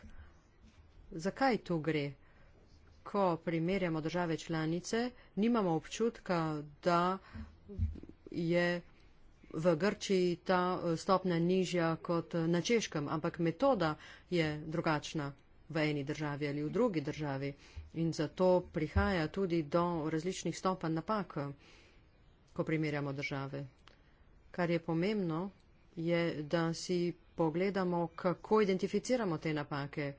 Zakaj tu gre? Ko primerjamo države članice, nimamo občutka, da je v Grčiji ta eh, stopna nižja kot na češkem, ampak metoda je drugačna v eni državi ali v drugi državi. In zato prihaja tudi do različnih stopanj napak, ko primerjamo države. Kar je pomembno, je, da si pogledamo, kako identificiramo te napake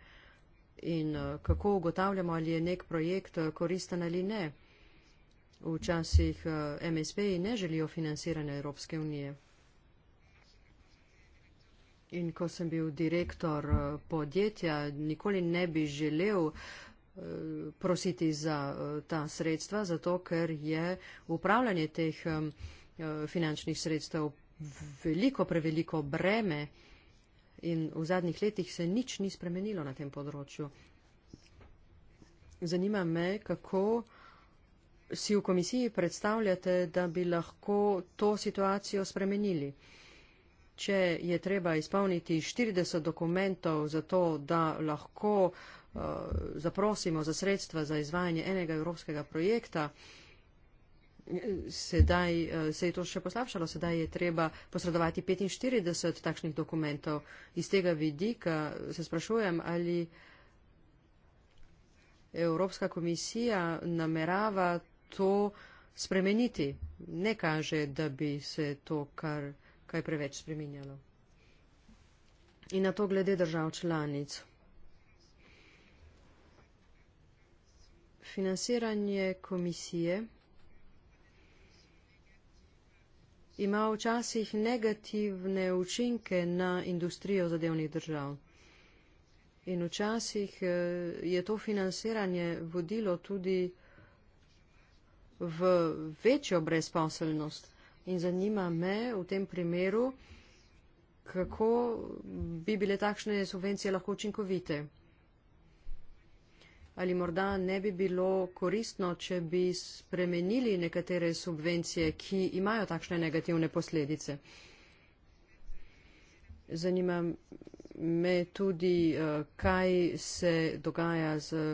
in kako ugotavljamo, ali je nek projekt koristen ali ne. Včasih MSP-ji ne želijo financiranja Evropske unije. In ko sem bil direktor eh, podjetja, nikoli ne bi želel eh, prositi za eh, ta sredstva, zato ker je upravljanje teh finančnih sredstev veliko, preveliko breme in v zadnjih letih se nič ni spremenilo na tem področju. Zanima me, kako si v komisiji predstavljate, da bi lahko to situacijo spremenili če je treba izpolniti 40 dokumentov za to, da lahko uh, zaprosimo za sredstva za izvajanje enega evropskega projekta, sedaj uh, se je to še poslabšalo, sedaj je treba posredovati 45 takšnih dokumentov. Iz tega vidika se sprašujem, ali Evropska komisija namerava to spremeniti. Ne kaže, da bi se to kar kaj preveč spreminjalo. In na to glede držav članic. Financiranje komisije ima včasih negativne učinke na industrijo zadevnih držav. In včasih eh, je to financiranje vodilo tudi v večjo brezposelnost. In zanima me v tem primeru, kako bi bile takšne subvencije lahko učinkovite. Ali morda ne bi bilo koristno, če bi spremenili nekatere subvencije, ki imajo takšne negativne posledice. Zanima me tudi, eh, kaj se dogaja z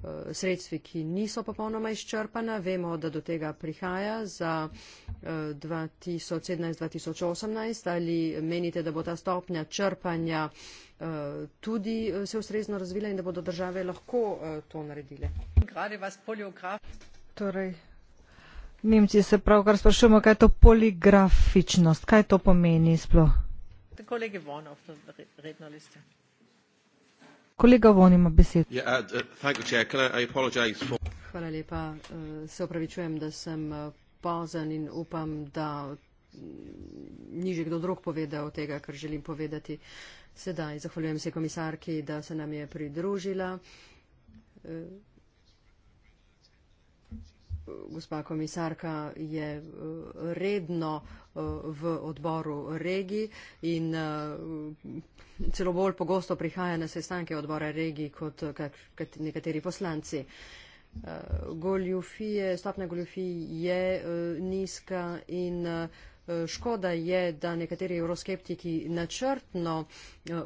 Eh, sredstvi, ki niso popolnoma izčrpana. Vemo, da do tega prihaja za 2017-2018. Eh, Ali menite, da bo ta stopnja črpanja eh, tudi se ustrezno razvila in da bodo države lahko to naredile? Torej.
Nemci se pravkar sprašujemo, kaj je to poligrafičnost, kaj to pomeni sploh.
Kolegi von, redno liste.
Kolega Von ima besed. Uh, uh,
Hvala lepa. Uh, se opravičujem, da sem pozan in upam, da mm, ni že kdo drug povedal tega, kar želim povedati sedaj. Zahvaljujem se komisarki, da se nam je pridružila gospa komisarka je eh, redno eh, v odboru regi in eh, celo bolj pogosto prihaja na sestanke odbora regi kot nekateri poslanci. Goljufije, stopna goljufij je nizka in škoda je, da nekateri evroskeptiki načrtno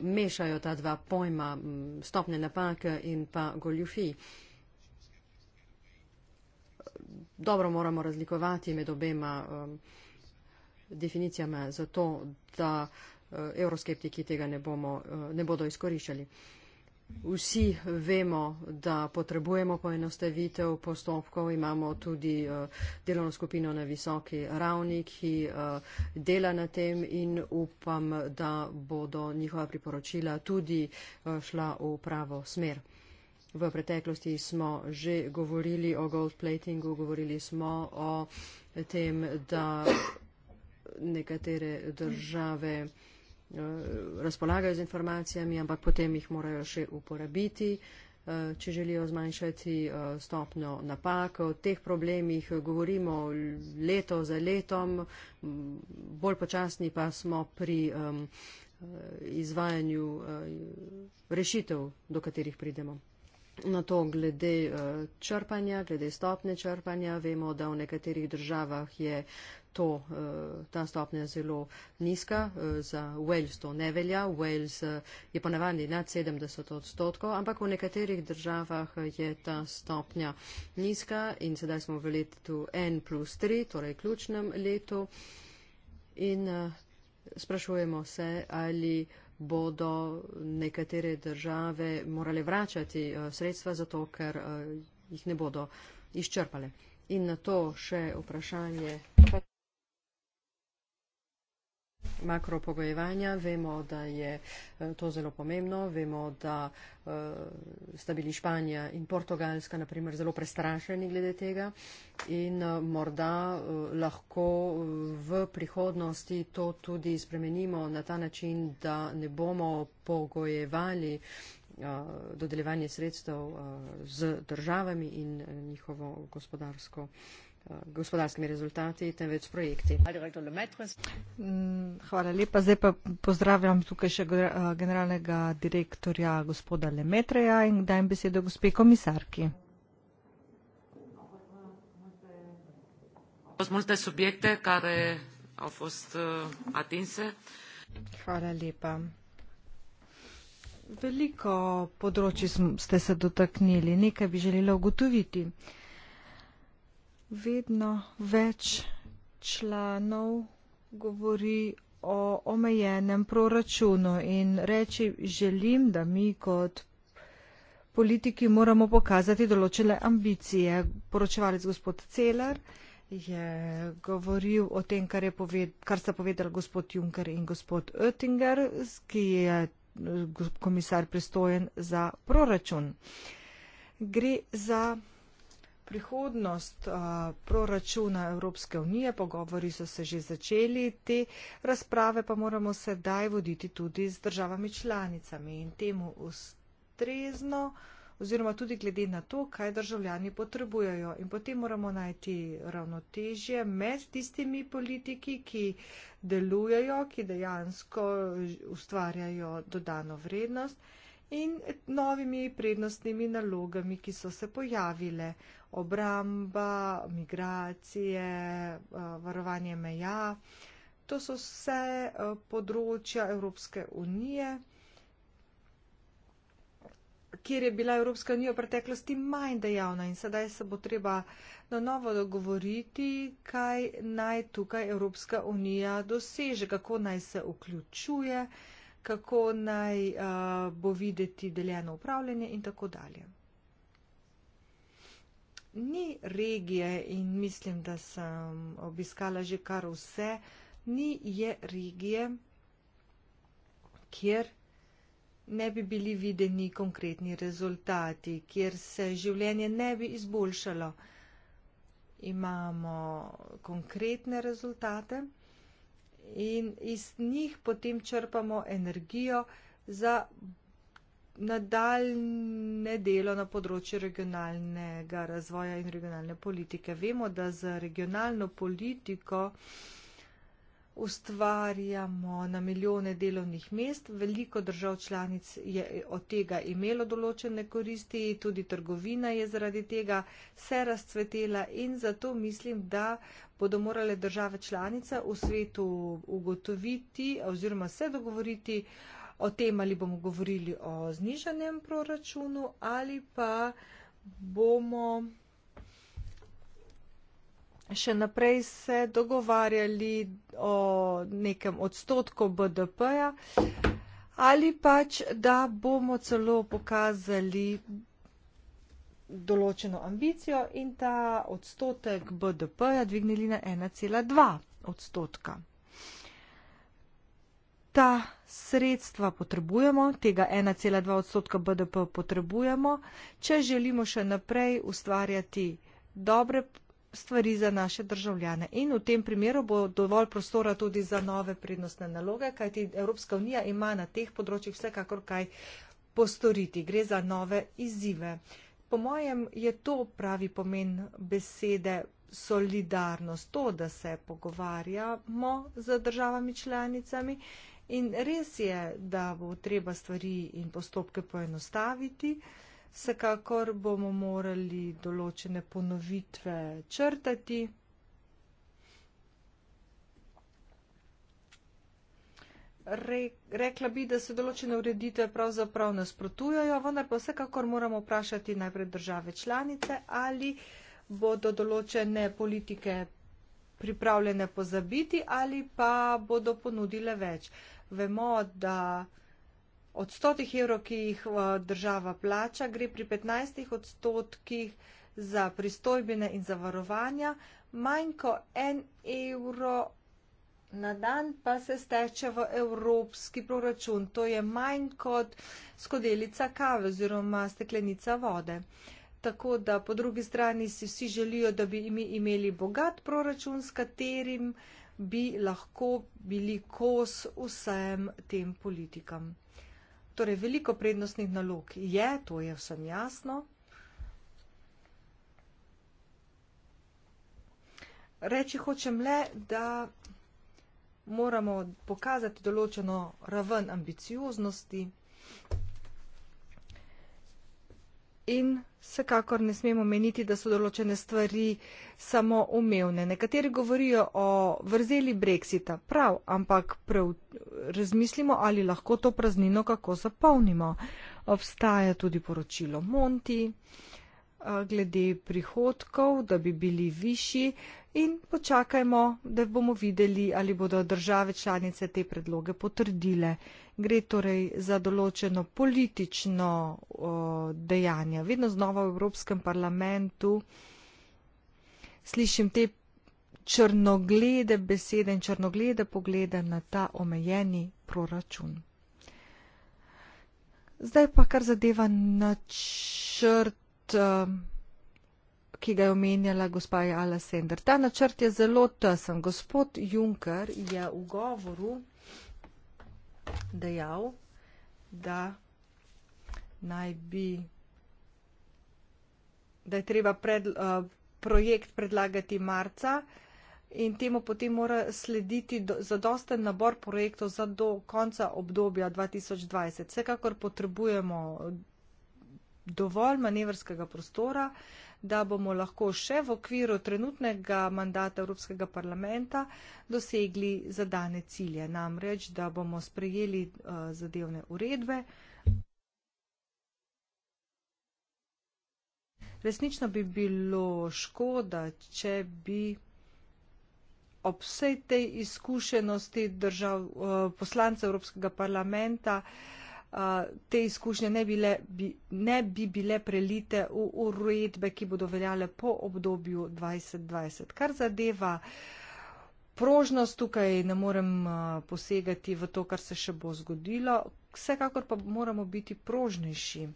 mešajo ta dva pojma, mm, stopne napake in pa goljufij dobro moramo razlikovati med obema um, definicijama, zato da uh, euroskeptiki tega ne, bomo, uh, ne bodo izkoriščali. Vsi vemo, da potrebujemo poenostavitev postopkov, imamo tudi uh, delovno skupino na visoki ravni, ki uh, dela na tem in upam, da bodo njihova priporočila tudi uh, šla v pravo smer. V preteklosti smo že govorili o gold platingu, govorili smo o tem, da nekatere države eh, razpolagajo z informacijami, ampak potem jih morajo še uporabiti, eh, če želijo zmanjšati eh, stopno napak. O teh problemih govorimo leto za letom, bolj počasni pa smo pri izvajanju rešitev, do katerih pridemo. Na to glede eh, črpanja, glede stopne črpanja, vemo, da v nekaterih državah je to, eh, ta stopnja zelo nizka, eh, za Wales to ne velja, Wales je ponavadi nad 70 odstotkov, ampak v nekaterih državah je ta stopnja nizka in sedaj smo v letu N plus 3, torej ključnem letu in sprašujemo se, ali bodo nekatere države morale vračati eh, sredstva zato, ker eh, jih ne bodo izčrpale. In na to še vprašanje makropogojevanja, vemo, da je eh, to zelo pomembno, vemo, da eh, sta bili Španija in Portugalska naprimer zelo prestrašeni glede tega in eh, morda lahko v prihodnosti to tudi spremenimo na ta način, da ne bomo pogojevali dodeljevanje sredstev z državami in njihovo gospodarsko gospodarskimi rezultati, temveč projekti.
Mm,
hvala lepa. Zdaj pa pozdravljam tukaj še eh, generalnega direktorja gospoda Lemetreja in dajem besedo gospe komisarki.
Eh,
hvala lepa. Veliko področji ste se dotaknili, nekaj bi želela ugotoviti vedno več članov govori o omejenem proračunu in reči, želim, da mi kot politiki moramo pokazati določene ambicije. Poročevalec gospod Celar je govoril o tem, kar, je poved, kar sta povedali gospod Juncker in gospod Oettinger, ki je eh, komisar pristojen za proračun. Gre za prihodnost uh, proračuna Evropske unije. Pogovori so se že začeli, te razprave pa moramo sedaj voditi tudi z državami članicami in temu ustrezno oziroma tudi glede na to, kaj državljani potrebujejo. In potem moramo najti ravnotežje med tistimi politiki, ki delujejo, ki dejansko ustvarjajo dodano vrednost in novimi prednostnimi nalogami, ki so se pojavile. Obramba, migracije, eh, varovanje meja. To so vse eh, področja Evropske unije, kjer je bila Evropska unija v preteklosti manj dejavna in sedaj se bo treba na novo dogovoriti, kaj naj tukaj Evropska unija doseže, kako naj se vključuje, kako naj uh, bo videti deljeno upravljanje in tako dalje. Ni regije in mislim, da sem obiskala že kar vse, ni je regije, kjer ne bi bili videni konkretni rezultati, kjer se življenje ne bi izboljšalo. Imamo konkretne rezultate in iz njih potem črpamo energijo za nadaljne delo na področju regionalnega razvoja in regionalne politike. Vemo, da z regionalno politiko ustvarjamo na milijone delovnih mest, veliko držav članic je od tega imelo določene koristi, tudi trgovina je zaradi tega se razcvetela in zato mislim, da bodo morale države članice v svetu ugotoviti oziroma se dogovoriti o tem, ali bomo govorili o znižanem proračunu ali pa bomo še naprej se dogovarjali o nekem odstotku BDP-ja ali pač, da bomo celo pokazali določeno ambicijo in ta odstotek BDP-ja dvignili na 1,2 odstotka. Ta sredstva potrebujemo, tega 1,2 odstotka BDP potrebujemo, če želimo še naprej ustvarjati dobre stvari za naše državljane. In v tem primeru bo dovolj prostora tudi za nove prednostne naloge, kajti Evropska unija ima na teh področjih vsekakor kaj postoriti. Gre za nove izzive. Po mojem je to pravi pomen besede solidarnost, to, da se pogovarjamo z državami članicami in res je, da bo treba stvari in postopke poenostaviti. Vsekakor bomo morali določene ponovitve črtati, Re, rekla bi, da se določene ureditve pravzaprav nasprotujajo, vendar pa vsekakor moramo vprašati najprej države članice, ali bodo določene politike pripravljene pozabiti ali pa bodo ponudile več. Vemo, da od stotih evrov, ki jih eh, država plača, gre pri 15 odstotkih za pristojbine in zavarovanja, manj kot en evro na dan pa se steče v evropski proračun. To je manj kot skodelica kave oziroma steklenica vode. Tako da po drugi strani si vsi želijo, da bi mi imeli bogat proračun, s katerim bi lahko bili kos vsem tem politikam. Torej, veliko prednostnih nalog je, to je vsem jasno. Reči hočem le, da moramo pokazati določeno raven ambicioznosti in vsekakor ne smemo meniti, da so določene stvari samo umevne. Nekateri govorijo o vrzeli Brexita, prav, ampak prav, razmislimo, ali lahko to praznino kako zapolnimo. Obstaja tudi poročilo Monti glede prihodkov, da bi bili višji in počakajmo, da bomo videli, ali bodo države članice te predloge potrdile. Gre torej za določeno politično o, dejanje. Vedno znova v Evropskem parlamentu slišim te črnoglede besede in črnoglede poglede na ta omejeni proračun. Zdaj pa kar zadeva načrt Eh, ki ga je omenjala gospa Jala Sender. Ta načrt je zelo tesen. Gospod Juncker je v govoru dejal, da naj bi da je treba pred, uh, projekt predlagati marca in temu potem mora slediti zadosten nabor projektov za do konca obdobja 2020. Vsekakor potrebujemo dovolj manevrskega prostora, da bomo lahko še v okviru trenutnega mandata Evropskega parlamenta dosegli zadane cilje, namreč, da bomo sprejeli uh, zadevne uredbe. Resnično bi bilo škoda, če bi ob vsej tej izkušenosti držav, uh, eh, poslance Evropskega parlamenta uh, te izkušnje ne, bile, bi, ne bi bile prelite v uredbe, ki bodo veljale po obdobju 2020. Kar zadeva prožnost, tukaj ne morem posegati v to, kar se še bo zgodilo, vsekakor pa moramo biti prožnejši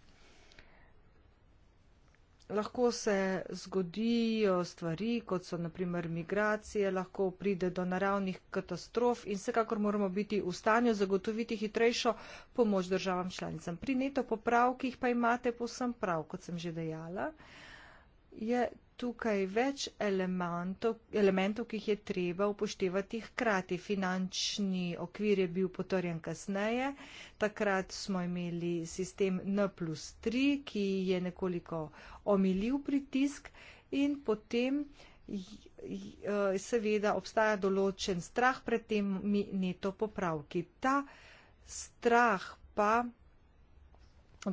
lahko se zgodijo stvari, kot so naprimer migracije, lahko pride do naravnih katastrof in vsekakor moramo biti v stanju zagotoviti hitrejšo pomoč državam članicam. Pri neto popravkih pa imate posem prav, kot sem že dejala, je tukaj več elementov, elementov, ki jih je treba upoštevati hkrati. Finančni okvir je bil potrjen kasneje, takrat smo imeli sistem N plus 3, ki je nekoliko omilil pritisk in potem eh, seveda obstaja določen strah pred temi neto popravki. Ta strah pa.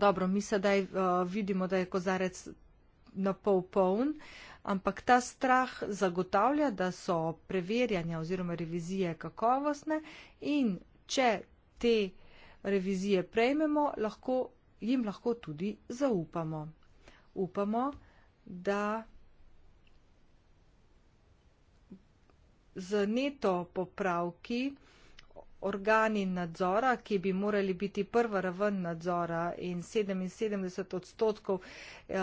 Dobro, mi sedaj uh, vidimo, da je kozarec na pol poln, ampak ta strah zagotavlja, da so preverjanja oziroma revizije kakovostne in če te revizije prejmemo, lahko, jim lahko tudi zaupamo. Upamo, da z neto popravki organi nadzora, ki bi morali biti prva raven nadzora in 77 odstotkov eh,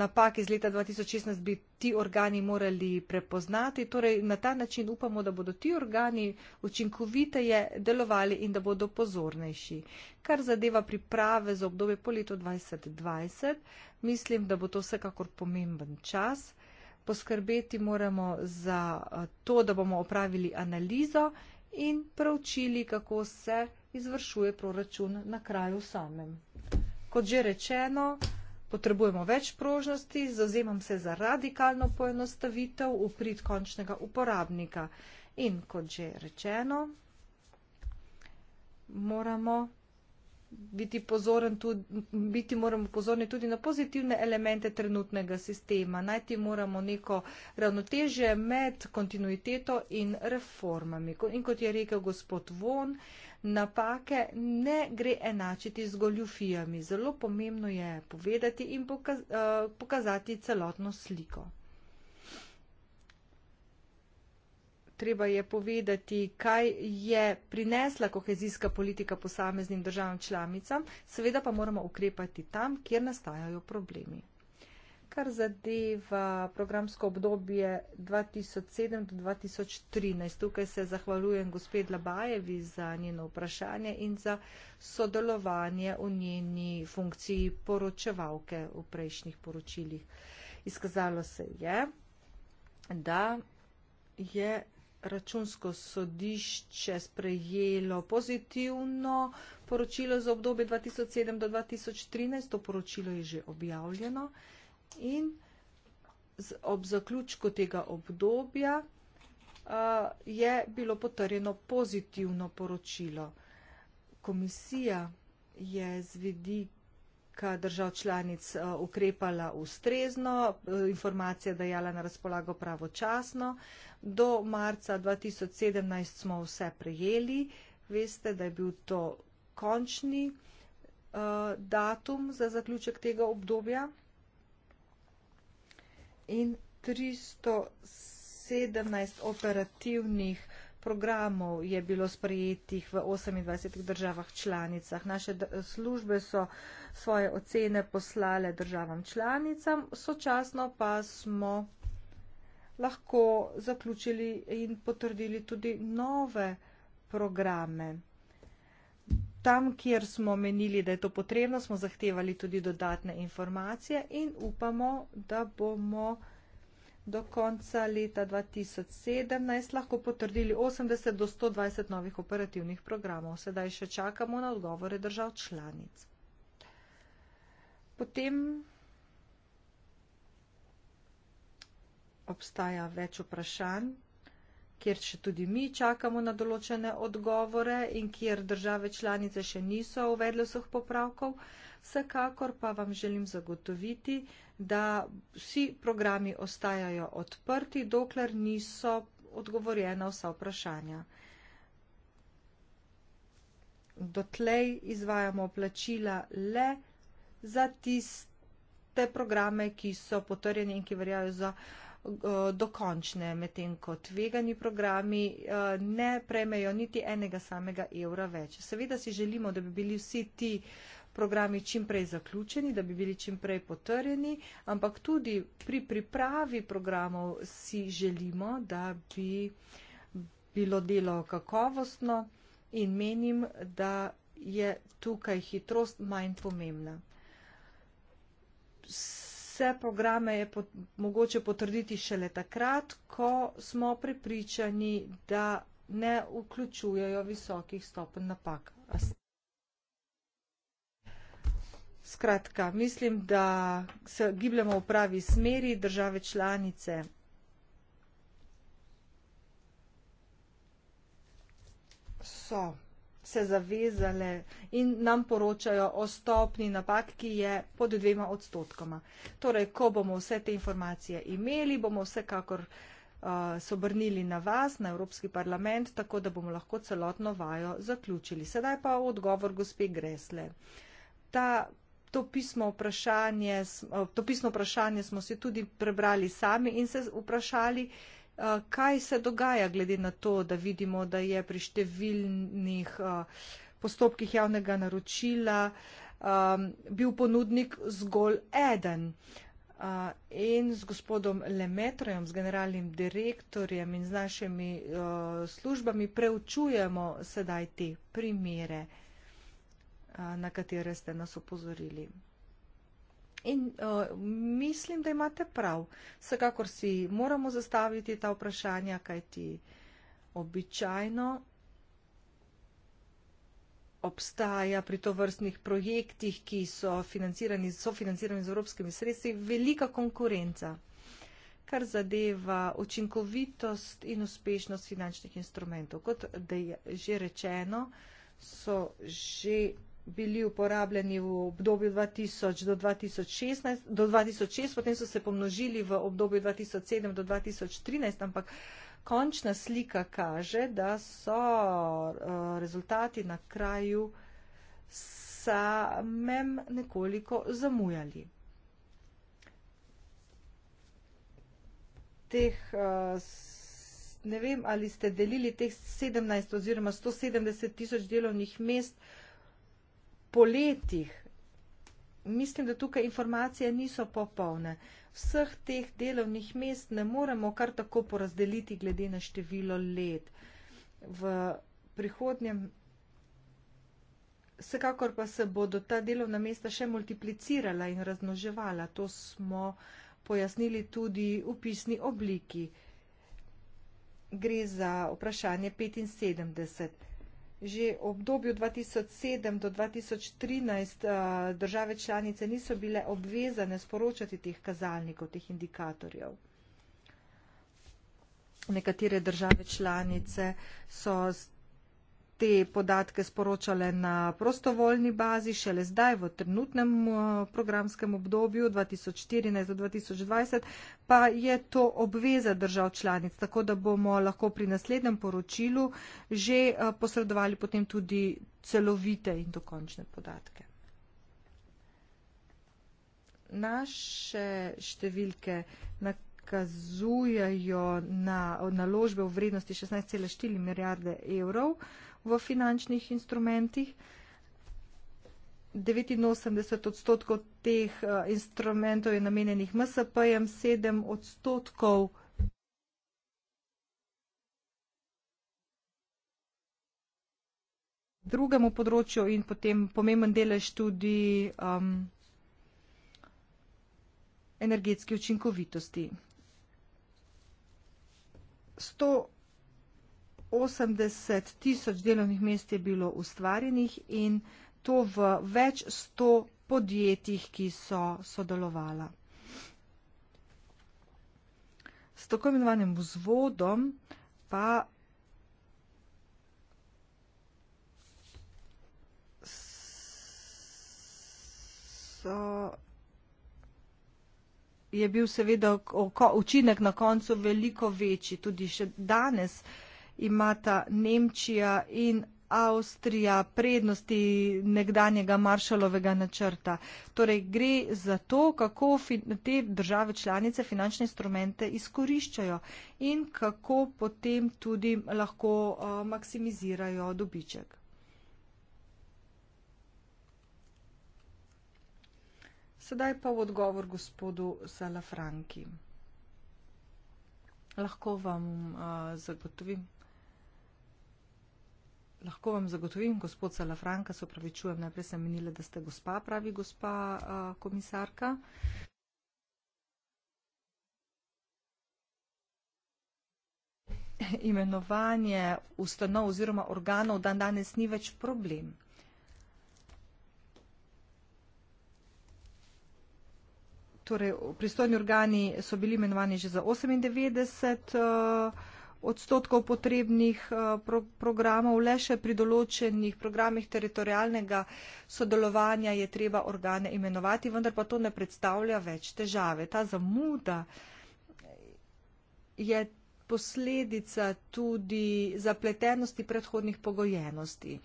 napak iz leta 2016 bi ti organi morali prepoznati. Torej, na ta način upamo, da bodo ti organi učinkoviteje delovali in da bodo pozornejši. Kar zadeva priprave za obdobje po letu 2020, mislim, da bo to vsekakor pomemben čas. Poskrbeti moramo za eh, to, da bomo opravili analizo in preučili, kako se izvršuje proračun na kraju samem. Kot že rečeno, potrebujemo več prožnosti, zazemam se za radikalno poenostavitev v prid končnega uporabnika. In kot že rečeno, moramo biti, tudi, biti moramo pozorni tudi na pozitivne elemente trenutnega sistema. Najti moramo neko ravnoteže med kontinuiteto in reformami. In kot je rekel gospod Von, napake ne gre enačiti z goljufijami. Zelo pomembno je povedati in eh, pokazati celotno sliko. treba je povedati, kaj je prinesla kohezijska politika posameznim državam članicam, seveda pa moramo ukrepati tam, kjer nastajajo problemi. Kar zadeva programsko obdobje 2007 do 2013. Tukaj se zahvaljujem gospod Labajevi za njeno vprašanje in za sodelovanje v njeni funkciji poročevalke v prejšnjih poročilih. Izkazalo se je, da je računsko sodišče sprejelo pozitivno poročilo za obdobje 2007 do 2013. To poročilo je že objavljeno in ob zaključku tega obdobja je bilo potrjeno pozitivno poročilo. Komisija je z vidika držav članic eh, ukrepala ustrezno, eh, informacije dajala na razpolago pravočasno. Do marca 2017 smo vse prejeli. Veste, da je bil to končni eh, datum za zaključek tega obdobja. In 317 operativnih programov je bilo sprejetih v 28 državah članicah. Naše službe so svoje ocene poslale državam članicam, sočasno pa smo lahko zaključili in potrdili tudi nove programe. Tam, kjer smo menili, da je to potrebno, smo zahtevali tudi dodatne informacije in upamo, da bomo do konca leta 2017 lahko potrdili 80 do 120 novih operativnih programov. Sedaj še čakamo na odgovore držav članic. Potem obstaja več vprašanj, kjer še tudi mi čakamo na določene odgovore in kjer države članice še niso uvedle vseh popravkov. Vsekakor pa vam želim zagotoviti, da vsi programi ostajajo odprti, dokler niso odgovorjena vsa vprašanja. Dotlej izvajamo plačila le za tiste programe, ki so potrjeni in ki verjajo za eh, dokončne, medtem ko tvegani programi eh, ne prejmejo niti enega samega evra več. Seveda si želimo, da bi bili vsi ti uh, programi čim prej zaključeni, da bi bili čim prej potrjeni, ampak tudi pri pripravi programov si želimo, da bi bilo delo kakovostno in menim, da je tukaj hitrost manj pomembna. Vse programe je pot, mogoče potrditi šele takrat, ko smo pripričani, da ne vključujejo visokih stopenj napak. Skratka, mislim, da se gibljamo v pravi smeri države članice. So se zavezale in nam poročajo o stopni napak, ki je pod dvema odstotkoma. Torej, ko bomo vse te informacije imeli, bomo vsekakor uh, sobrnili na vas, na Evropski parlament, tako da bomo lahko celotno vajo zaključili. Sedaj pa odgovor gospe Gresle. Ta To pismo, vprašanje, eh, to pismo vprašanje smo si tudi prebrali sami in se vprašali, eh, kaj se dogaja glede na to, da vidimo, da je pri številnih eh, postopkih javnega naročila ehm, bil ponudnik zgolj eden. In z gospodom Lemetrojem, z generalnim direktorjem in z našimi službami preučujemo sedaj te primere na katere ste nas upozorili. In uh, mislim, da imate prav. Vsekakor si moramo zastaviti ta vprašanja, kaj ti običajno obstaja pri tovrstnih projektih, ki so financirani, so financirani z evropskimi sredstvi, velika konkurenca, kar zadeva učinkovitost in uspešnost finančnih instrumentov. Kot da je že rečeno, so že bili uporabljeni v obdobju 2000 do 2016, do 2006, potem so se pomnožili v obdobju 2007 do 2013, ampak končna slika kaže, da so uh, rezultati na kraju samem nekoliko zamujali. Teh, uh, ne vem, ali ste delili teh 17 oziroma 170 tisoč delovnih mest, uh, po letih, mislim, da tukaj informacije niso popolne. Vseh teh delovnih mest ne moremo kar tako porazdeliti glede na število let. V prihodnjem, vsekakor pa se bodo ta delovna mesta še multiplicirala in raznoževala. To smo pojasnili tudi v pisni obliki. Gre za vprašanje 75 že v obdobju 2007 do 2013 eh, države članice niso bile obvezane sporočati teh kazalnikov, teh indikatorjev. Nekatere države članice so s te podatke sporočale na prostovoljni bazi, šele zdaj v trenutnem eh, programskem obdobju 2014-2020 pa je to obveza držav članic, tako da bomo lahko pri naslednjem poročilu že eh, posredovali potem tudi celovite in dokončne podatke. Naše številke nakazujejo na naložbe v vrednosti 16,4 milijarde evrov. Uh, v finančnih instrumentih. 89 odstotkov teh eh, instrumentov je namenjenih MSP-jem, 7 odstotkov drugemu področju in potem pomemben delež tudi um, energetske učinkovitosti. 100 80 tisoč delovnih mest je bilo ustvarjenih in to v več sto podjetjih, ki so sodelovala. S tako imenovanim vzvodom pa so je bil seveda učinek na koncu veliko večji. Tudi še danes uh, imata Nemčija in Avstrija prednosti nekdanjega maršalovega načrta. Torej gre za to, kako te države članice finančne instrumente izkoriščajo in kako potem tudi lahko uh, maksimizirajo dobiček. Sedaj pa v odgovor gospodu Salafranki. Lahko vam uh, zagotovim. Lahko vam zagotovim, gospod Salafranka, se opravičujem, najprej sem menila, da ste gospa, pravi gospa a, komisarka. Imenovanje ustanov oziroma organov dan danes ni več problem. Torej, pristojni organi so bili imenovani že za 98. A, odstotkov potrebnih eh, pro programov, le še pri določenih programih teritorijalnega sodelovanja je treba organe imenovati, vendar pa to ne predstavlja več težave. Ta zamuda je posledica tudi zapletenosti predhodnih pogojenosti.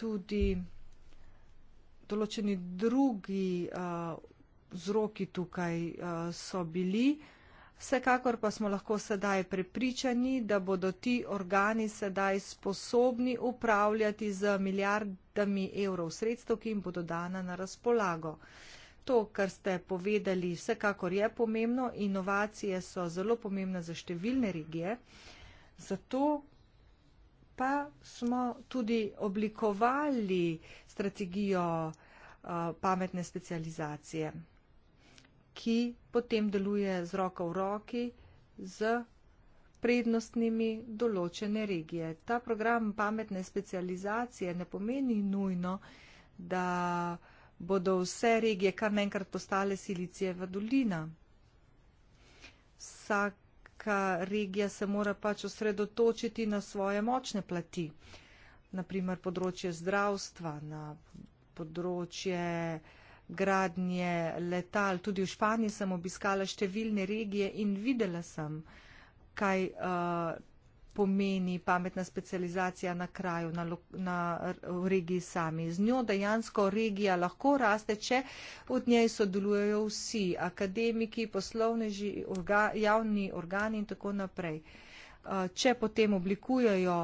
Tudi določeni drugi uh, vzroki tukaj uh, so bili. Vsekakor pa smo lahko sedaj prepričani, da bodo ti organi sedaj sposobni upravljati z milijardami evrov sredstev, ki jim bodo dana na razpolago. To, kar ste povedali, vsekakor je pomembno. Inovacije so zelo pomembne za številne regije. Zato pa smo tudi oblikovali strategijo uh, pametne specializacije ki potem deluje z roko v roki z prednostnimi določene regije. Ta program pametne specializacije ne pomeni nujno, da bodo vse regije kar naenkrat postale Silicijeva dolina. Vsaka regija se mora pač osredotočiti na svoje močne plati, naprimer področje zdravstva, na področje eh, gradnje letal. Tudi v Španiji sem obiskala številne regije in videla sem, kaj uh, pomeni pametna specializacija na kraju, na, na, v regiji sami. Z njo dejansko regija lahko raste, če od njej sodelujejo vsi, akademiki, poslovneži, orga, javni organi in tako naprej. Uh, Eh, če potem oblikujejo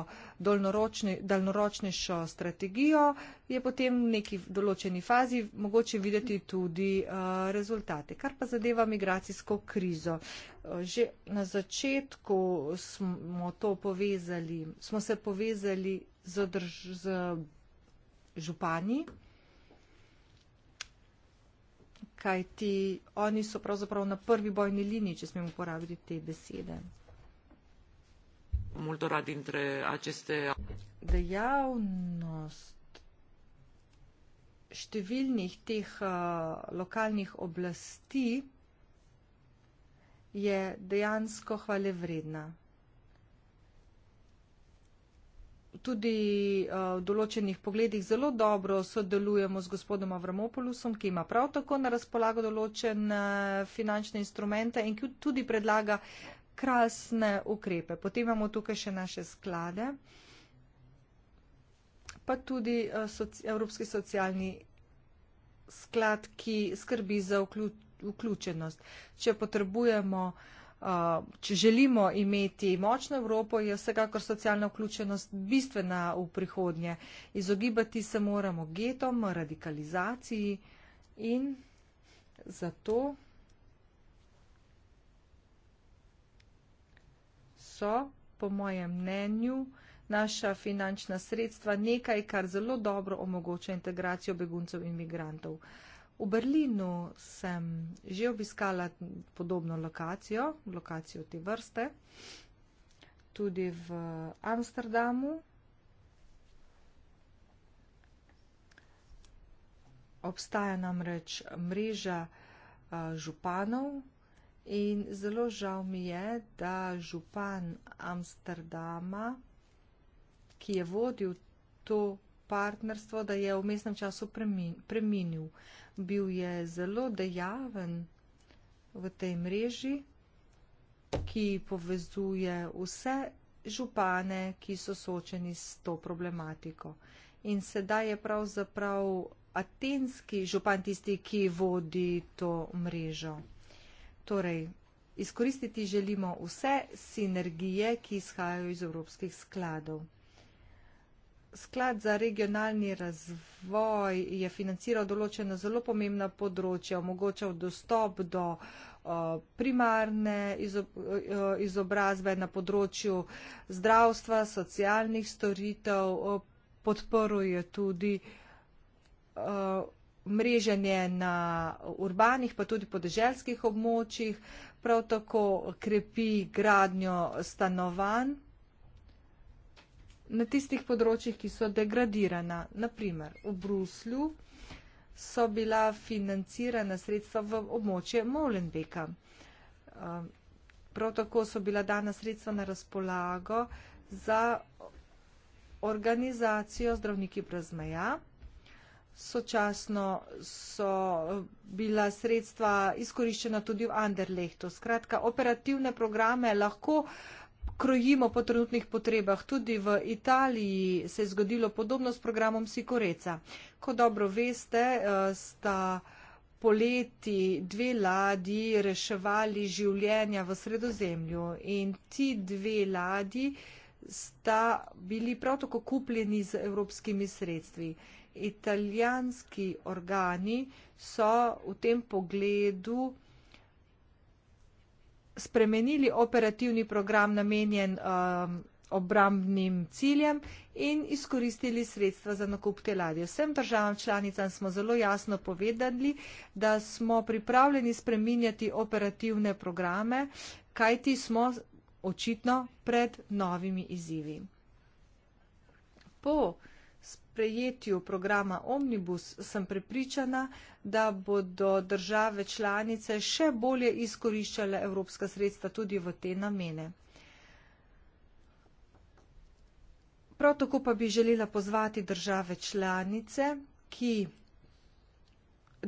daljnoročnejšo strategijo, je potem v neki določeni fazi mogoče videti tudi eh, rezultate. Kar pa zadeva migracijsko krizo. Eh, že na začetku smo, povezali, smo se povezali z, drž, z županji, kajti oni so pravzaprav na prvi bojni liniji, če smemo uporabiti te besede
multora dintre aceste.
Dejavnost številnih teh uh, lokalnih oblasti je dejansko hvalevredna. Tudi uh, v določenih pogledih zelo dobro sodelujemo z gospodom Avramopolusom, ki ima prav tako na razpolago določen uh, finančne instrumente in ki tudi predlaga uh, krasne ukrepe. Potem imamo tukaj še naše sklade, pa tudi eh, Evropski socialni sklad, ki skrbi za vključenost. Če potrebujemo, eh, če želimo imeti močno Evropo, je vsekakor socialna vključenost bistvena v prihodnje. Izogibati se moramo getom, radikalizaciji in zato. so, po mojem mnenju, naša finančna sredstva nekaj, kar zelo dobro omogoča integracijo beguncev in migrantov. V Berlinu sem že obiskala podobno lokacijo, lokacijo te vrste, tudi v Amsterdamu. Obstaja namreč mreža eh, županov, In zelo žal mi je, da župan Amsterdama, ki je vodil to partnerstvo, da je v mestnem času preminil. Bil je zelo dejaven v tej mreži, ki povezuje vse župane, ki so soočeni s to problematiko. In sedaj je pravzaprav atenski župan tisti, ki vodi to mrežo. Torej, izkoristiti želimo vse sinergije, ki izhajajo iz evropskih skladov. Sklad za regionalni razvoj je financiral določena zelo pomembna področja, omogočal dostop do primarne izobrazbe na področju zdravstva, socialnih storitev, podporuje tudi mreženje na urbanih, pa tudi podeželskih območjih, prav tako krepi gradnjo stanovanj na tistih področjih, ki so degradirana. Naprimer, v Bruslju so bila financirana sredstva v območje Molenbeka. Ehm, prav tako so bila dana sredstva na razpolago za organizacijo Zdravniki brez meja sočasno so bila sredstva izkoriščena tudi v Anderlehtu. Skratka, operativne programe lahko krojimo po trenutnih potrebah. Tudi v Italiji se je zgodilo podobno s programom Sikoreca. Ko dobro veste, eh, sta poleti dve ladji reševali življenja v sredozemlju in ti dve ladji sta bili prav tako kupljeni z evropskimi sredstvi italijanski organi so v tem pogledu spremenili operativni program namenjen um, obrambnim ciljem in izkoristili sredstva za nakup te ladje. Vsem državam članicam smo zelo jasno povedali, da smo pripravljeni spreminjati operativne programe, kajti smo očitno pred novimi izzivi. Po sprejetju programa Omnibus sem prepričana, da bodo države članice še bolje izkoriščale evropska sredstva tudi v te namene. Prav tako pa bi želela pozvati države članice, ki,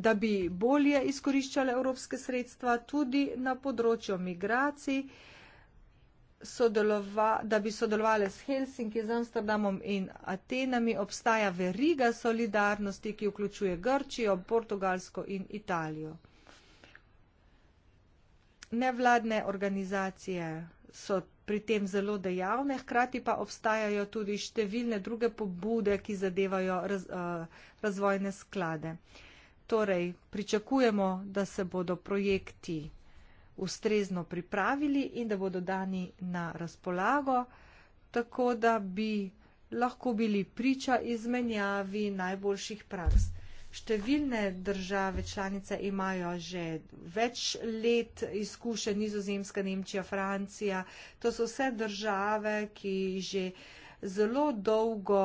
da bi bolje izkoriščale evropske sredstva tudi na področju migracij, sodelova, da bi sodelovali s Helsinki, z Amsterdamom in Atenami, obstaja veriga solidarnosti, ki vključuje Grčijo, Portugalsko in Italijo. Nevladne organizacije so pri tem zelo dejavne, hkrati pa obstajajo tudi številne druge pobude, ki zadevajo raz, eh, razvojne sklade. Torej, pričakujemo, da se bodo projekti ustrezno pripravili in da bodo dani na razpolago, tako da bi lahko bili priča izmenjavi najboljših praks. Številne države članice imajo že več let izkušenj, nizozemska, Nemčija, Francija. To so vse države, ki že zelo dolgo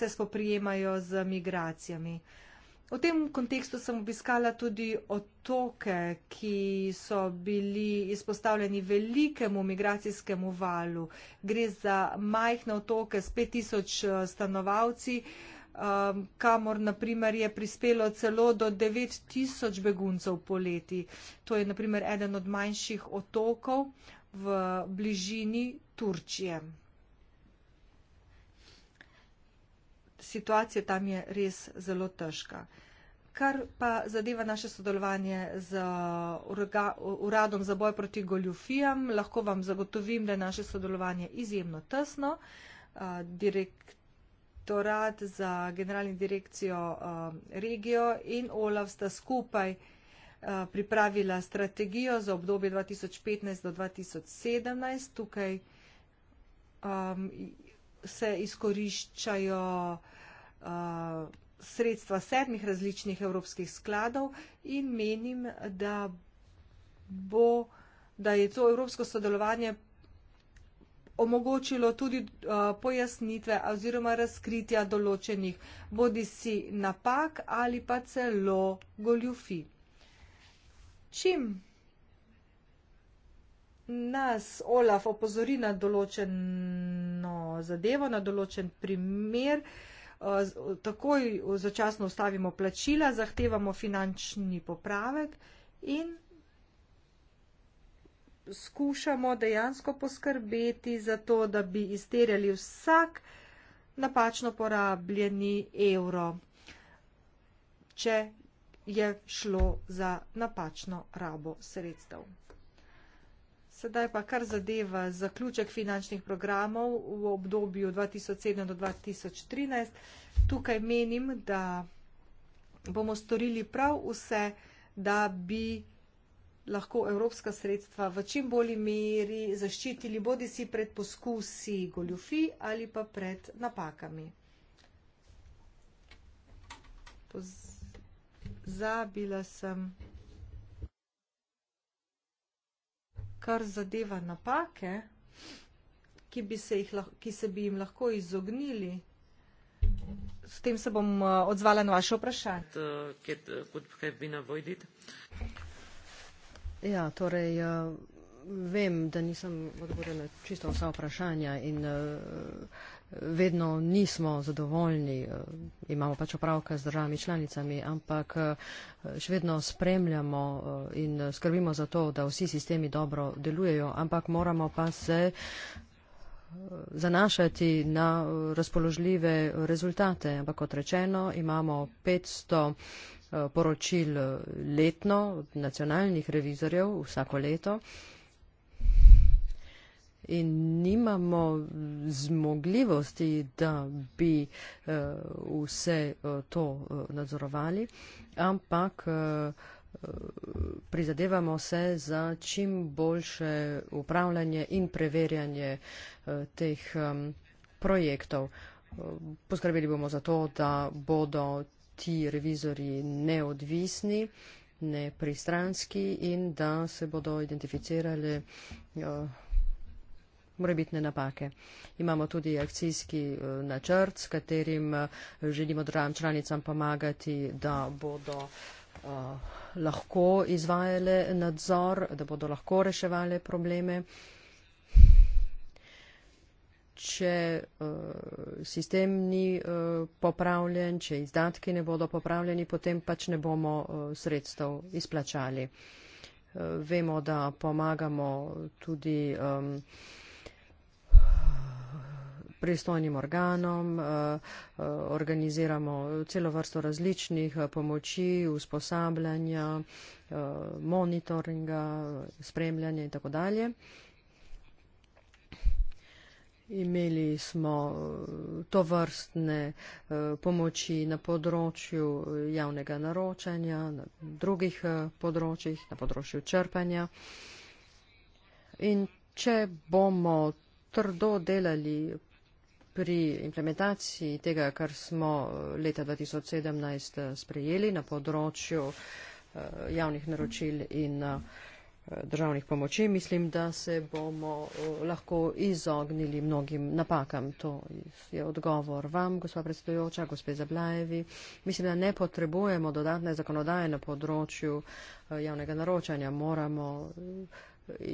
se spoprijemajo z migracijami. Uh, V tem kontekstu sem obiskala tudi otoke, ki so bili izpostavljeni velikemu migracijskemu valu. Gre za majhne otoke s 5000 eh, stanovalci, eh, kamor naprimer je prispelo celo do 9000 beguncev po leti. To je naprimer eden od manjših otokov v bližini Turčije. situacija tam je res zelo težka. Kar pa zadeva naše sodelovanje z Uradom za boj proti goljufijam, lahko vam zagotovim, da je naše sodelovanje izjemno tesno. Uh, direktorat za generalni direkcijo uh, regijo in OLAV sta skupaj uh, pripravila strategijo za obdobje 2015 do 2017. Tukaj um, se izkoriščajo uh, sredstva sedmih različnih evropskih skladov in menim, da, bo, da je to evropsko sodelovanje omogočilo tudi uh, pojasnitve oziroma razkritja določenih bodi si napak ali pa celo goljufi. Čim nas Olaf opozori na določeno zadevo, na določen primer, eh, takoj začasno ustavimo plačila, zahtevamo finančni popravek in skušamo dejansko poskrbeti za to, da bi izterjali vsak napačno porabljeni evro, če je šlo za napačno rabo sredstev. Sedaj pa kar zadeva zaključek finančnih programov v obdobju 2007 do 2013. Tukaj menim, da bomo storili prav vse, da bi lahko evropska sredstva v čim bolji meri zaščitili bodi si pred poskusi goljufi ali pa pred napakami. Pozabila sem. kar zadeva napake, ki, se, jih, ki se bi jim lahko izognili. S tem se bom eh, odzvala na vaše vprašanje.
Eh,
ja, torej, eh, vem, da nisem
odgovorila čisto vsa vprašanja in uh, vedno nismo zadovoljni, eh, imamo pač opravka z državami članicami, ampak eh, še vedno spremljamo eh, in skrbimo za to, da vsi sistemi dobro delujejo, ampak moramo pa se zanašati na razpoložljive rezultate. Ampak kot rečeno, imamo 500 poročil letno nacionalnih revizorjev vsako leto in nimamo zmogljivosti, da bi eh, vse eh, to eh, nadzorovali, ampak prizadevamo se za čim boljše upravljanje in preverjanje teh projektov. Poskrbeli bomo za to, da bodo ti revizori neodvisni, nepristranski in da se bodo identificirali uh, morebitne napake. Imamo tudi akcijski eh, načrt, s katerim eh, želimo državam članicam pomagati, da bodo eh, lahko izvajale nadzor, da bodo lahko reševali probleme. Če sistem ni popravljen, če izdatki ne bodo popravljeni, potem pač ne bomo sredstev izplačali. Vemo, da pomagamo tudi vsega, pristojnim organom, eh, eh, organiziramo celo vrsto različnih eh, pomoči, usposabljanja, monitoringa, spremljanja in tako dalje. Imeli smo to vrstne pomoči na področju javnega naročanja, na drugih področjih, na področju črpanja. In če bomo trdo delali pri implementaciji tega, kar smo eh, leta 2017 eh, sprejeli na področju eh, javnih naročil in državnih pomoči, mislim, da se bomo lahko izognili mnogim napakam. To je odgovor vam, gospod predstojoča, gospod Zablajevi. Mislim, da ne potrebujemo dodatne zakonodaje na področju javnega naročanja. Moramo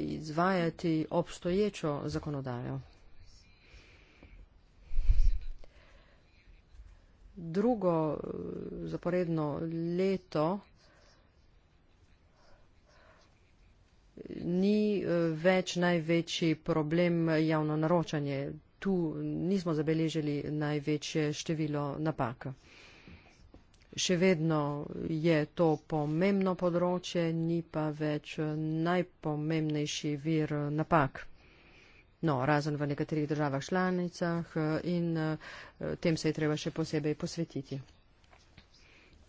izvajati obstoječo zakonodajo. drugo eh, zaporedno leto ni eh, več največji problem javno naročanje. Tu nismo zabeležili največje število napak. Še vedno je to pomembno področje, ni pa več eh, najpomembnejši vir napak. No, razen v nekaterih državah članicah eh, in eh, tem se je treba še posebej posvetiti.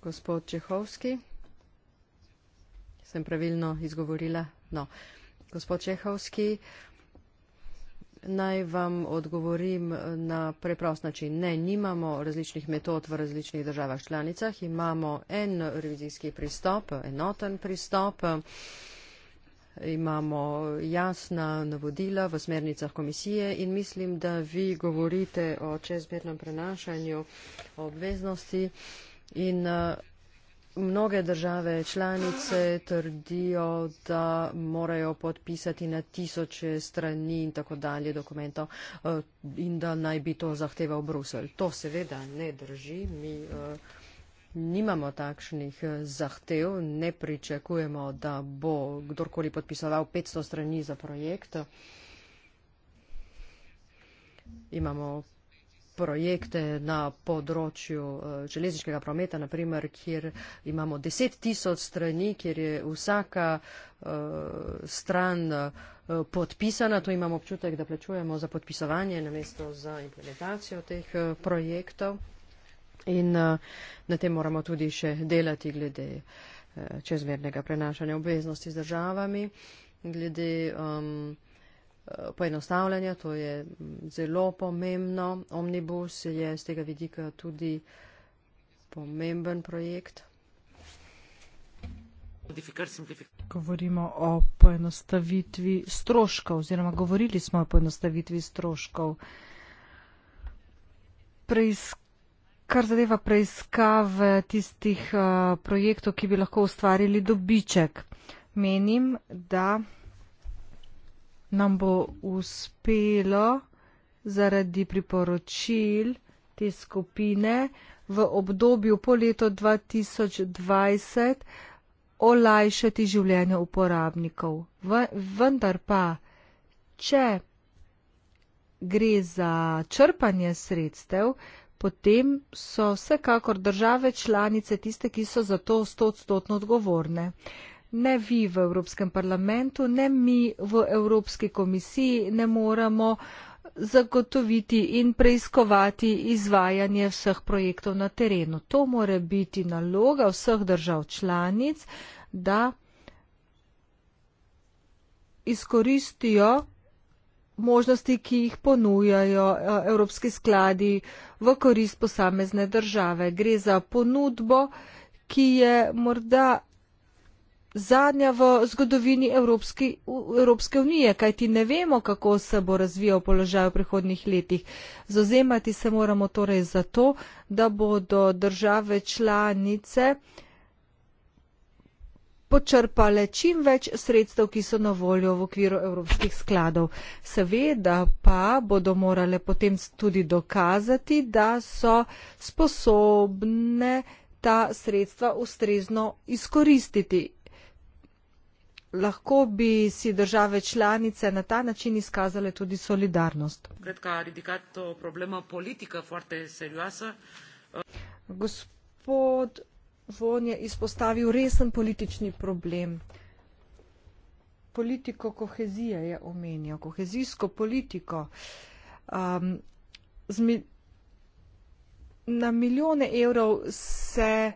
Gospod Čehovski, sem pravilno izgovorila. No, gospod Čehovski, naj vam odgovorim eh, na preprost način. Ne, nimamo različnih metod v različnih državah članicah, imamo en revizijski pristop, enoten pristop imamo jasna navodila v smernicah komisije in mislim, da vi govorite o čezmernem prenašanju obveznosti in eh, mnoge države članice trdijo, da morajo podpisati na tisoče strani in tako dalje dokumentov eh, in da naj bi to zahteval Brusel. To seveda ne drži. Mi, uh, nimamo takšnih eh, zahtev, ne pričakujemo, da bo kdorkoli podpisoval 500 strani za projekt. Imamo projekte na področju eh, železniškega prometa, naprimer, kjer imamo 10 tisoč strani, kjer je vsaka uh, stran uh, podpisana. To imamo občutek, da plačujemo za podpisovanje namesto za implementacijo teh uh, projektov. In eh, na tem moramo tudi še delati glede eh, čezmernega prenašanja obveznosti z državami, glede um, poenostavljanja, to je mm, zelo pomembno. Omnibus je z tega vidika tudi pomemben projekt.
Govorimo o poenostavitvi stroškov oziroma govorili smo o poenostavitvi stroškov preiskav. Kar zadeva preiskave tistih uh, projektov, ki bi lahko ustvarili dobiček, menim, da nam bo uspelo zaradi priporočil te skupine v obdobju po leto 2020 olajšati življenje uporabnikov. V, vendar pa, če gre za črpanje sredstev, potem so vsekakor države članice tiste, ki so za to stotstotno odgovorne. Ne vi v Evropskem parlamentu, ne mi v Evropski komisiji ne moramo zagotoviti in preiskovati izvajanje vseh projektov na terenu. To more biti naloga vseh držav članic, da izkoristijo možnosti, ki jih ponujajo eh, evropski skladi v korist posamezne države. Gre za ponudbo, ki je morda zadnja v zgodovini Evropski, Evropske unije, kajti ne vemo, kako se bo razvijal položaj v prihodnjih letih. Zozemati se moramo torej za to, da bodo države članice počrpale čim več sredstev, ki so na voljo v okviru evropskih skladov. Seveda pa bodo morale potem tudi dokazati, da so sposobne ta sredstva ustrezno izkoristiti. Lahko bi si države članice na ta način izkazale tudi solidarnost. Gospod Von je izpostavil resen politični problem. Politiko kohezije je omenjal, kohezijsko politiko. Um, mi na milijone evrov se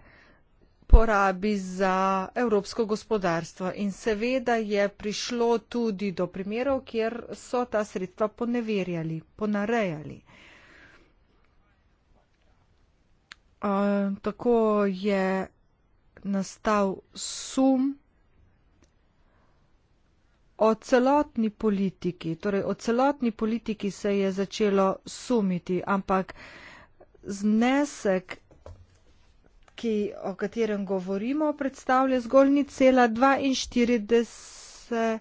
porabi za evropsko gospodarstvo in seveda je prišlo tudi do primerov, kjer so ta sredstva poneverjali, ponarejali. tako je nastal sum o celotni politiki. Torej, o celotni politiki se je začelo sumiti, ampak znesek, ki, o katerem govorimo, predstavlja zgolj ni cela 42.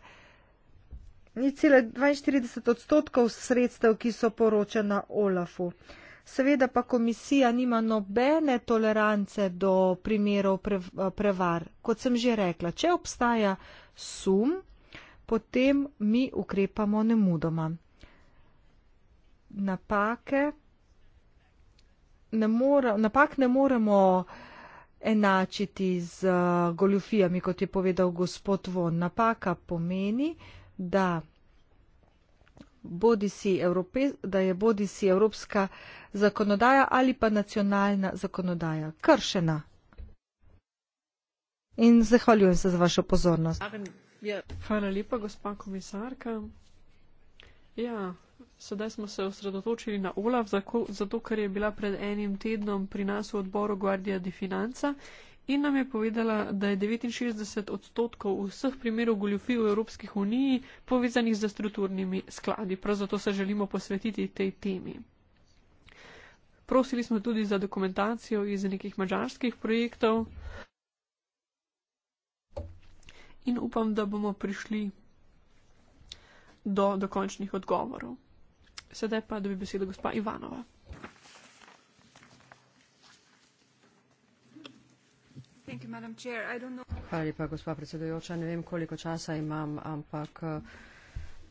Ni cele 42 odstotkov sredstev, ki so poročena Olafu. Uh, Seveda pa komisija nima nobene tolerance do primerov prevar. Kot sem že rekla, če obstaja sum, potem mi ukrepamo nemudoma. Napake ne, more, napak ne moremo enačiti z goljufijami, kot je povedal gospod Von. Napaka pomeni, da bodisi Evrope, da je bodisi evropska zakonodaja ali pa nacionalna zakonodaja kršena. In zahvaljujem se za vašo pozornost.
Ja. Hvala lepa, gospa komisarka. Ja, sedaj smo se osredotočili na OLAF, zato ker je bila pred enim tednom pri nas v odboru Guardia di Financa in nam je povedala, da je 69 odstotkov vseh primerov goljufij v Evropskih uniji povezanih z strukturnimi skladi. Prav zato se želimo posvetiti tej temi. Prosili smo tudi za dokumentacijo iz nekih mađarskih projektov in upam, da bomo prišli do dokončnih odgovorov. Sedaj pa dobi besedo gospa Ivanova.
Hvala
lepa, gospa predsedujoča. Ne vem, koliko časa imam, ampak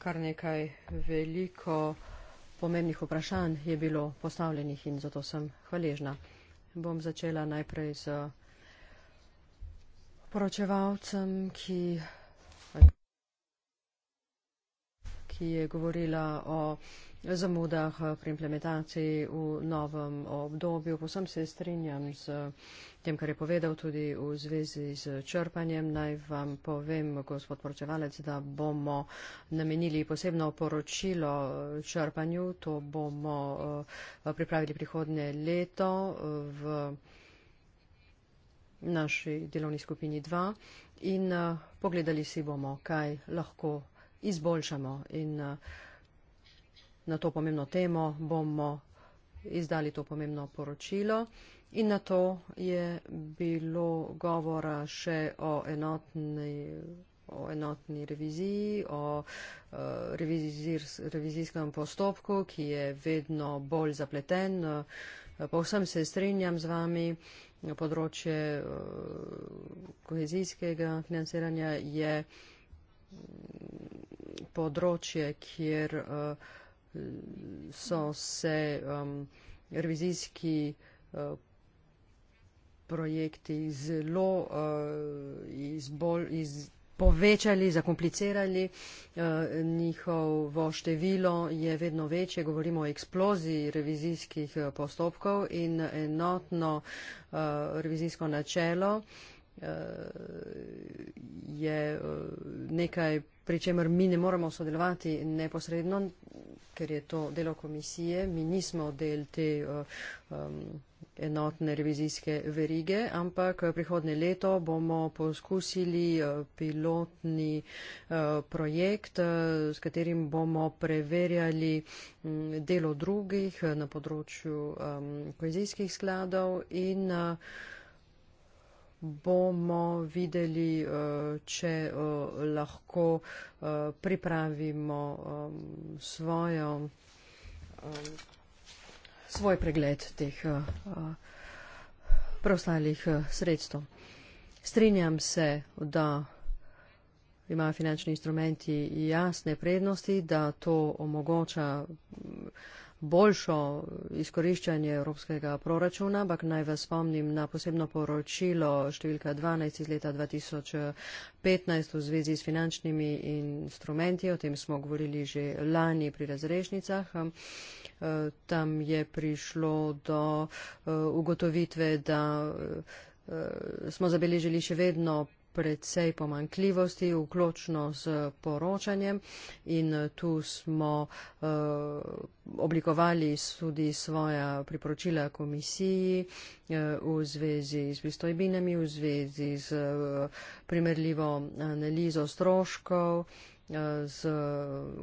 kar nekaj veliko pomembnih vprašanj je bilo postavljenih in zato sem hvaležna. Bom začela najprej z poročevalcem, ki ki je govorila o zamudah pri implementaciji v novem obdobju. Posem se strinjam z tem, kar je povedal tudi v zvezi z črpanjem. Naj vam povem, gospod poročevalec, da bomo namenili posebno poročilo črpanju. To bomo eh, pripravili prihodnje leto eh, v naši delovni skupini 2 in eh, pogledali si bomo, kaj lahko izboljšamo. In eh, na to pomembno temo bomo izdali to pomembno poročilo. In na to je bilo govora še o enotni, o enotni reviziji, o eh, revizir, revizijskem postopku, ki je vedno bolj zapleten. Eh, povsem se strinjam z vami, področje kohezijskega financiranja je področje, kjer uh, so se um, revizijski uh, projekti zelo uh, izbol, iz, povečali, zakomplicirali. Uh, njihovo število je vedno večje. Govorimo o eksploziji revizijskih postopkov in enotno uh, revizijsko načelo uh, Eh, je eh, nekaj, pri čemer mi ne moremo sodelovati neposredno, ker je to delo komisije. Mi nismo del te eh, enotne revizijske verige, ampak prihodne leto bomo poskusili pilotni projekt, s katerim bomo preverjali mm, delo drugih na področju kohezijskih skladov in bomo videli, eh, če eh, lahko eh, pripravimo svojo, svoj pregled teh preostalih sredstev. Strinjam se, da imajo finančni instrumenti jasne prednosti, da to omogoča boljšo izkoriščanje evropskega proračuna, ampak naj vas spomnim na posebno poročilo številka 12 iz leta 2015 v zvezi s finančnimi instrumenti, o tem smo govorili že lani pri razrešnicah. Tam je prišlo do eh, ugotovitve, da eh, smo zabeležili še vedno precej pomankljivosti, vključno z poročanjem in tu smo uh, oblikovali tudi svoja priporočila komisiji uh, v zvezi z pristojbinami, v zvezi z uh, primerljivo analizo stroškov. Uh, z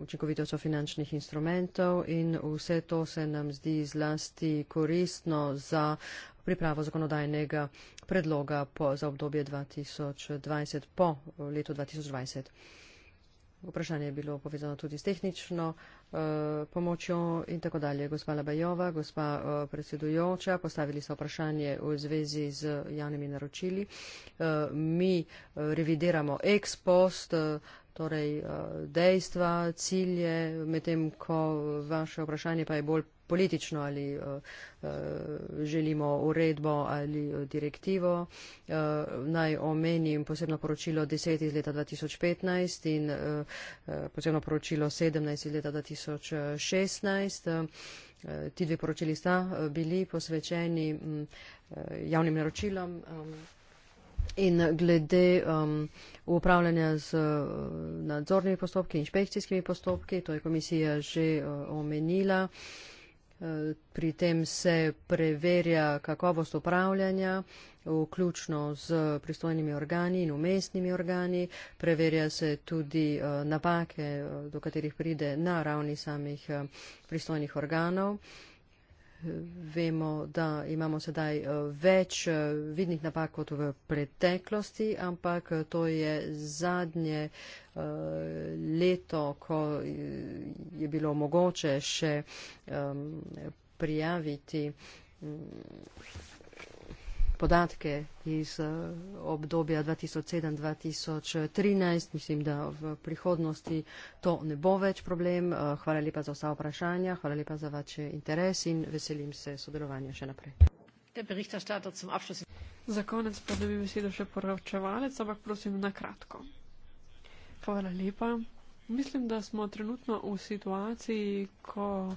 učinkovitostjo finančnih instrumentov in vse to se nam zdi zlasti koristno za pripravo zakonodajnega predloga po, za obdobje 2020 po letu 2020. Vprašanje je bilo povezano tudi s tehnično eh, pomočjo in tako dalje. Gospa Labajova, gospa eh, predsedujoča, postavili so vprašanje v zvezi z javnimi naročili. Eh, mi eh, revidiramo ex post. Eh, torej eh, dejstva, cilje, medtem ko vaše vprašanje pa je bolj politično ali eh, eh, želimo uredbo ali direktivo. Naj omenim posebno poročilo 10 iz leta 2015 in posebno poročilo 17 iz leta 2016. Ti dve poročili sta bili posvečeni mm, javnim naročilom In glede um, upravljanja z uh, nadzornimi postopki, inšpekcijskimi postopki, to je komisija že uh, omenila, uh, pri tem se preverja kakovost upravljanja, vključno z pristojnimi organi in umestnimi organi, preverja se tudi uh, napake, uh, do katerih pride na ravni samih uh, pristojnih organov. Uh, Vemo, da imamo sedaj eh, več eh, vidnih napak kot v preteklosti, ampak eh, to je zadnje leto, ko je bilo mogoče še ehm, prijaviti mm, podatke iz eh, obdobja 2007-2013. Mislim, da v prihodnosti to ne bo več problem. Eh, hvala lepa za vsa vprašanja, hvala lepa za vaš interes in veselim se sodelovanja še naprej.
Za konec pa da bi besedo še poročevalec, ampak prosim na kratko. Hvala lepa. Mislim, da smo trenutno v situaciji, ko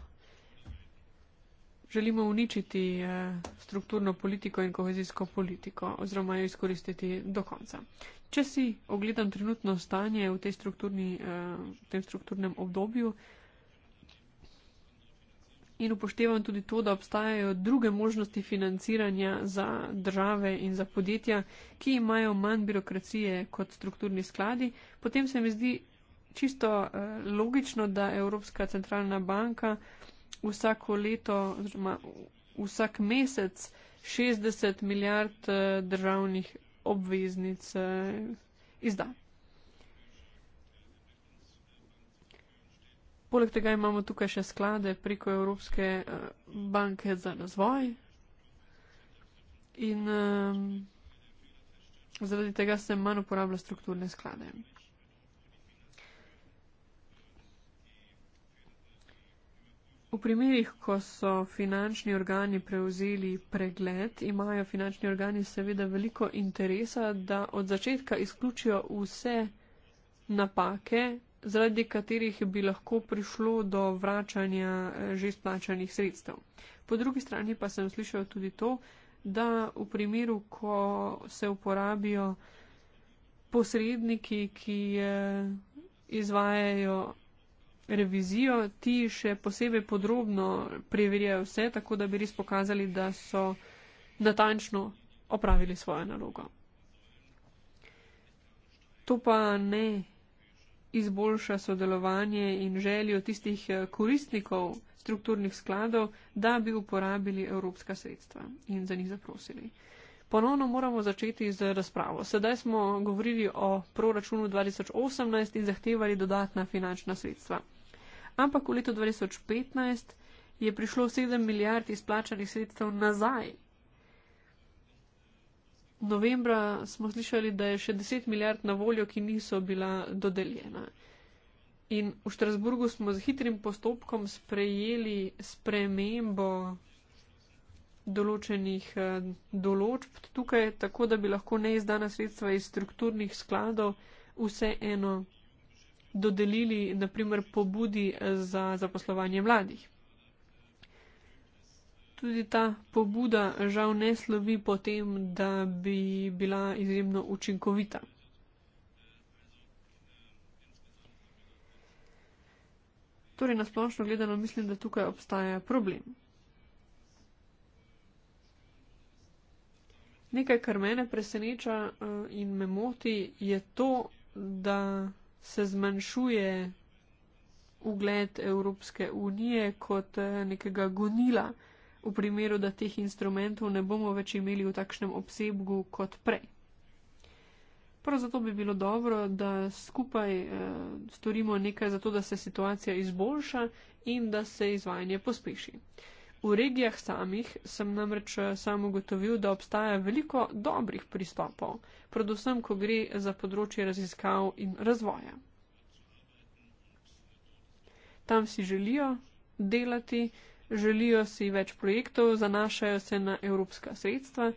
želimo uničiti eh, strukturno politiko in kohezijsko politiko oziroma jo izkoristiti do konca. Če si ogledam trenutno stanje v, eh, v tem strukturnem obdobju in upoštevam tudi to, da obstajajo druge možnosti financiranja za države in za podjetja, ki imajo manj birokracije kot strukturni skladi, potem se mi zdi čisto eh, logično, da Evropska centralna banka vsako leto, oziroma vsak mesec 60 milijard eh, državnih obveznic eh, izda. Poleg tega imamo tukaj še sklade preko Evropske eh, banke za razvoj in um, zaradi tega se manj uporablja strukturne sklade. V primerih, ko so finančni organi prevzeli pregled, imajo finančni organi seveda veliko interesa, da od začetka izključijo vse napake, zaradi katerih bi lahko prišlo do vračanja eh, že splačanih sredstev. Po drugi strani pa sem slišal tudi to, da v primeru, ko se uporabijo posredniki, ki eh, izvajajo revizijo, ti še posebej podrobno preverjajo vse, tako da bi res pokazali, da so natančno opravili svojo nalogo. To pa ne izboljša sodelovanje in željo tistih eh, koristnikov strukturnih skladov, da bi uporabili evropska sredstva in za njih zaprosili. Ponovno moramo začeti z razpravo. Sedaj smo govorili o proračunu 2018 in zahtevali dodatna finančna sredstva ampak v letu 2015 je prišlo 7 milijard izplačanih sredstev nazaj. Novembra smo slišali, da je še 10 milijard na voljo, ki niso bila dodeljena. In v Štrasburgu smo z hitrim postopkom sprejeli spremembo določenih eh, določb tukaj, tako da bi lahko neizdana sredstva iz strukturnih skladov vseeno dodelili, naprimer, pobudi eh, za zaposlovanje mladih. Tudi ta pobuda žal ne slovi potem, da bi bila izjemno učinkovita. Torej, nasplošno gledano, mislim, da tukaj obstaja problem. Nekaj, kar mene preseneča eh, in me moti, je to, da se zmanjšuje ugled Evropske unije kot eh, nekega gonila v primeru, da teh instrumentov ne bomo več imeli v takšnem obsegu kot prej. Prav zato bi bilo dobro, da skupaj eh, storimo nekaj za to, da se situacija izboljša in da se izvajanje pospeši. V regijah samih sem namreč eh, sam ugotovil, da obstaja veliko dobrih pristopov, predvsem, ko gre za področje raziskav in razvoja. Tam si želijo delati, želijo si več projektov, zanašajo se na evropska sredstva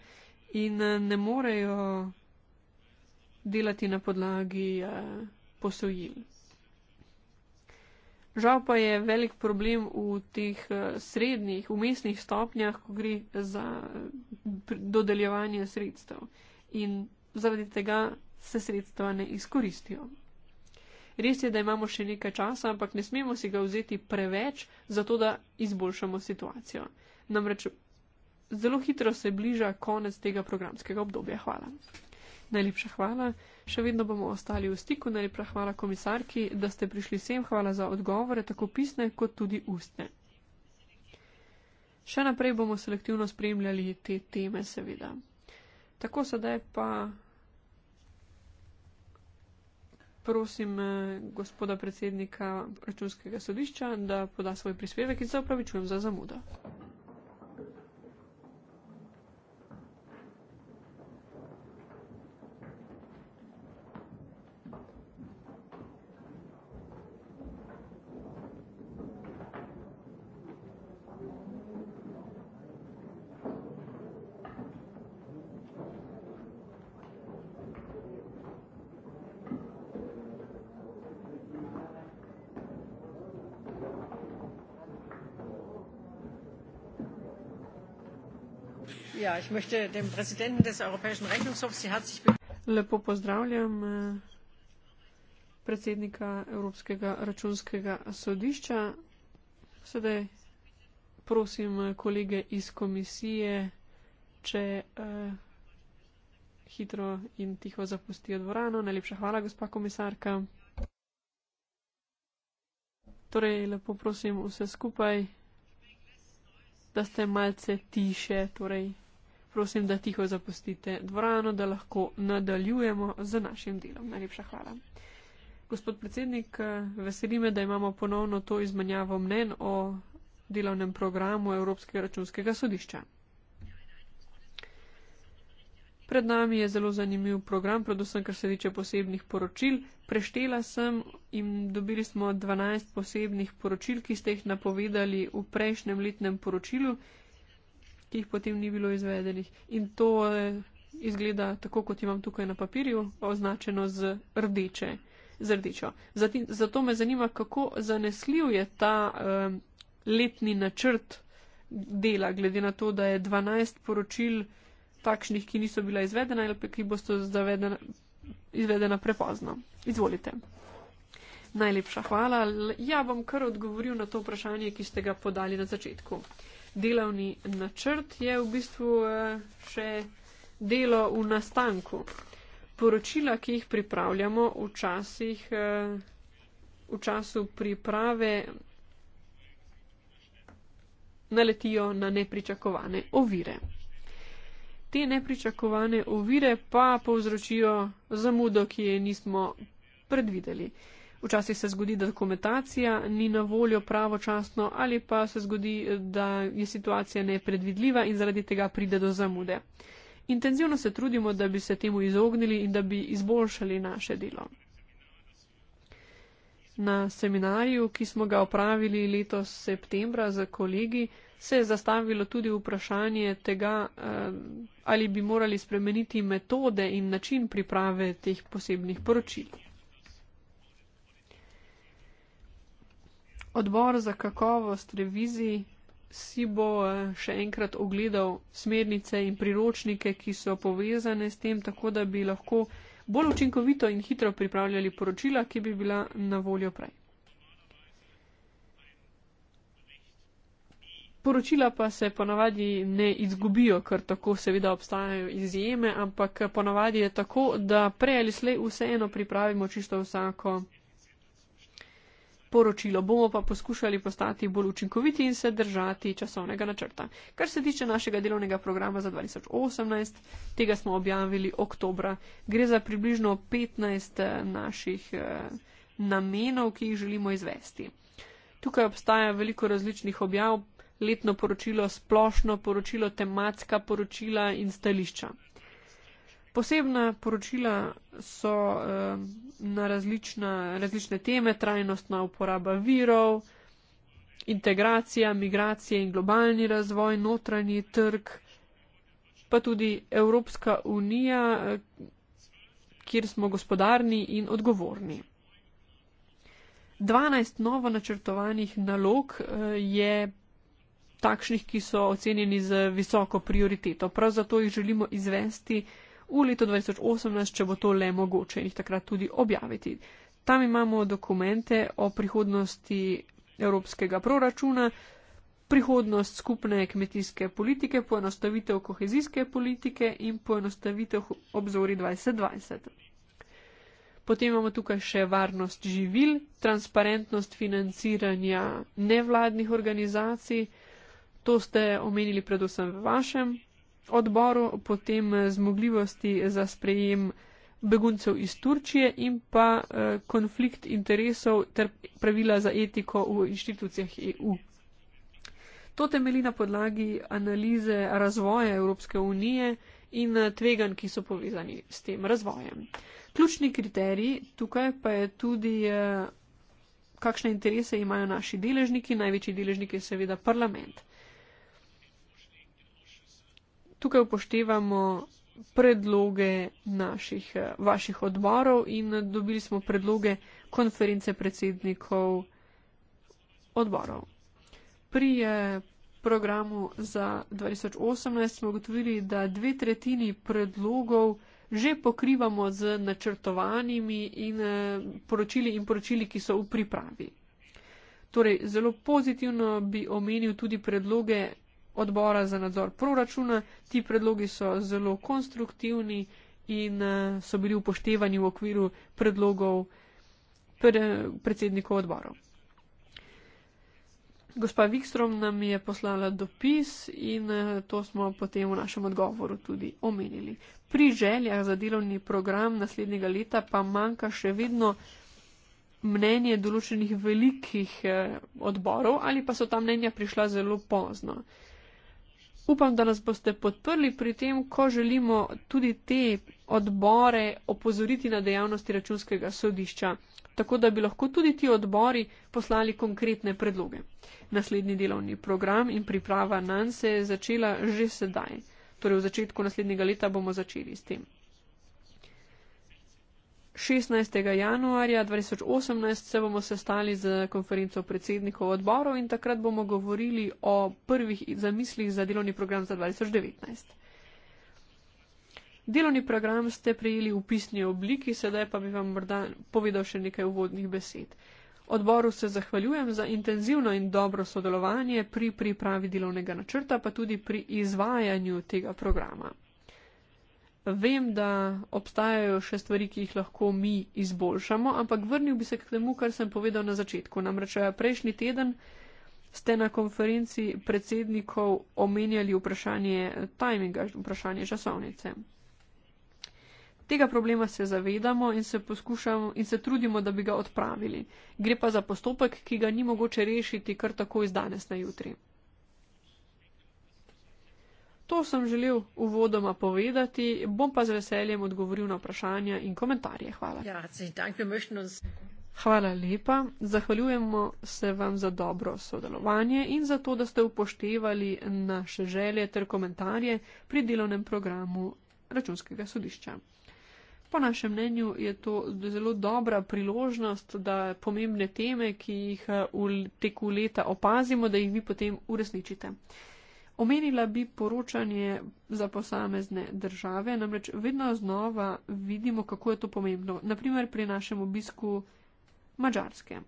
in eh, ne morejo delati na podlagi eh, posojil. Žal pa je velik problem v teh eh, srednjih, umestnih stopnjah, ko gre za dodeljevanje sredstev in zaradi tega se sredstva ne izkoristijo. Res je, da imamo še nekaj časa, ampak ne smemo si ga vzeti preveč, zato da izboljšamo situacijo. Namreč zelo hitro se bliža konec tega programskega obdobja. Hvala. Najlepša hvala. Še vedno bomo ostali v stiku. Najlepša hvala komisarki, da ste prišli sem. Hvala za odgovore, tako pisne kot tudi ustne. Še naprej bomo selektivno spremljali te teme, seveda. Tako sedaj pa prosim eh, gospoda predsednika računskega sodišča, da poda svoj prispevek in se opravičujem za zamudo. Ja, lepo pozdravljam eh, predsednika Evropskega računskega sodišča. Sedaj prosim eh, kolege iz komisije, če eh, hitro in tiho zapustijo dvorano. Najlepša hvala, gospa komisarka. Torej, lepo prosim vse skupaj, da ste malce tiše. Torej, prosim, da tiho zapustite dvorano, da lahko nadaljujemo z našim delom. Najlepša hvala. Gospod predsednik, veseli me, da imamo ponovno to izmenjavo mnen o delovnem programu Evropskega računskega sodišča. Pred nami je zelo zanimiv program, predvsem kar se tiče posebnih poročil. Preštela sem in dobili smo 12 posebnih poročil, ki ste jih napovedali v prejšnjem letnem poročilu, ki jih potem ni bilo izvedenih. In to eh, izgleda tako, kot imam tukaj na papirju, označeno z rdeče. Z rdečo. Zato me zanima, kako zanesljiv je ta um, letni načrt dela, glede na to, da je 12 poročil takšnih, ki niso bila izvedena ali pa ki bosta zavedena, izvedena prepozno. Izvolite. Najlepša hvala. Ja, bom kar odgovoril na to vprašanje, ki ste ga podali na začetku. Uh, delovni načrt je v bistvu eh, še delo v nastanku. Poročila, ki jih pripravljamo včasih eh, v času priprave, naletijo na nepričakovane ovire. Te nepričakovane ovire pa povzročijo zamudo, ki je nismo predvideli. Včasih se zgodi, da dokumentacija ni na voljo pravočasno ali pa se zgodi, da je situacija nepredvidljiva in zaradi tega pride do zamude. Intenzivno se trudimo, da bi se temu izognili in da bi izboljšali naše delo. Na seminarju, ki smo ga opravili letos septembra z kolegi, se je zastavilo tudi vprašanje tega, eh, ali bi morali spremeniti metode in način priprave teh posebnih poročil. Odbor za kakovost reviziji si bo eh, še enkrat ogledal smernice in priročnike, ki so povezane s tem, tako da bi lahko bolj učinkovito in hitro pripravljali poročila, ki bi bila na voljo prej. Poročila pa se ponavadi ne izgubijo, ker tako seveda obstajajo izjeme, ampak ponavadi je tako, da prej ali slej vseeno pripravimo čisto vsako poročilo. Bomo pa poskušali postati bolj učinkoviti in se držati časovnega načrta. Kar se tiče našega delovnega programa za 2018, tega smo objavili oktobra. Gre za približno 15 eh, naših eh, namenov, ki jih želimo izvesti. Tukaj obstaja veliko različnih objav, letno poročilo, splošno poročilo, tematska poročila in stališča. Posebna poročila so uh, na različna, različne teme, trajnostna uporaba virov, integracija, migracije in globalni razvoj, notranji trg, pa tudi Evropska unija, eh, kjer smo gospodarni in odgovorni. 12 novo načrtovanih nalog eh, je takšnih, ki so ocenjeni z visoko prioriteto. Prav zato jih želimo izvesti v letu 2018, če bo to le mogoče in jih takrat tudi objaviti. Tam imamo dokumente o prihodnosti evropskega proračuna, prihodnost skupne kmetijske politike, poenostavitev kohezijske politike in poenostavitev obzori 2020. Potem imamo tukaj še varnost živil, transparentnost financiranja nevladnih organizacij. To ste omenili predvsem v vašem odboru, potem eh, zmogljivosti za sprejem beguncev iz Turčije in pa eh, konflikt interesov ter pravila za etiko v inštitucijah EU. To temeli na podlagi analize razvoja Evropske unije in eh, tvegan, ki so povezani s tem razvojem. Ključni kriterij tukaj pa je tudi, kakšne interese imajo naši deležniki, največji deležnik je seveda parlament tukaj upoštevamo predloge naših, eh, vaših odborov in dobili smo predloge konference predsednikov odborov. Pri eh, programu za 2018 smo ugotovili, da dve tretjini predlogov že pokrivamo z načrtovanimi in eh, poročili in poročili, ki so v pripravi. Torej, zelo pozitivno bi omenil tudi predloge odbora za nadzor proračuna. Ti predlogi so zelo konstruktivni in eh, so bili upoštevani v okviru predlogov predsednikov odborov. Gospa Vikstrom nam je poslala dopis in eh, to smo potem v našem odgovoru tudi omenili. Pri željah za delovni program naslednjega leta pa manjka še vedno mnenje določenih velikih eh, odborov ali pa so ta mnenja prišla zelo pozno upam, da nas boste podprli pri tem, ko želimo tudi te odbore opozoriti na dejavnosti računskega sodišča, tako da bi lahko tudi ti odbori poslali konkretne predloge. Naslednji delovni program in priprava nanj se je začela že sedaj, torej v začetku naslednjega leta bomo začeli s tem. 16. januarja 2018 se bomo sestali z konferenco predsednikov odborov in takrat bomo govorili o prvih zamislih za delovni program za 2019. Delovni program ste prejeli v pisni obliki, sedaj pa bi vam morda povedal še nekaj uvodnih besed. Odboru se zahvaljujem za intenzivno in dobro sodelovanje pri pripravi delovnega načrta, pa tudi pri izvajanju tega programa. Vem, da obstajajo še stvari, ki jih lahko mi izboljšamo, ampak vrnil bi se k temu, kar sem povedal na začetku. Namreč eh, prejšnji teden ste na konferenci predsednikov omenjali vprašanje tajminga, vprašanje časovnice. Tega problema se zavedamo in se, in se trudimo, da bi ga odpravili. Gre pa za postopek, ki ga ni mogoče rešiti kar tako iz danes na jutri. To sem želel uvodoma povedati, bom pa z veseljem odgovoril na vprašanja in komentarje. Hvala. Ja, Hvala lepa. Zahvaljujemo se vam za dobro sodelovanje in za to, da ste upoštevali naše želje ter komentarje pri delovnem programu računskega sodišča. Po našem mnenju je to zelo dobra priložnost, da pomembne teme, ki jih v teku leta opazimo, da jih vi potem uresničite. Omenila bi poročanje za posamezne države, namreč vedno znova vidimo, kako je to pomembno. Naprimer pri našem obisku Mačarske.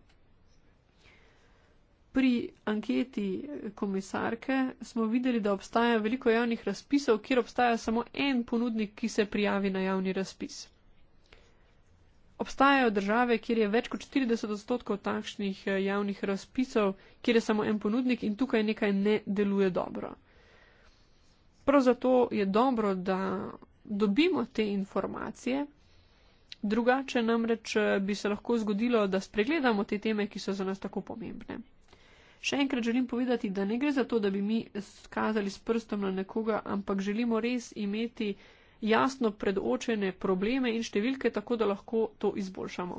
Pri anketi komisarke smo videli, da obstaja veliko javnih razpisov, kjer obstaja samo en ponudnik, ki se prijavi na javni razpis. Obstajajo države, kjer je več kot 40 odstotkov takšnih eh, javnih razpisov, kjer je samo en ponudnik in tukaj nekaj ne deluje dobro. Prav zato je dobro, da dobimo te informacije, drugače namreč eh, bi se lahko zgodilo, da spregledamo te teme, ki so za nas tako pomembne. Še enkrat želim povedati, da ne gre za to, da bi mi skazali s prstom na nekoga, ampak želimo res imeti jasno predočene probleme in številke, tako da lahko to izboljšamo.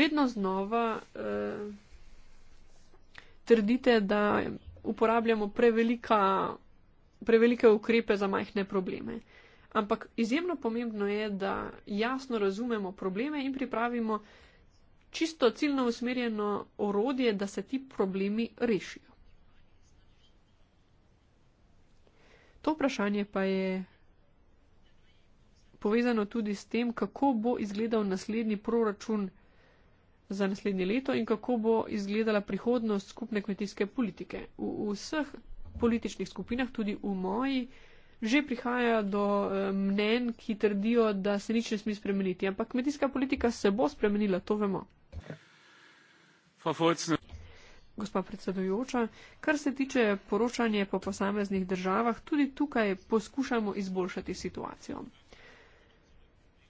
Vedno znova eh, trdite, da uporabljamo prevelika, prevelike ukrepe za majhne probleme. Ampak izjemno pomembno je, da jasno razumemo probleme in pripravimo čisto ciljno usmerjeno orodje, da se ti problemi rešijo. To vprašanje pa je povezano tudi s tem, kako bo izgledal naslednji proračun za naslednje leto in kako bo izgledala prihodnost skupne kmetijske politike. V vseh političnih skupinah, tudi v moji, že prihaja do eh, mnen, ki trdijo, da se nič ne sme spremeniti. Ampak kmetijska politika se bo spremenila, to vemo. Gospa predsedujoča, kar se tiče poročanja po posameznih državah, tudi tukaj poskušamo izboljšati situacijo.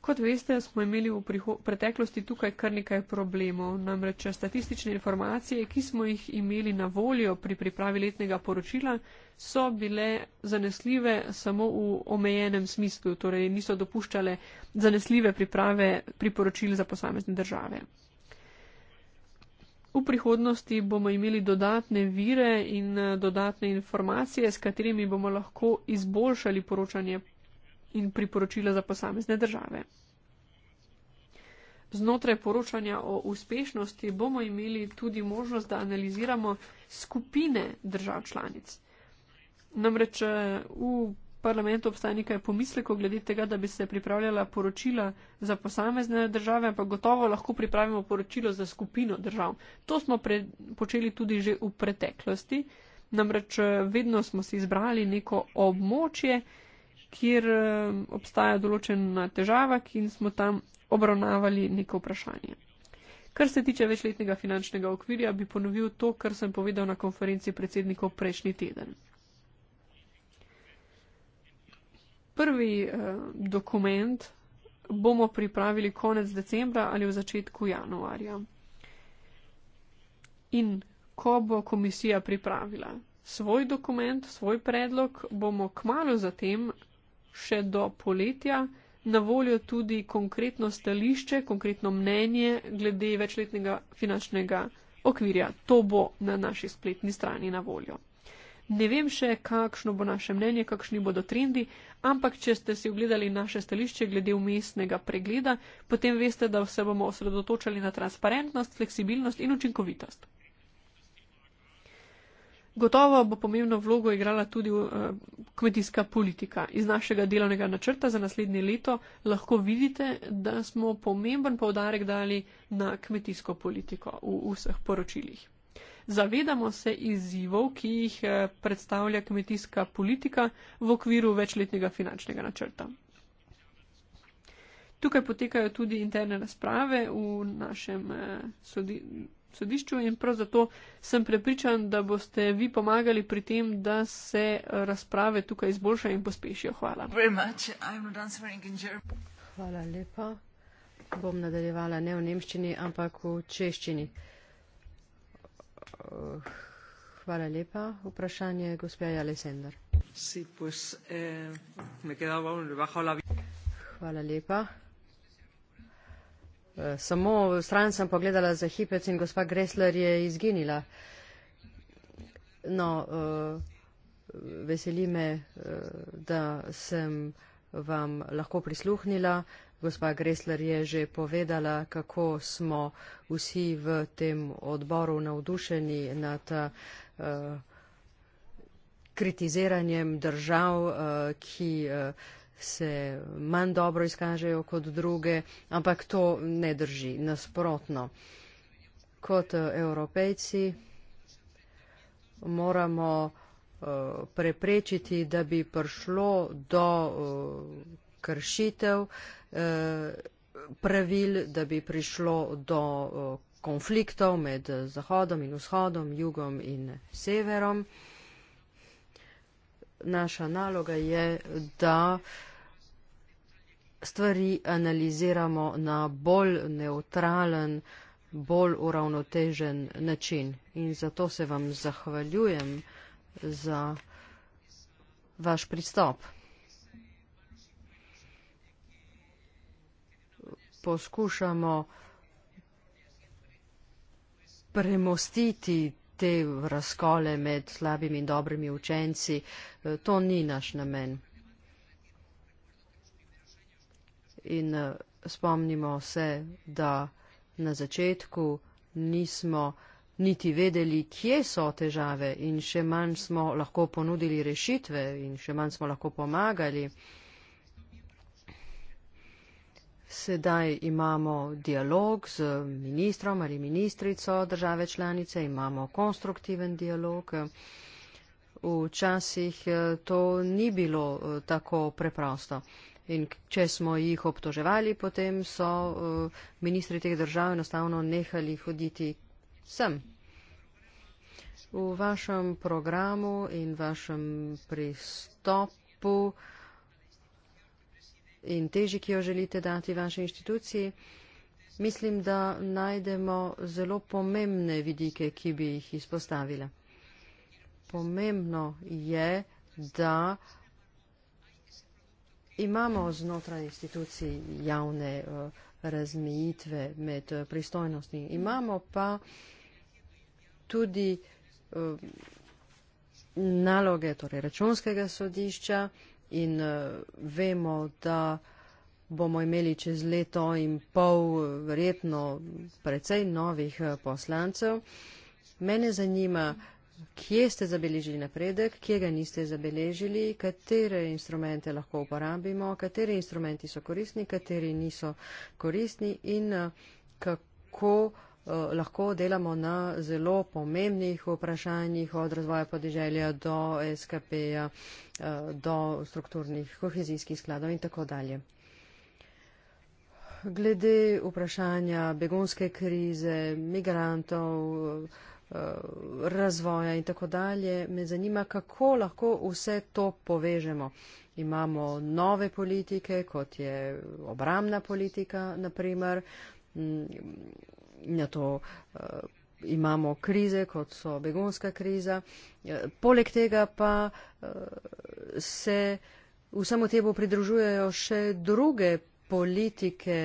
Kot veste, smo imeli v preteklosti tukaj kar nekaj problemov, namreč statistične informacije, ki smo jih imeli na voljo pri pripravi letnega poročila, so bile zanesljive samo v omejenem smislu, torej niso dopuščale zanesljive priprave priporočil za posamezne države. V prihodnosti bomo imeli dodatne vire in dodatne informacije, s katerimi bomo lahko izboljšali poročanje in priporočila za posamezne države. Znotraj poročanja o uspešnosti bomo imeli tudi možnost, da analiziramo skupine držav članic. Namreč eh, v parlamentu obstaja nekaj pomisleko glede tega, da bi se pripravljala poročila za posamezne države, ampak gotovo lahko pripravimo poročilo za skupino držav. To smo počeli tudi že v preteklosti, namreč eh, vedno smo si izbrali neko območje, kjer eh, obstaja določena težava in smo tam obravnavali neko vprašanje. Kar se tiče večletnega finančnega okvirja, bi ponovil to, kar sem povedal na konferenci predsednikov prejšnji teden. Prvi eh, dokument bomo pripravili konec decembra ali v začetku januarja. In ko bo komisija pripravila svoj dokument, svoj predlog, bomo kmalo zatem še do poletja na voljo tudi konkretno stališče, konkretno mnenje glede večletnega finančnega okvirja. To bo na naši spletni strani na voljo. Ne vem še, kakšno bo naše mnenje, kakšni bodo trendi, ampak če ste si ogledali naše stališče glede umestnega pregleda, potem veste, da se bomo osredotočali na transparentnost, fleksibilnost in učinkovitost. Gotovo bo pomembno vlogo igrala tudi eh, kmetijska politika. Iz našega delovnega načrta za naslednje leto lahko vidite, da smo pomemben povdarek dali na kmetijsko politiko v vseh poročilih. Zavedamo se izzivov, ki jih eh, predstavlja kmetijska politika v okviru večletnega finančnega načrta. Tukaj potekajo tudi interne razprave v našem eh, sodišču sodišču in prav zato sem prepričan, da boste vi pomagali pri tem, da se razprave tukaj izboljšajo in pospešijo. Hvala.
Hvala lepa. Bom nadaljevala ne v nemščini, ampak v češčini. Eh, hvala lepa. Vprašanje gospoda Alessandr. Eh, hvala lepa. Eh, samo stran sem pogledala za hipec in gospa Gressler je izginila. No, eh, veseli me, eh, da sem vam lahko prisluhnila. Gospa Gressler je že povedala, kako smo vsi v tem odboru navdušeni nad kritiziranjem držav, ki se manj dobro izkažejo kot druge, ampak to ne drži. Nasprotno, kot eh, evropejci moramo eh, preprečiti, da bi prišlo do eh, kršitev pravil, da bi prišlo do konfliktov med Zahodom in Vzhodom, Jugom in Severom. Naša naloga je, da uh, stvari analiziramo na bolj neutralen, bolj uravnotežen način. In zato se vam zahvaljujem za vaš pristop. Poskušamo premostiti te razkole med slabimi in dobrimi učenci. To ni naš namen. in eh, spomnimo se, da na začetku nismo niti vedeli, kje so težave in še manj smo lahko ponudili rešitve in še manj smo lahko pomagali. Sedaj imamo dialog z ministrom ali ministrico države članice, imamo konstruktiven dialog. Včasih eh, to ni bilo eh, tako preprosto. In če smo jih obtoževali, potem so uh, ministri teh držav enostavno nehali hoditi sem. V vašem programu in vašem pristopu in teži, ki jo želite dati vaši inštituciji, mislim, da najdemo zelo pomembne vidike, ki bi jih izpostavila. Pomembno je, da imamo znotraj institucij javne uh, razmejitve med uh, pristojnostmi. Imamo pa tudi uh, naloge torej računskega sodišča in uh, vemo, da bomo imeli čez leto in pol verjetno precej novih poslancev. Mene zanima, uh, Kje ste zabeležili napredek, kje ga niste zabeležili, katere instrumente lahko uporabimo, kateri instrumenti so koristni, kateri niso koristni in eh, kako eh, lahko delamo na zelo pomembnih vprašanjih od razvoja podeželja do SKP-ja, eh, do strukturnih kohezijskih skladov in tako dalje. Glede vprašanja begonske krize, migrantov, Eh, razvoja in tako dalje, me zanima, kako lahko vse to povežemo. Imamo nove politike, kot je obramna politika, naprimer, mm, na to eh, imamo krize, kot so begonska kriza. Eh, poleg tega pa se vsemu temu pridružujejo še druge politike,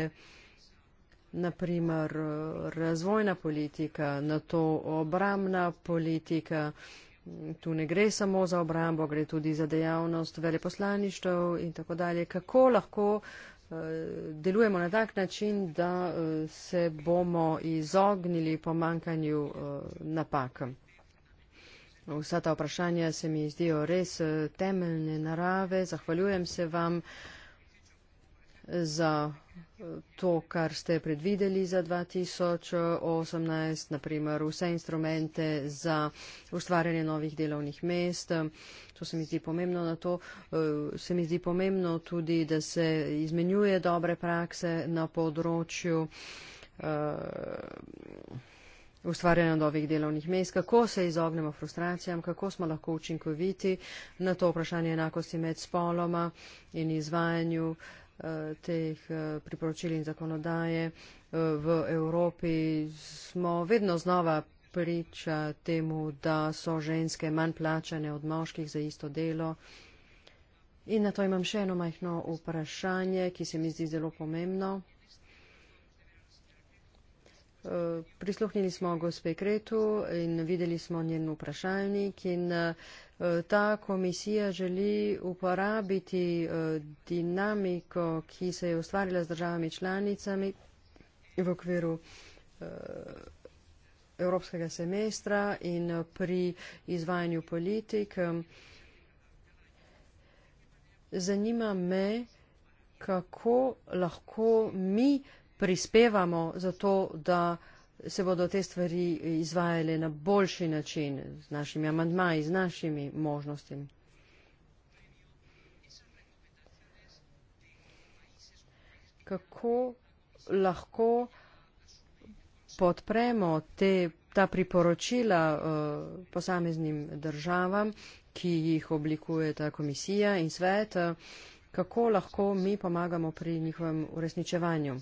naprimer razvojna politika, na to obramna politika. Tu ne gre samo za obrambo, gre tudi za dejavnost veleposlaništev in tako dalje. Kako lahko eh, delujemo na tak način, da eh, se bomo izognili pomankanju eh, napak? Vsa ta vprašanja se mi zdijo res temeljne narave. Zahvaljujem se vam za eh, to, kar ste predvideli za 2018, naprimer vse instrumente za ustvarjanje novih delovnih mest. To se mi zdi pomembno na to. Eh, se mi zdi pomembno tudi, da se izmenjuje dobre prakse na področju eh, ustvarjanja novih delovnih mest, kako se izognemo frustracijam, kako smo lahko učinkoviti na to vprašanje enakosti med spoloma in izvajanju uh, teh eh, priporočil in zakonodaje eh, v Evropi smo vedno znova priča temu, da so ženske manj plačane od moških za isto delo. In na to imam še eno majhno vprašanje, ki se mi zdi zelo pomembno. Eh, prisluhnili smo gospe Kretu in videli smo njen vprašalnik in ta komisija želi uporabiti eh, dinamiko, ki se je ustvarila z državami članicami v okviru eh, evropskega semestra in eh, pri izvajanju politik. Zanima me, kako lahko mi prispevamo za to, da se bodo te stvari izvajale na boljši način, z našimi amantmaji, z našimi možnostimi. Kako lahko podpremo te, ta priporočila uh, posameznim državam, ki jih oblikuje ta komisija in svet, uh, kako lahko mi pomagamo pri njihovem uresničevanju?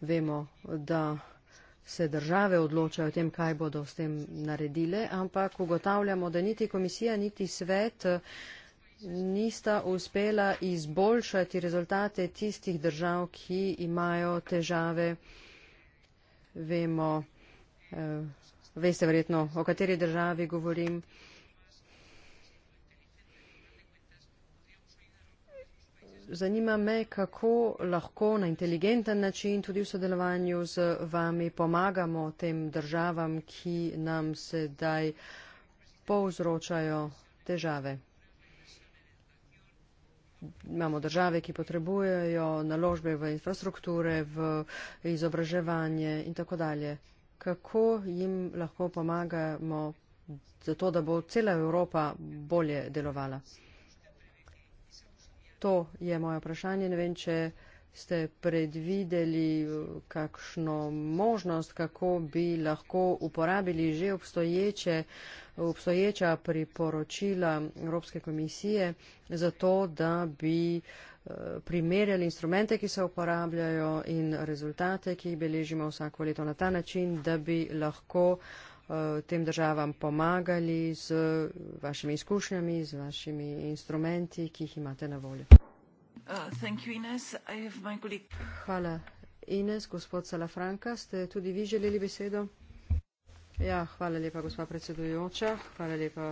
vemo, da se države odločajo o tem, kaj bodo s tem naredile, ampak ugotavljamo, da niti komisija, niti svet eh, nista uspela izboljšati rezultate tistih držav, ki imajo težave. Vemo, eh, veste verjetno, o kateri državi govorim. zanima me, kako lahko na inteligenten način tudi v sodelovanju z vami pomagamo tem državam, ki nam sedaj povzročajo težave. Imamo države, ki potrebujejo naložbe v infrastrukture, v izobraževanje in tako dalje. Kako jim lahko pomagamo za to, da bo cela Evropa bolje delovala? To je moje vprašanje. Ne vem, če ste predvideli uh, kakšno možnost, kako bi lahko uporabili že obstoječe, obstoječa priporočila Evropske komisije za to, da bi uh, primerjali instrumente, ki se uporabljajo in rezultate, ki jih beležimo vsako leto na ta način, da bi lahko uh, Eh, tem državam pomagali z vašimi izkušnjami, z vašimi instrumenti, ki jih imate na voljo.
Uh,
hvala. Ines, gospod Salafranka, ste tudi vi želeli besedo? Ja, hvala lepa, gospa predsedujoča. Hvala lepa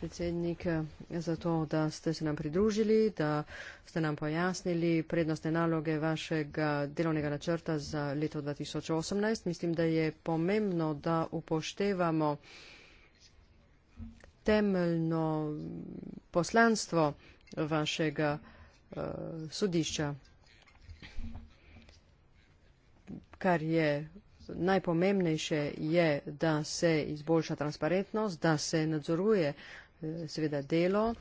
predsednik, za to, da ste se nam pridružili, da ste nam pojasnili prednostne naloge vašega delovnega načrta za leto 2018. Mislim, da je pomembno, da upoštevamo temeljno poslanstvo vašega uh, sodišča, kar je najpomembnejše je, da se izboljša transparentnost, da se nadzoruje uh, seveda delo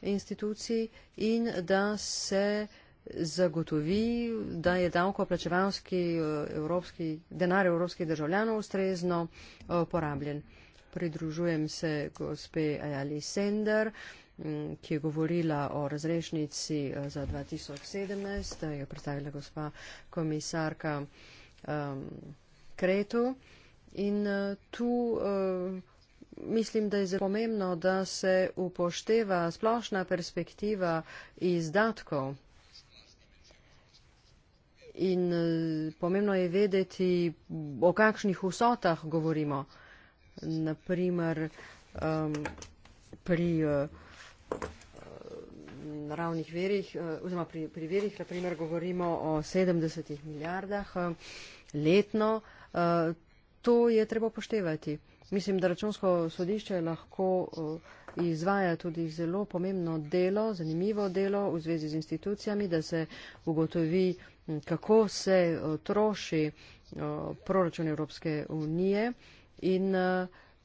institucij in da se zagotovi, da je davkoplačevalski eh, evropski, denar evropskih državljanov ustrezno eh, porabljen. Pridružujem se gospe Ajali Sender, mm, ki je govorila o razrešnici eh, za 2017, da je predstavila gospa komisarka um, Kretu. In uh, tu uh, mislim, da je zelo pomembno, da se upošteva splošna perspektiva izdatkov. In e, pomembno je vedeti, o kakšnih vsotah govorimo. Naprimer, um, pri uh, naravnih verjih, uh, oziroma pri, pri verjih, naprimer, govorimo o 70 milijardah uh, letno. Uh, to je treba upoštevati. Mislim, da računsko sodišče lahko eh, izvaja tudi zelo pomembno delo, zanimivo delo v zvezi z institucijami, da se ugotovi, kako se eh, troši eh, proračun Evropske unije in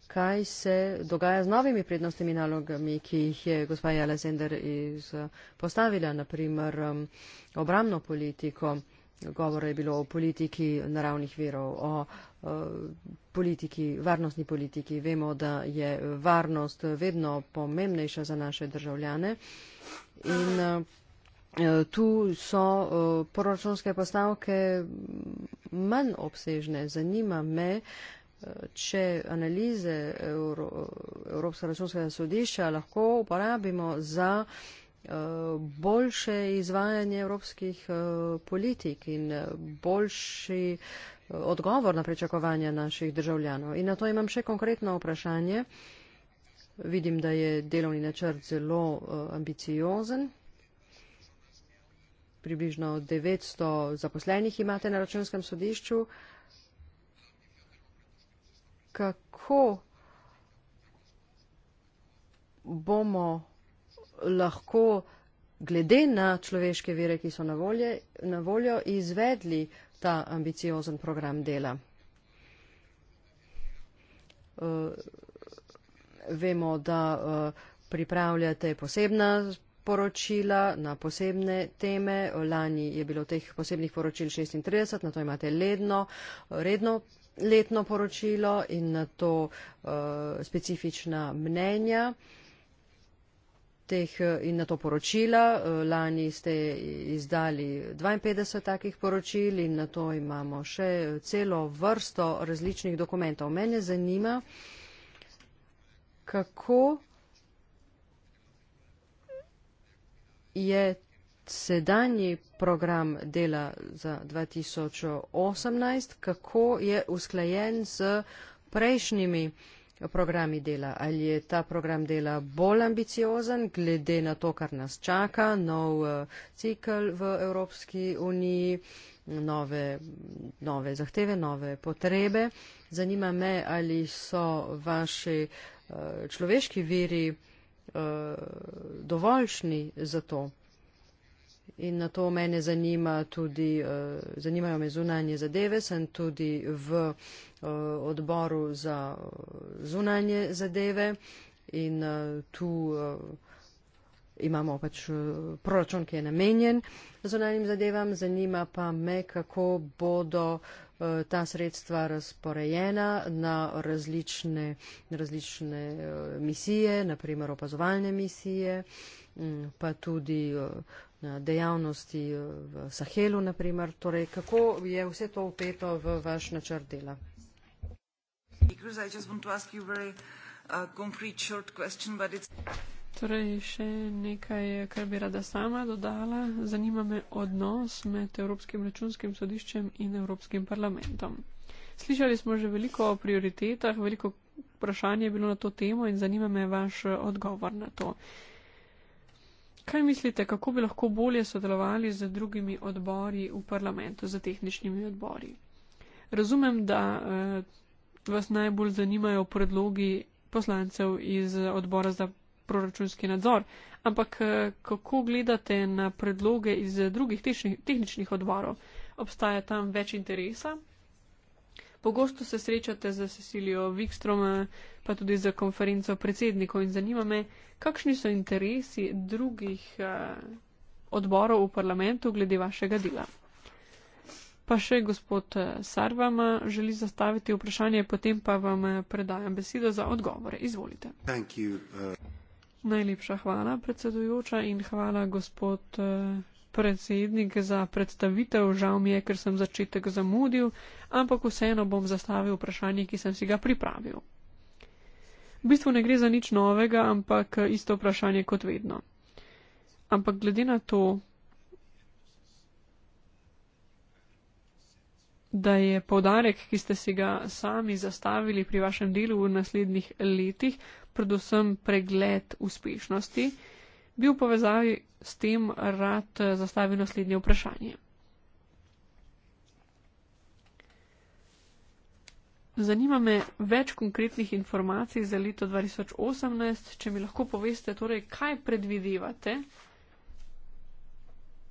kaj se dogaja z novimi prednostnimi nalogami, ki jih je gospa Jala Zender postavila, naprimer obramno politiko. Govore je bilo o politiki naravnih verov, o uh, politiki, varnostni politiki. Vemo, da je varnost vedno pomembnejša za naše državljane. In eh, tu so eh, proračunske postavke manj obsežne. Zanima me, eh, če analize Euro, Evropske računskega sodišča lahko uporabimo za boljše izvajanje evropskih politik in boljši odgovor na pričakovanja naših državljanov. In na to imam še konkretno vprašanje. Vidim, da je delovni načrt zelo eh, ambiciozen. Približno 900 zaposlenih imate na računskem sodišču. Kako bomo lahko glede na človeške vire, ki so na voljo, izvedli ta ambiciozen program dela. Eh, vemo, da eh, pripravljate posebna poročila na posebne teme. Lani je bilo teh posebnih poročil 36, na to imate ledno, redno letno poročilo in na to eh, specifična mnenja teh eh, in na to poročila. Eh, lani ste izdali 52 takih poročil in na to imamo še celo vrsto različnih dokumentov. Mene zanima, kako je sedanji program dela za 2018, kako je usklajen z prejšnjimi programi programi dela. Ali je ta program dela bolj ambiciozen, glede na to, kar nas čaka, nov eh, cikl v Evropski uniji, nove, nove zahteve, nove potrebe. Zanima me, ali so vaši eh, človeški viri eh, dovoljšni za to. In na to mene zanima tudi, eh, zanimajo me zunanje zadeve, sem tudi v eh, odboru za eh, zunanje zadeve in tu imamo pač proračun, ki je namenjen zunanjim zadevam, zanima pa me, kako bodo ta sredstva razporejena na različne, različne misije, naprimer opazovalne misije, mm, pa tudi dejavnosti eh, v Sahelu, naprimer. Torej, kako je vse to upeto v vaš načrt dela? Uh, torej, še
nekaj, kar bi rada sama dodala. Zanima me odnos med Evropskim računskim sodiščem in Evropskim parlamentom. Slišali smo že veliko o prioritetah, veliko vprašanje je bilo na to temo in zanima me vaš odgovor na to. Kaj mislite, kako bi lahko bolje sodelovali z drugimi odbori v parlamentu, z tehničnimi odbori? Razumem, da eh, vas najbolj zanimajo predlogi poslancev iz odbora za proračunski nadzor, ampak eh, kako gledate na predloge iz drugih tehničnih odborov? Obstaja tam več interesa Pogosto se srečate z Cecilijo Wikstrom, pa tudi za konferenco predsednikov in zanima me, kakšni so interesi drugih uh, odborov v parlamentu glede vašega dela. Pa še gospod eh, Sar vam želi zastaviti vprašanje, potem pa vam eh, predajam besedo za odgovore. Izvolite.
You, uh...
Najlepša hvala, predsedujoča, in hvala gospod. Uh, predsednik, za predstavitev. Žal mi je, ker sem začetek zamudil, ampak vseeno bom zastavil vprašanje, ki sem si ga pripravil. V bistvu ne gre za nič novega, ampak isto vprašanje kot vedno. Ampak glede na to, da je podarek, ki ste si ga sami zastavili pri vašem delu v naslednjih letih, predvsem pregled uspešnosti, bi v povezavi s tem rad eh, zastavil naslednje vprašanje. Zanima me več konkretnih informacij za leto 2018, če mi lahko poveste, torej, kaj predvidevate,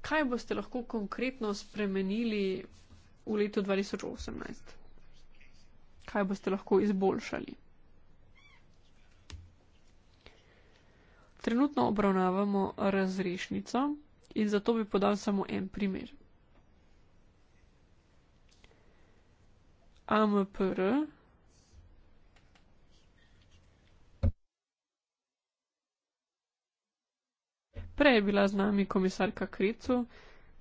kaj boste lahko konkretno spremenili v letu 2018, kaj boste lahko izboljšali. Trenutno obravnavamo razrešnico in zato bi podal samo en primer. AMPR Prej je bila z nami komisarka Krecu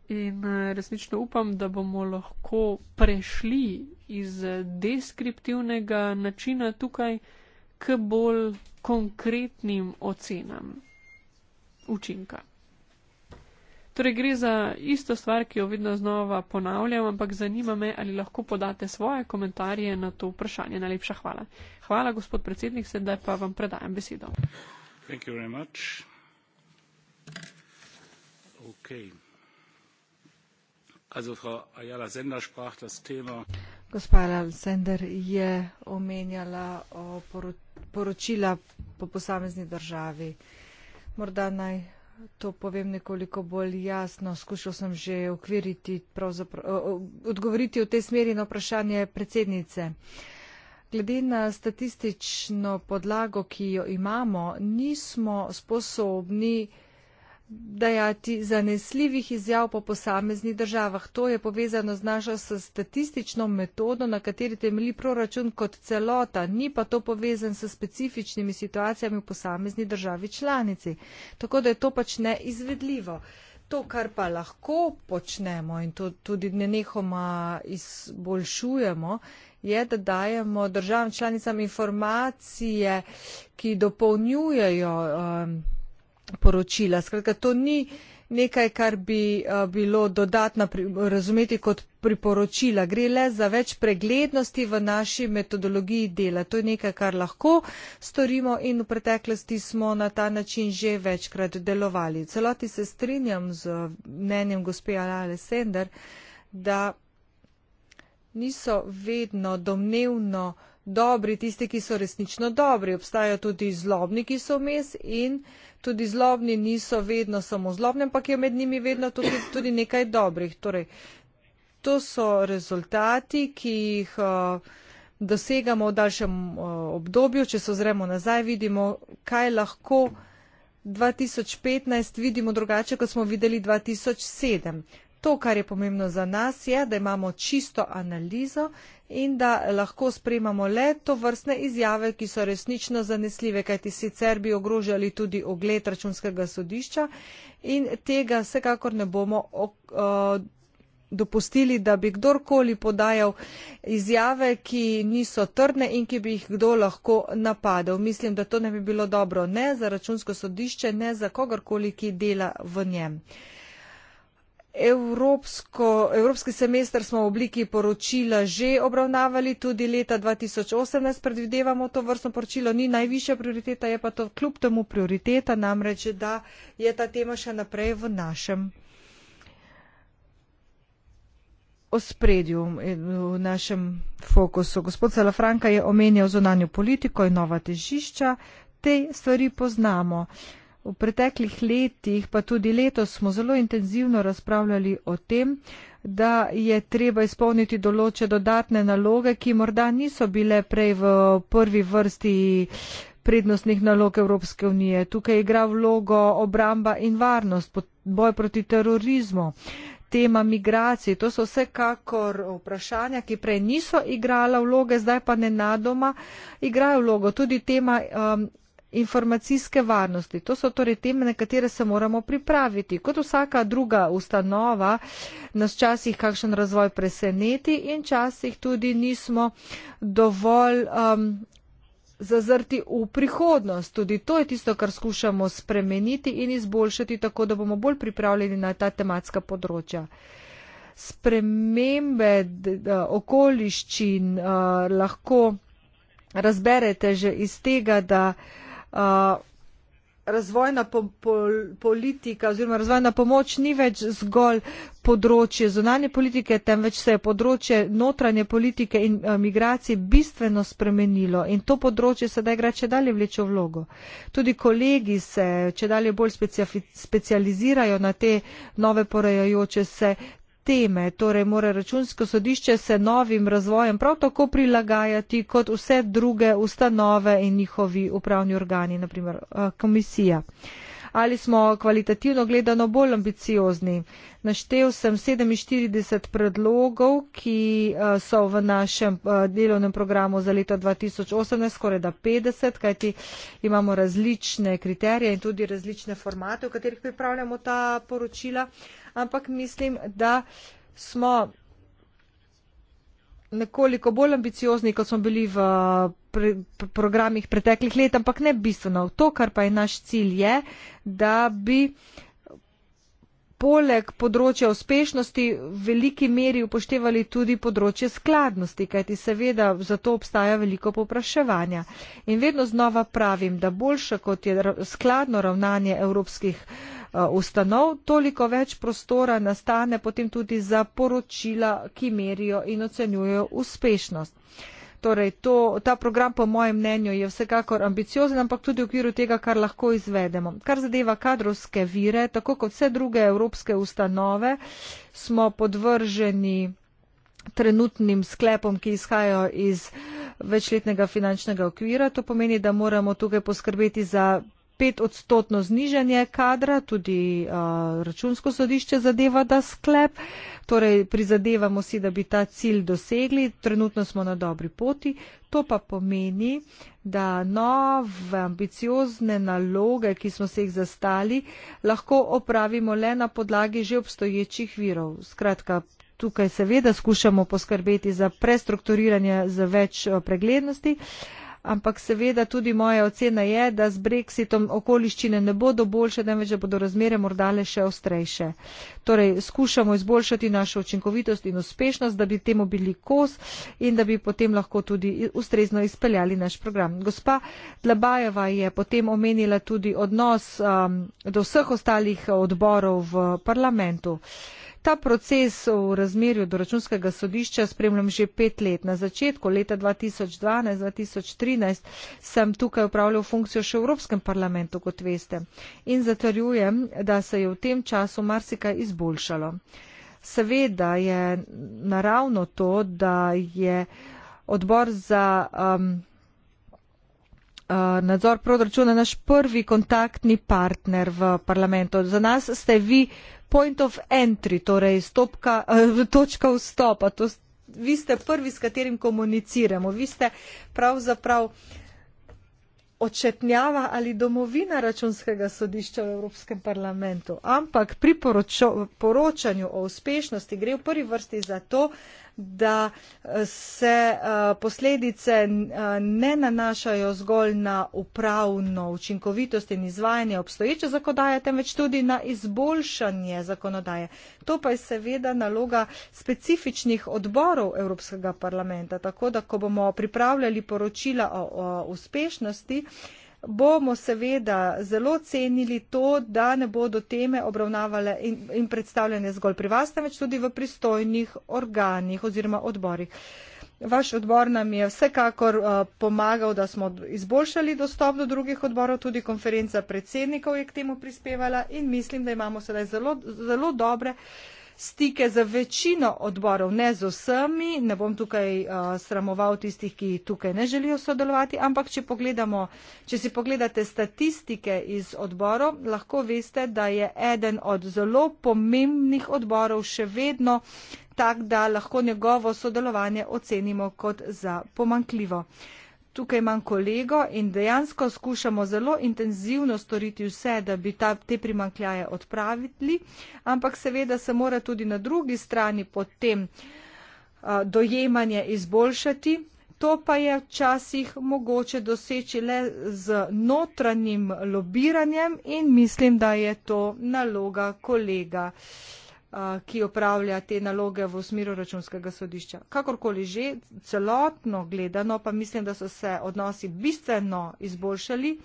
in eh, resnično upam, da bomo lahko prešli iz deskriptivnega načina tukaj k bolj konkretnim ocenam učinka. Torej gre za isto stvar, ki jo vedno znova ponavljam, ampak zanima me, ali lahko podate svoje komentarje na to vprašanje. Najlepša hvala. Hvala, gospod predsednik, sedaj pa vam predajam besedo.
Hvala. Okay.
Gospa Alcender je omenjala o poročila po posamezni državi. Morda naj to povem nekoliko bolj jasno. Skušal sem že odgovoriti v tej smeri na vprašanje predsednice. Glede na statistično podlago, ki jo imamo, nismo sposobni dajati zanesljivih izjav po posameznih državah. To je povezano z našo s statistično metodo, na kateri temeli proračun kot celota, ni pa to povezan s specifičnimi situacijami v posamezni državi članici. Tako da je to pač neizvedljivo. To, kar pa lahko počnemo in to tudi nenehoma izboljšujemo, je, da dajemo državam članicam informacije, ki dopolnjujejo um, poročila. Skratka, to ni nekaj, kar bi eh, bilo dodatno razumeti kot priporočila. Gre le za več preglednosti v naši metodologiji dela. To je nekaj, kar lahko storimo in v preteklosti smo na ta način že večkrat delovali. Celoti se strinjam z mnenjem gospe Alale Sender, da niso vedno domnevno dobri tisti, ki so resnično dobri. Obstajajo tudi zlobni, ki so vmes in uh, tudi zlobni niso vedno samo zlobni, ampak je med njimi vedno tudi, tudi nekaj dobrih. Torej, to so rezultati, ki jih uh, dosegamo v daljšem uh, obdobju. Če se ozremo nazaj, vidimo, kaj lahko 2015 vidimo drugače, kot smo videli 2007. To, kar je pomembno za nas, je, da imamo čisto analizo in da lahko spremamo le to vrstne izjave, ki so resnično zanesljive, kajti sicer bi ogrožali tudi ogled računskega sodišča in tega vsekakor ne bomo eh, dopustili, da bi kdorkoli podajal izjave, ki niso trdne in ki bi jih kdo lahko napadel. Mislim, da to ne bi bilo dobro ne za računsko sodišče, ne za kogarkoli, ki dela v njem. Evropsko, evropski semester smo v obliki poročila že obravnavali, tudi leta 2018 predvidevamo to vrstno poročilo, ni najvišja prioriteta, je pa to kljub temu prioriteta, namreč da je ta tema še naprej v našem ospredju, v našem fokusu. Gospod Salafranka je omenjal zunanjo politiko in nova težišča, te stvari poznamo. V preteklih letih, pa tudi letos, smo zelo intenzivno razpravljali o tem, da je treba izpolniti določe dodatne naloge, ki morda niso bile prej v prvi vrsti prednostnih nalog Evropske unije. Tukaj igra vlogo obramba in varnost, boj proti terorizmu, tema migracij. To so vsekakor vprašanja, ki prej niso igrala vloge, zdaj pa nenadoma igrajo vlogo. Tudi tema. Um, informacijske varnosti. To so torej teme, na katere se moramo pripraviti. Kot vsaka druga ustanova, nas včasih kakšen razvoj preseneti in včasih tudi nismo dovolj. Um, zazrti v prihodnost. Tudi to je tisto, kar skušamo spremeniti in izboljšati, tako da bomo bolj pripravljeni na ta tematska področja. Spremembe okoliščin uh, lahko razberete že iz tega, da uh, razvojna po, pol, politika oziroma razvojna pomoč ni več zgolj področje zunanje politike, temveč se je področje notranje politike in uh, migracij bistveno spremenilo in to področje sedaj igra če dalje vlečo vlogo. Tudi kolegi se če dalje bolj specializirajo na te nove porajajoče se sisteme, torej mora računsko sodišče se novim razvojem prav tako prilagajati kot vse druge ustanove in njihovi upravni organi, naprimer eh, komisija. Ali smo kvalitativno gledano bolj ambiciozni? Naštel sem 47 predlogov, ki eh, so v našem eh, delovnem programu za leto 2018, skoraj da 50, kajti imamo različne kriterije in tudi različne formate, v katerih pripravljamo ta poročila ampak mislim, da smo nekoliko bolj ambiciozni, kot smo bili v pre, pre, programih preteklih let, ampak ne bistveno. To, kar pa je naš cilj, je, da bi poleg področja uspešnosti v veliki meri upoštevali tudi področje skladnosti, kajti seveda za to obstaja veliko popraševanja. In vedno znova pravim, da boljše kot je skladno ravnanje evropskih uh, Eh, ustanov, toliko več prostora nastane potem tudi za poročila, ki merijo in ocenjujejo uspešnost. Torej, to, ta program, po mojem mnenju, je vsekakor ambiciozen, ampak tudi v okviru tega, kar lahko izvedemo. Kar zadeva kadrovske vire, tako kot vse druge evropske ustanove, smo podvrženi trenutnim sklepom, ki izhajajo iz večletnega finančnega okvira. To pomeni, da moramo tukaj poskrbeti za petodstotno znižanje kadra, tudi uh, računsko sodišče zadeva, da sklep, torej prizadevamo si, da bi ta cilj dosegli, trenutno smo na dobri poti, to pa pomeni, da nove ambiciozne naloge, ki smo se jih zastali, lahko opravimo le na podlagi že obstoječih virov. Skratka, tukaj seveda skušamo poskrbeti za prestrukturiranje za več uh, preglednosti. Uh, ampak seveda tudi moja ocena je, da z brexitom okoliščine ne bodo boljše, temveč da bodo razmere morda le še ostrejše. Torej, skušamo izboljšati našo učinkovitost in uspešnost, da bi temu bili kos in da bi potem lahko tudi ustrezno izpeljali naš program. Gospa Dlabajeva je potem omenila tudi odnos um, do vseh ostalih odborov v parlamentu. Uh, Ta proces v razmerju do računskega sodišča spremljam že pet let. Na začetku leta 2012-2013 sem tukaj upravljal funkcijo še v Evropskem parlamentu, kot veste. In zatrjujem, da se je v tem času marsikaj izboljšalo. Seveda je naravno to, da je odbor za. Um, uh, Nadzor proračuna je naš prvi kontaktni partner v parlamentu. Za nas ste vi point of entry, torej stopka, eh, točka vstopa. To, vi ste prvi, s katerim komuniciramo. Vi ste pravzaprav očetnjava ali domovina računskega sodišča v Evropskem parlamentu. Ampak pri poročanju o uspešnosti gre v prvi vrsti za to, da eh, se eh, posledice eh, ne nanašajo zgolj na upravno učinkovitost in izvajanje obstoječe zakonodaje, temveč tudi na izboljšanje zakonodaje. To pa je seveda naloga specifičnih odborov Evropskega parlamenta, tako da ko bomo pripravljali poročila o, o uspešnosti, bomo seveda zelo cenili to, da ne bodo teme obravnavale in, in predstavljene zgolj pri vas, temveč tudi v pristojnih organih oziroma odborih. Vaš odbor nam je vsekakor uh, pomagal, da smo izboljšali dostop do drugih odborov, tudi konferenca predsednikov je k temu prispevala in mislim, da imamo sedaj zelo, zelo dobre uh, stike z večino odborov, ne z vsemi, ne bom tukaj uh, sramoval tistih, ki tukaj ne želijo sodelovati, ampak če, če si pogledate statistike iz odborov, lahko veste, da je eden od zelo pomembnih odborov še vedno tak, da lahko njegovo sodelovanje ocenimo kot za pomankljivo tukaj imam kolego in dejansko skušamo zelo intenzivno storiti vse, da bi ta, te primankljaje odpravili, ampak seveda se mora tudi na drugi strani potem dojemanje izboljšati. To pa je včasih mogoče doseči le z notranjim lobiranjem in mislim, da je to naloga kolega. Uh, ki opravlja te naloge v smeru računskega sodišča. Kakorkoli že, celotno gledano pa mislim, da so se odnosi bistveno izboljšali.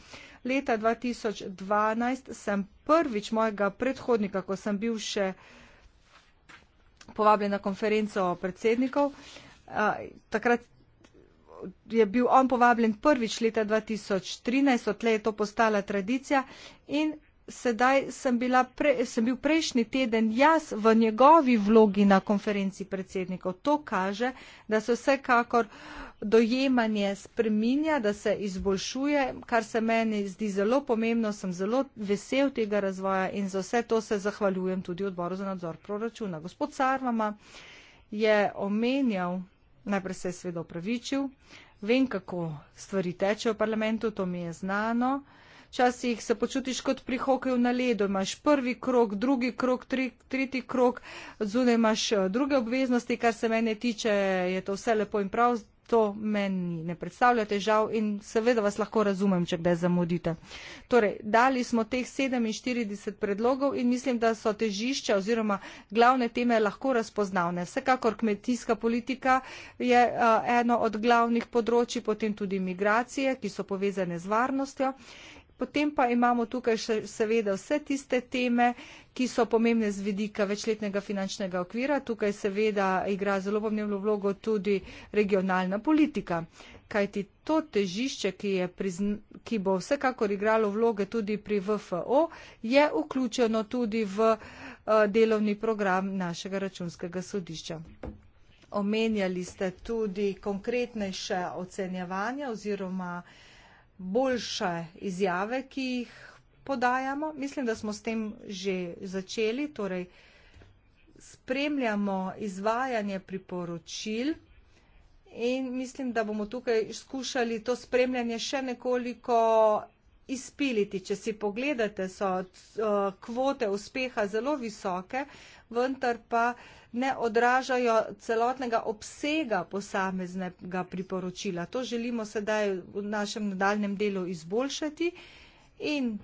Leta 2012 sem prvič mojega predhodnika, ko sem bil še povabljen na konferenco predsednikov, takrat je bil on povabljen prvič leta 2013, odtlej je to postala tradicija in sedaj sem, bila pre, sem bil prejšnji teden jaz v njegovi vlogi na konferenci predsednikov. To kaže, da se vsekakor dojemanje spreminja, da se izboljšuje, kar se meni zdi zelo pomembno. Sem zelo vesel tega razvoja in za vse to se zahvaljujem tudi odboru za nadzor proračuna. Gospod Sarvama je omenjal, najprej se je sveda opravičil, vem, kako stvari tečejo v parlamentu, to mi je znano včasih se počutiš kot pri hokeju na ledu, imaš prvi krok, drugi krok, tri, tretji krok, zunaj imaš eh, druge obveznosti, kar se mene tiče, je to vse lepo in prav, to meni ne predstavlja težav in seveda vas lahko razumem, če kdaj zamudite. Torej, dali smo teh 47 predlogov in mislim, da so težišča oziroma glavne teme lahko razpoznavne. Vsekakor kmetijska politika je eh, eno od glavnih področji, potem tudi migracije, ki so povezane z varnostjo. Potem pa imamo tukaj še, seveda vse tiste teme, ki so pomembne z vidika večletnega finančnega okvira. Tukaj seveda igra zelo pomembno vlogo tudi regionalna politika. Kajti to težišče, ki, prizna, ki bo vsekakor igralo vloge tudi pri VFO, je vključeno tudi v uh, delovni program našega računskega sodišča. Omenjali ste tudi konkretnejše ocenjevanja oziroma. Uh, boljše izjave, ki jih podajamo. Mislim, da smo s tem že začeli, torej spremljamo izvajanje priporočil in mislim, da bomo tukaj skušali to spremljanje še nekoliko izpiliti. Če si pogledate, so kvote uspeha zelo visoke, vendar pa ne odražajo celotnega obsega posameznega priporočila. To želimo sedaj v našem nadaljem delu izboljšati in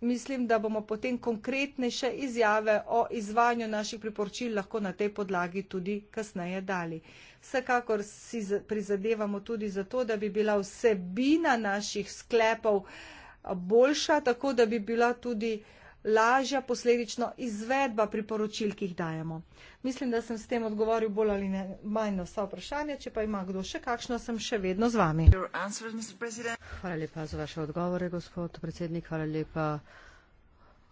mislim, da bomo potem konkretnejše izjave o izvanju naših priporočil lahko na tej podlagi tudi kasneje dali. Vsekakor si prizadevamo tudi za to, da bi bila vsebina naših sklepov boljša, tako da bi bila tudi lažja posledično izvedba priporočil, ki jih dajemo. Mislim, da sem s tem odgovoril bolj ali ne, manj na vsa vprašanja, če pa ima kdo še kakšno, sem še vedno z vami.
Hvala lepa za vaše odgovore, gospod predsednik. Hvala lepa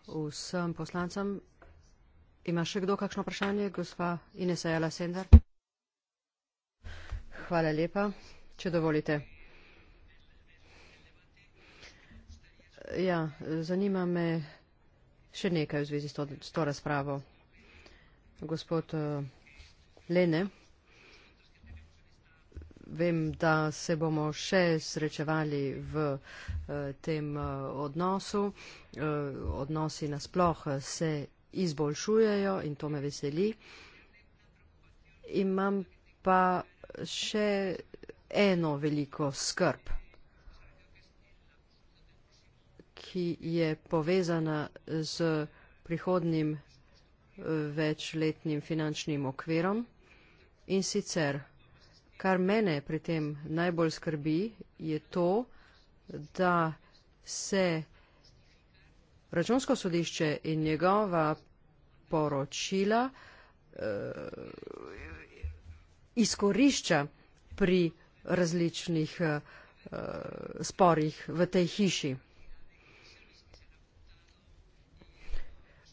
vsem poslancem. Ima še kdo kakšno vprašanje, gospa Inesa Jala Sender? Hvala lepa, če dovolite. Ja, zanima me še nekaj v zvezi s to, s to razpravo. Gospod eh, Lene, vem, da se bomo še srečevali v eh, tem eh, odnosu. Odnosi nasploh se izboljšujejo in to me veseli. Imam pa še eno veliko skrb, ki je povezana z prihodnim eh, večletnim finančnim okvirom in sicer, kar mene pri tem najbolj skrbi, je to, da se računsko sodišče in njegova poročila uh, izkorišča pri različnih uh, sporih v tej hiši.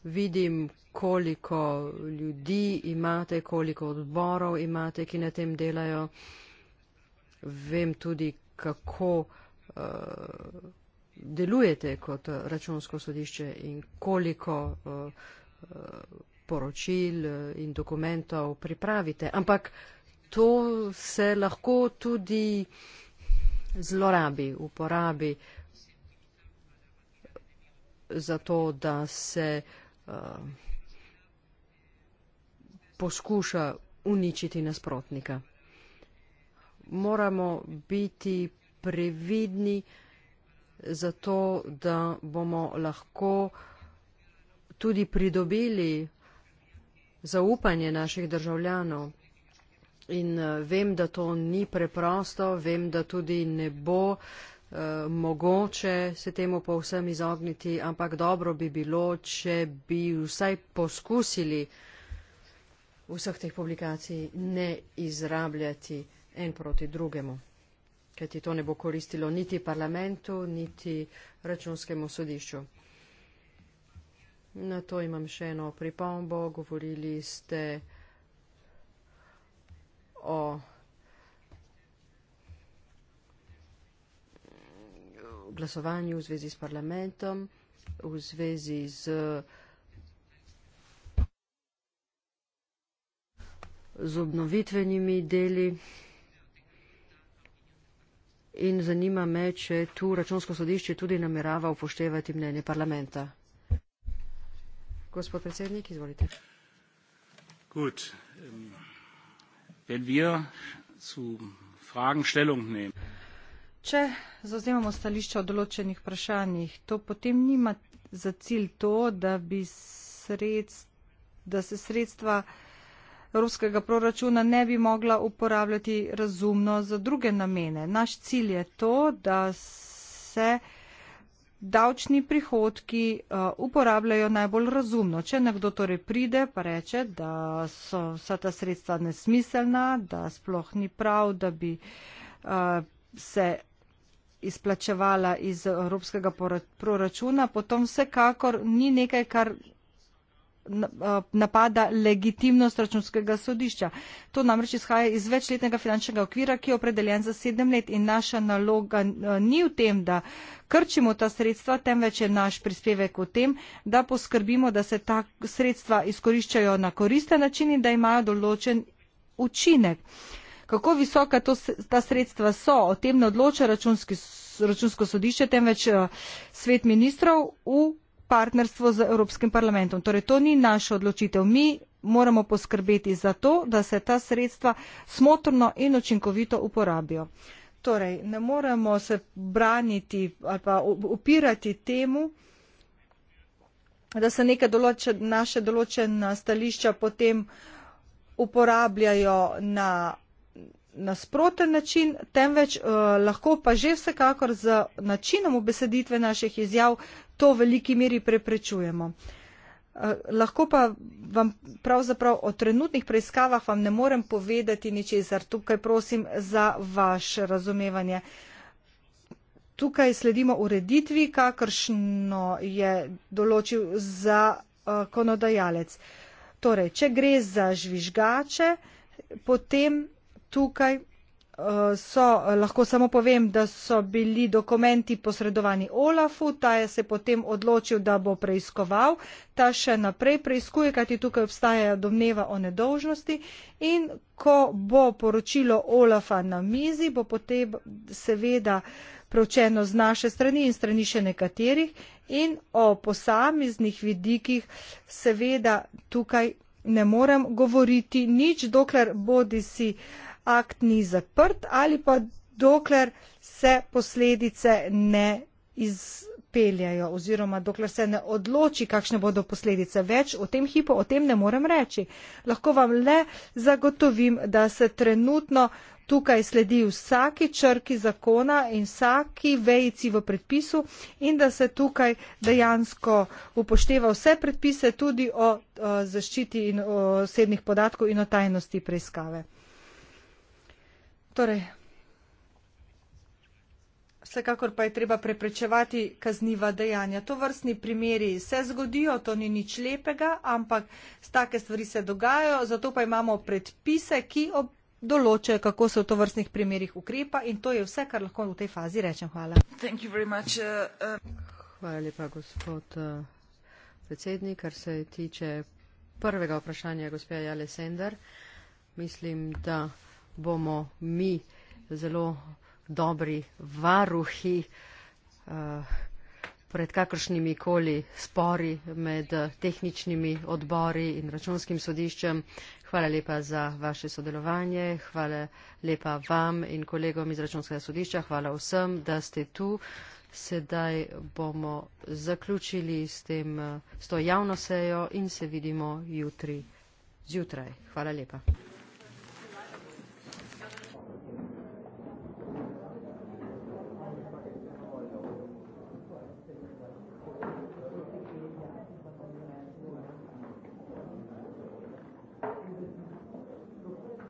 Vidim, koliko ljudi imate, koliko odborov imate, ki na tem delajo. Vem tudi, kako uh, delujete kot računsko sodišče in koliko uh, poročil in dokumentov pripravite. Ampak to se lahko tudi zlorabi, uporabi za to, da se uh, poskuša uničiti nasprotnika. Moramo biti previdni za to, da bomo lahko tudi pridobili zaupanje naših državljanov in eh, vem, da to ni preprosto, vem, da tudi ne bo eh, mogoče se temu povsem izogniti, ampak dobro bi bilo, če bi vsaj poskusili vseh teh publikacij ne izrabljati en proti drugemu. Ker ti to ne bo koristilo niti parlamentu, niti računskemu sodišču. Na to imam še eno pripombo. Govorili ste o glasovanju v zvezi s parlamentom, v zvezi z, z obnovitvenimi deli. In zanima me, če tu računsko sodišče tudi namerava upoštevati mnenje parlamenta. Gospod predsednik, izvolite.
Gut. Um, wenn wir zu Fragen Stellung nehmen.
Če zauzemamo stališča o določenih vprašanjih, to potem nima za cilj to, da, bi sredst, da se sredstva evropskega proračuna ne bi mogla uporabljati razumno za druge namene. Naš cilj je to, da se davčni prihodki eh, uporabljajo najbolj razumno. Če nekdo torej pride pa reče, da so vsa ta sredstva nesmiselna, da sploh ni prav, da bi eh, se izplačevala iz evropskega proračuna, potem vsekakor ni nekaj, kar Eh, napada legitimnost računskega sodišča. To namreč izhaja iz večletnega finančnega okvira, ki je opredeljen za sedem let in naša naloga eh, ni v tem, da krčimo ta sredstva, temveč je naš prispevek v tem, da poskrbimo, da se ta sredstva izkoriščajo na koristen način in da imajo določen učinek. Kako visoka to, ta sredstva so, o tem ne odloča računsko sodišče, temveč eh, svet ministrov v partnerstvo z Evropskim parlamentom. Torej, to ni naša odločitev. Mi moramo poskrbeti za to, da se ta sredstva smotrno in učinkovito uporabijo. Torej, ne moremo se braniti ali pa upirati temu, da se neke določen, naše določena stališča potem uporabljajo na nasproten način, temveč eh, lahko pa že vsekakor z načinom obeseditve naših izjav to v veliki meri preprečujemo. Eh, lahko pa vam pravzaprav o trenutnih preiskavah vam ne morem povedati ničesar. Tukaj prosim za vaše razumevanje. Tukaj sledimo ureditvi, kakršno je določil zakonodajalec. Torej, če gre za žvižgače, potem tukaj Eh, so, eh, lahko samo povem, da so bili dokumenti posredovani Olafu, ta je se potem odločil, da bo preiskoval, ta še naprej preiskuje, kajti tukaj obstaja domneva o nedolžnosti in ko bo poročilo Olafa na mizi, bo potem seveda preučeno z naše strani in strani še nekaterih in o posameznih vidikih seveda tukaj ne morem govoriti nič, dokler bodi si uh, akt ni zaprt ali pa dokler se posledice ne izpeljajo oziroma dokler se ne odloči, kakšne bodo posledice. Več v tem hipu o tem ne morem reči. Lahko vam le zagotovim, da se trenutno tukaj sledi vsaki črki zakona in vsaki vejici v predpisu in da se tukaj dejansko upošteva vse predpise tudi o, o zaščiti in, o, osebnih podatkov in o tajnosti preiskave. Torej, vsekakor pa je treba preprečevati kazniva dejanja. To vrstni primeri se zgodijo, to ni nič lepega, ampak take stvari se dogajajo, zato pa imamo predpise, ki določajo, kako se v to vrstnih primerih ukrepa in to je vse, kar lahko v tej fazi rečem. Hvala.
Much, uh,
uh... Hvala lepa, gospod uh, predsednik, kar se tiče prvega vprašanja gospoda Jale Sender. Mislim, da bomo mi zelo dobri varuhi eh, pred kakršnimi koli spori med tehničnimi odbori in računskim sodiščem. Hvala lepa za vaše sodelovanje, hvala lepa vam in kolegom iz računskega sodišča, hvala vsem, da ste tu. Sedaj bomo zaključili s, tem, eh, s to javno sejo in se vidimo jutri zjutraj. Hvala lepa.